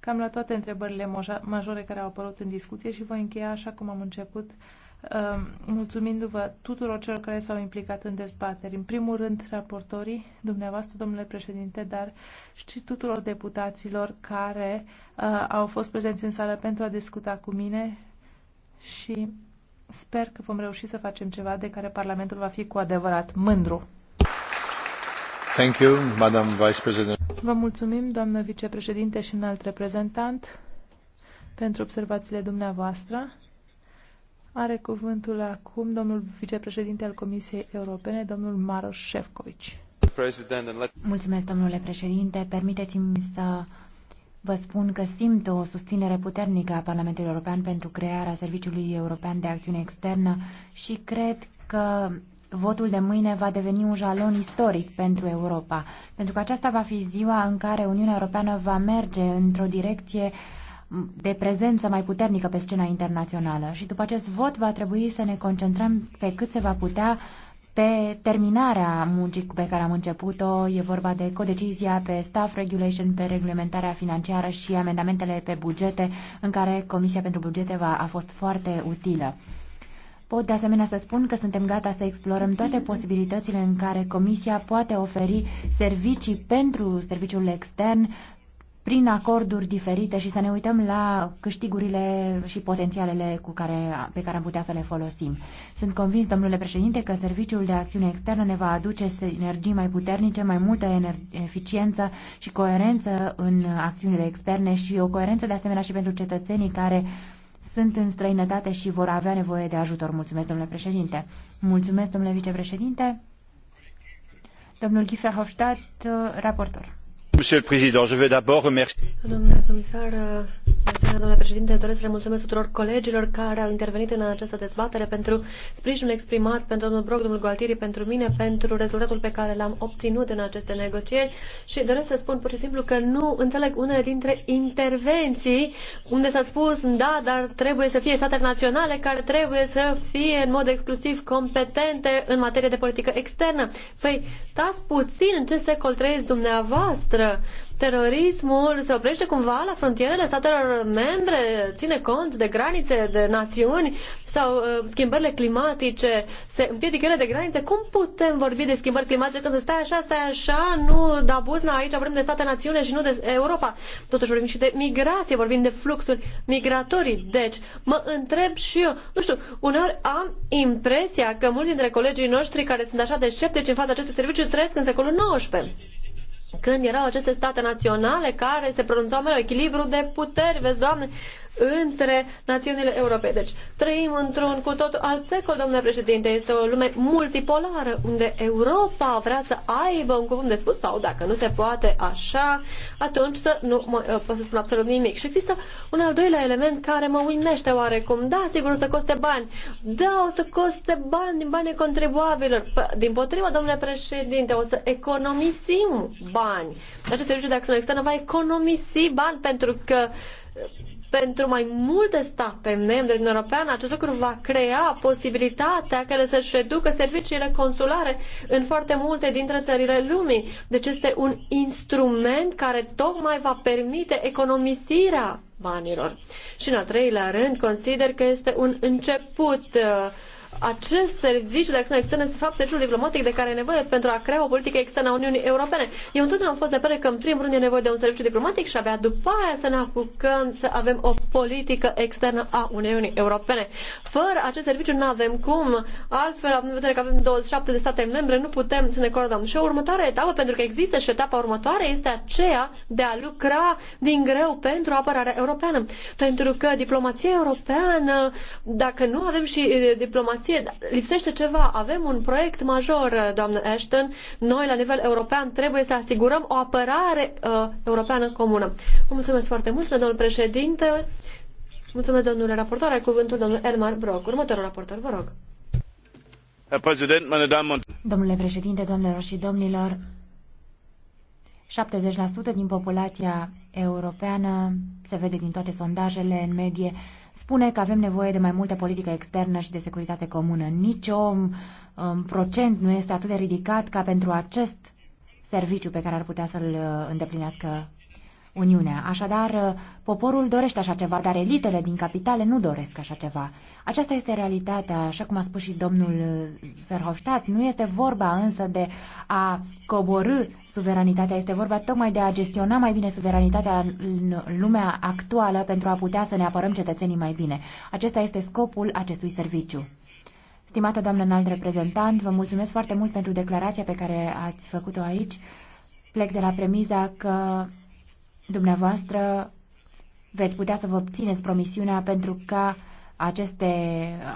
cam la toate întrebările majore care au apărut în discuție și voi încheia așa cum am început Ehm, mulțumindu-vă tuturor celor care s-au implicat în dezbateri. În primul rând, raportorii, dumneavoastră, domnule președinte, dar și tuturor deputaților care uh, au fost prezenți în sală pentru a discuta cu mine și sper că vom reuși să facem ceva de care Parlamentul va fi cu adevărat mândru. Thank you, Madam Vice President. Vă mulțumim, doamnă vicepreședinte și înalt reprezentant, pentru observațiile dumneavoastră. Are cuvântul acum domnul vicepreședinte al Comisiei Europene, domnul Maros Șefcovici. Mulțumesc, domnule președinte. Permiteți-mi să vă spun că simt o susținere puternică a Parlamentului European pentru crearea Serviciului European de Acțiune Externă și cred că votul de mâine va deveni un jalon istoric pentru Europa, pentru că aceasta va fi ziua în care Uniunea Europeană va merge într-o direcție uh, de prezență mai puternică pe scena internațională și după acest vot va trebui să ne concentrăm pe cât se va putea pe terminarea muncii pe care am început-o. E vorba de codecizia pe staff regulation, pe reglementarea financiară și amendamentele pe bugete, în care Comisia pentru Bugete va, a fost foarte utilă. Pot de asemenea să spun că suntem gata să explorăm toate posibilitățile în care Comisia poate oferi servicii pentru serviciul extern, prin acorduri diferite și să ne uităm la câștigurile și potențialele cu care, pe care am putea să le folosim. Sunt convins, domnule președinte, că Serviciul de Acțiune Externă ne va aduce energii mai puternice, mai multă eficiență și coerență în acțiunile externe și o coerență de asemenea și pentru cetățenii care sunt în străinătate și vor avea nevoie de ajutor. Mulțumesc, domnule președinte. Mulțumesc, domnule vicepreședinte. Domnul Ghifer Hofstadt, raportor. Domnule comisar, domnule președinte, doresc să le mulțumesc tuturor colegilor care au intervenit în această dezbatere pentru sprijinul exprimat pentru domnul Brock, domnul Gualtieri, pentru mine, pentru rezultatul pe care l-am obținut în aceste negocieri și doresc să spun pur și simplu că nu înțeleg unele dintre intervenții unde s-a spus, da, dar trebuie să fie state naționale care trebuie să fie în mod exclusiv competente în materie de politică externă. Păi, stați puțin în ce secol trăiesc dumneavoastră noastră. Terorismul se oprește cumva la frontierele statelor membre, ține cont de granițe, de națiuni sau uh, schimbările climatice, se împiedică ele de granițe. Cum putem vorbi de schimbări climatice când se stai așa, stai așa, nu da buzna, aici vorbim de state-națiune și nu de Europa. Totuși vorbim și de migrație, vorbim de fluxuri migratorii. Deci, mă întreb și eu, nu știu, uneori am impresia că mulți dintre colegii noștri care sunt așa deșteptici în fața acestui serviciu trăiesc în secolul XIX când erau aceste state naționale care se pronunțau mereu echilibru de puteri, vezi, Doamne, între națiunile europene. Deci trăim într-un cu totul alt secol, domnule președinte. Este o lume multipolară unde Europa vrea să aibă un cuvânt de spus sau dacă nu se poate așa, atunci să nu mă, uh, pot să spun absolut nimic. Și există un al doilea element care mă uimește oarecum. Da, sigur o să coste bani. Da, o să coste bani din banii contribuabililor. Din potrivă, domnule președinte, o să economisim bani. Acest serviciu de acțiune externă va economisi bani pentru că pentru mai multe state membre din Europeană, acest lucru va crea posibilitatea care să-și reducă serviciile consulare în foarte multe dintre țările lumii. Deci este un instrument care tocmai va permite economisirea banilor. Și în al treilea rând, consider că este un început uh, acest serviciu de acțiune externă este, de fapt, serviciul diplomatic de care e nevoie pentru a crea o politică externă a Uniunii Europene. Eu întotdeauna am fost de părere că, în primul rând, e nevoie de un serviciu diplomatic și abia după aia să ne apucăm să avem o politică externă a Uniunii Europene. Fără acest serviciu nu avem cum. Altfel, având în vedere că avem 27 de state membre, nu putem să ne coordonăm. Și o următoare etapă, pentru că există și etapa următoare, este aceea de a lucra din greu pentru apărarea europeană. Pentru că diplomația europeană, dacă nu avem și eh, diplomația diplomație, lipsește ceva. Avem un proiect major, doamnă Ashton. Noi, la nivel european, trebuie să asigurăm o apărare uh, europeană comună. Vă mulțumesc foarte mult, domnul președinte. Mulțumesc, domnule raportor. Ai cuvântul domnul Elmar Brock. Următorul raportor, vă rog. Domnule președinte, doamnelor și domnilor, 70% din populația europeană se vede din toate sondajele în medie spune că avem nevoie de mai multă politică externă și de securitate comună. Nici o um, um procent nu este atât de ridicat ca pentru acest serviciu pe care ar putea să-l uh, îndeplinească Uniunea. Așadar, uh, poporul dorește așa ceva, dar elitele din capitale nu doresc așa ceva. Aceasta este realitatea, așa cum a spus și domnul uh, Verhofstadt. Nu este vorba însă de a coborâ suveranitatea, este vorba tocmai de a gestiona mai bine suveranitatea în lumea actuală pentru a putea să ne apărăm cetățenii mai bine. Acesta este scopul acestui serviciu. Stimată doamnă înalt reprezentant, vă mulțumesc foarte mult pentru declarația pe care ați făcut-o aici. Plec de la premiza că dumneavoastră veți putea să vă obțineți promisiunea pentru ca aceste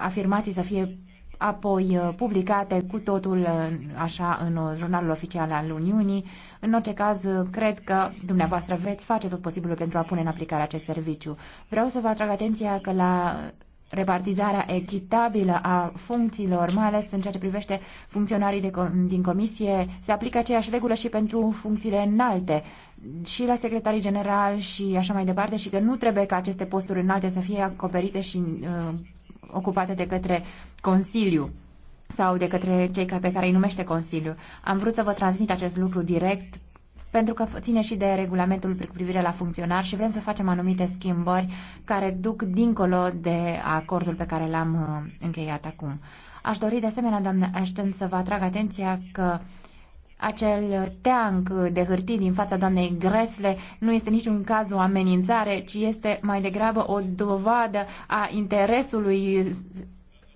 afirmații să fie apoi uh, publicate cu totul uh, așa în uh, jurnalul oficial al Uniunii. În orice caz, cred că dumneavoastră veți face tot posibilul pentru a pune în aplicare acest serviciu. Vreau să vă atrag atenția că la repartizarea echitabilă a funcțiilor, mai ales în ceea ce privește funcționarii de, din comisie, se aplică aceeași regulă și pentru funcțiile înalte și la secretarii general și așa mai departe și că nu trebuie ca aceste posturi înalte să fie acoperite și uh, ocupate de către Consiliu sau de către cei pe care îi numește Consiliu. Am vrut să vă transmit acest lucru direct pentru că ține și de regulamentul cu privire la funcționar și vrem să facem anumite schimbări care duc dincolo de acordul pe care l-am uh, încheiat acum. Aș dori de asemenea, doamne Ashton, să vă atrag atenția că uh, acel teanc de hârtii din fața doamnei Gresle nu este niciun caz o amenințare, ci este mai degrabă o dovadă a interesului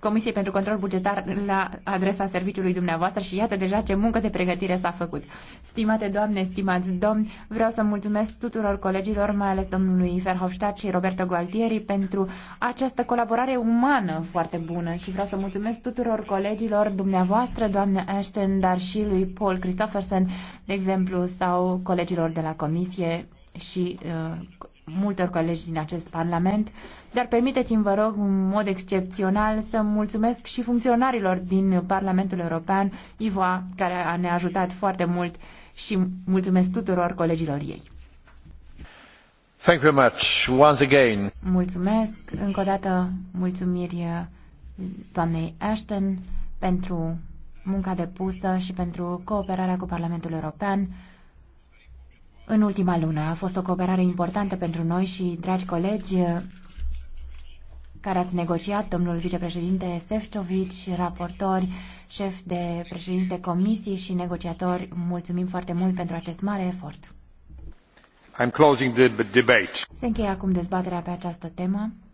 Comisiei pentru Control Bugetar la adresa serviciului dumneavoastră și iată deja ce muncă de pregătire s-a făcut. Stimate doamne, stimați domni, vreau să mulțumesc tuturor colegilor, mai ales domnului Ferhofstadt și Roberto Gualtieri, pentru această colaborare umană foarte bună și vreau să mulțumesc tuturor colegilor dumneavoastră, doamne Ashton, dar și lui Paul Christofferson, de exemplu, sau colegilor de la Comisie și uh, multor colegi din acest Parlament, dar permiteți-mi, vă rog, în mod excepțional să mulțumesc și funcționarilor din Parlamentul European, Ivoa, care a ne ajutat foarte mult și mulțumesc tuturor colegilor ei. Thank you very much. Once again. Mulțumesc încă o dată, mulțumiri doamnei Ashton pentru munca depusă și pentru cooperarea cu Parlamentul European în ultima lună. A fost o cooperare importantă pentru noi și, dragi colegi, care ați negociat, domnul vicepreședinte Sefcovic, raportori, șef de președinți de comisii și negociatori, mulțumim foarte mult pentru acest mare efort. I'm closing the debate. Se încheie acum dezbaterea pe această temă.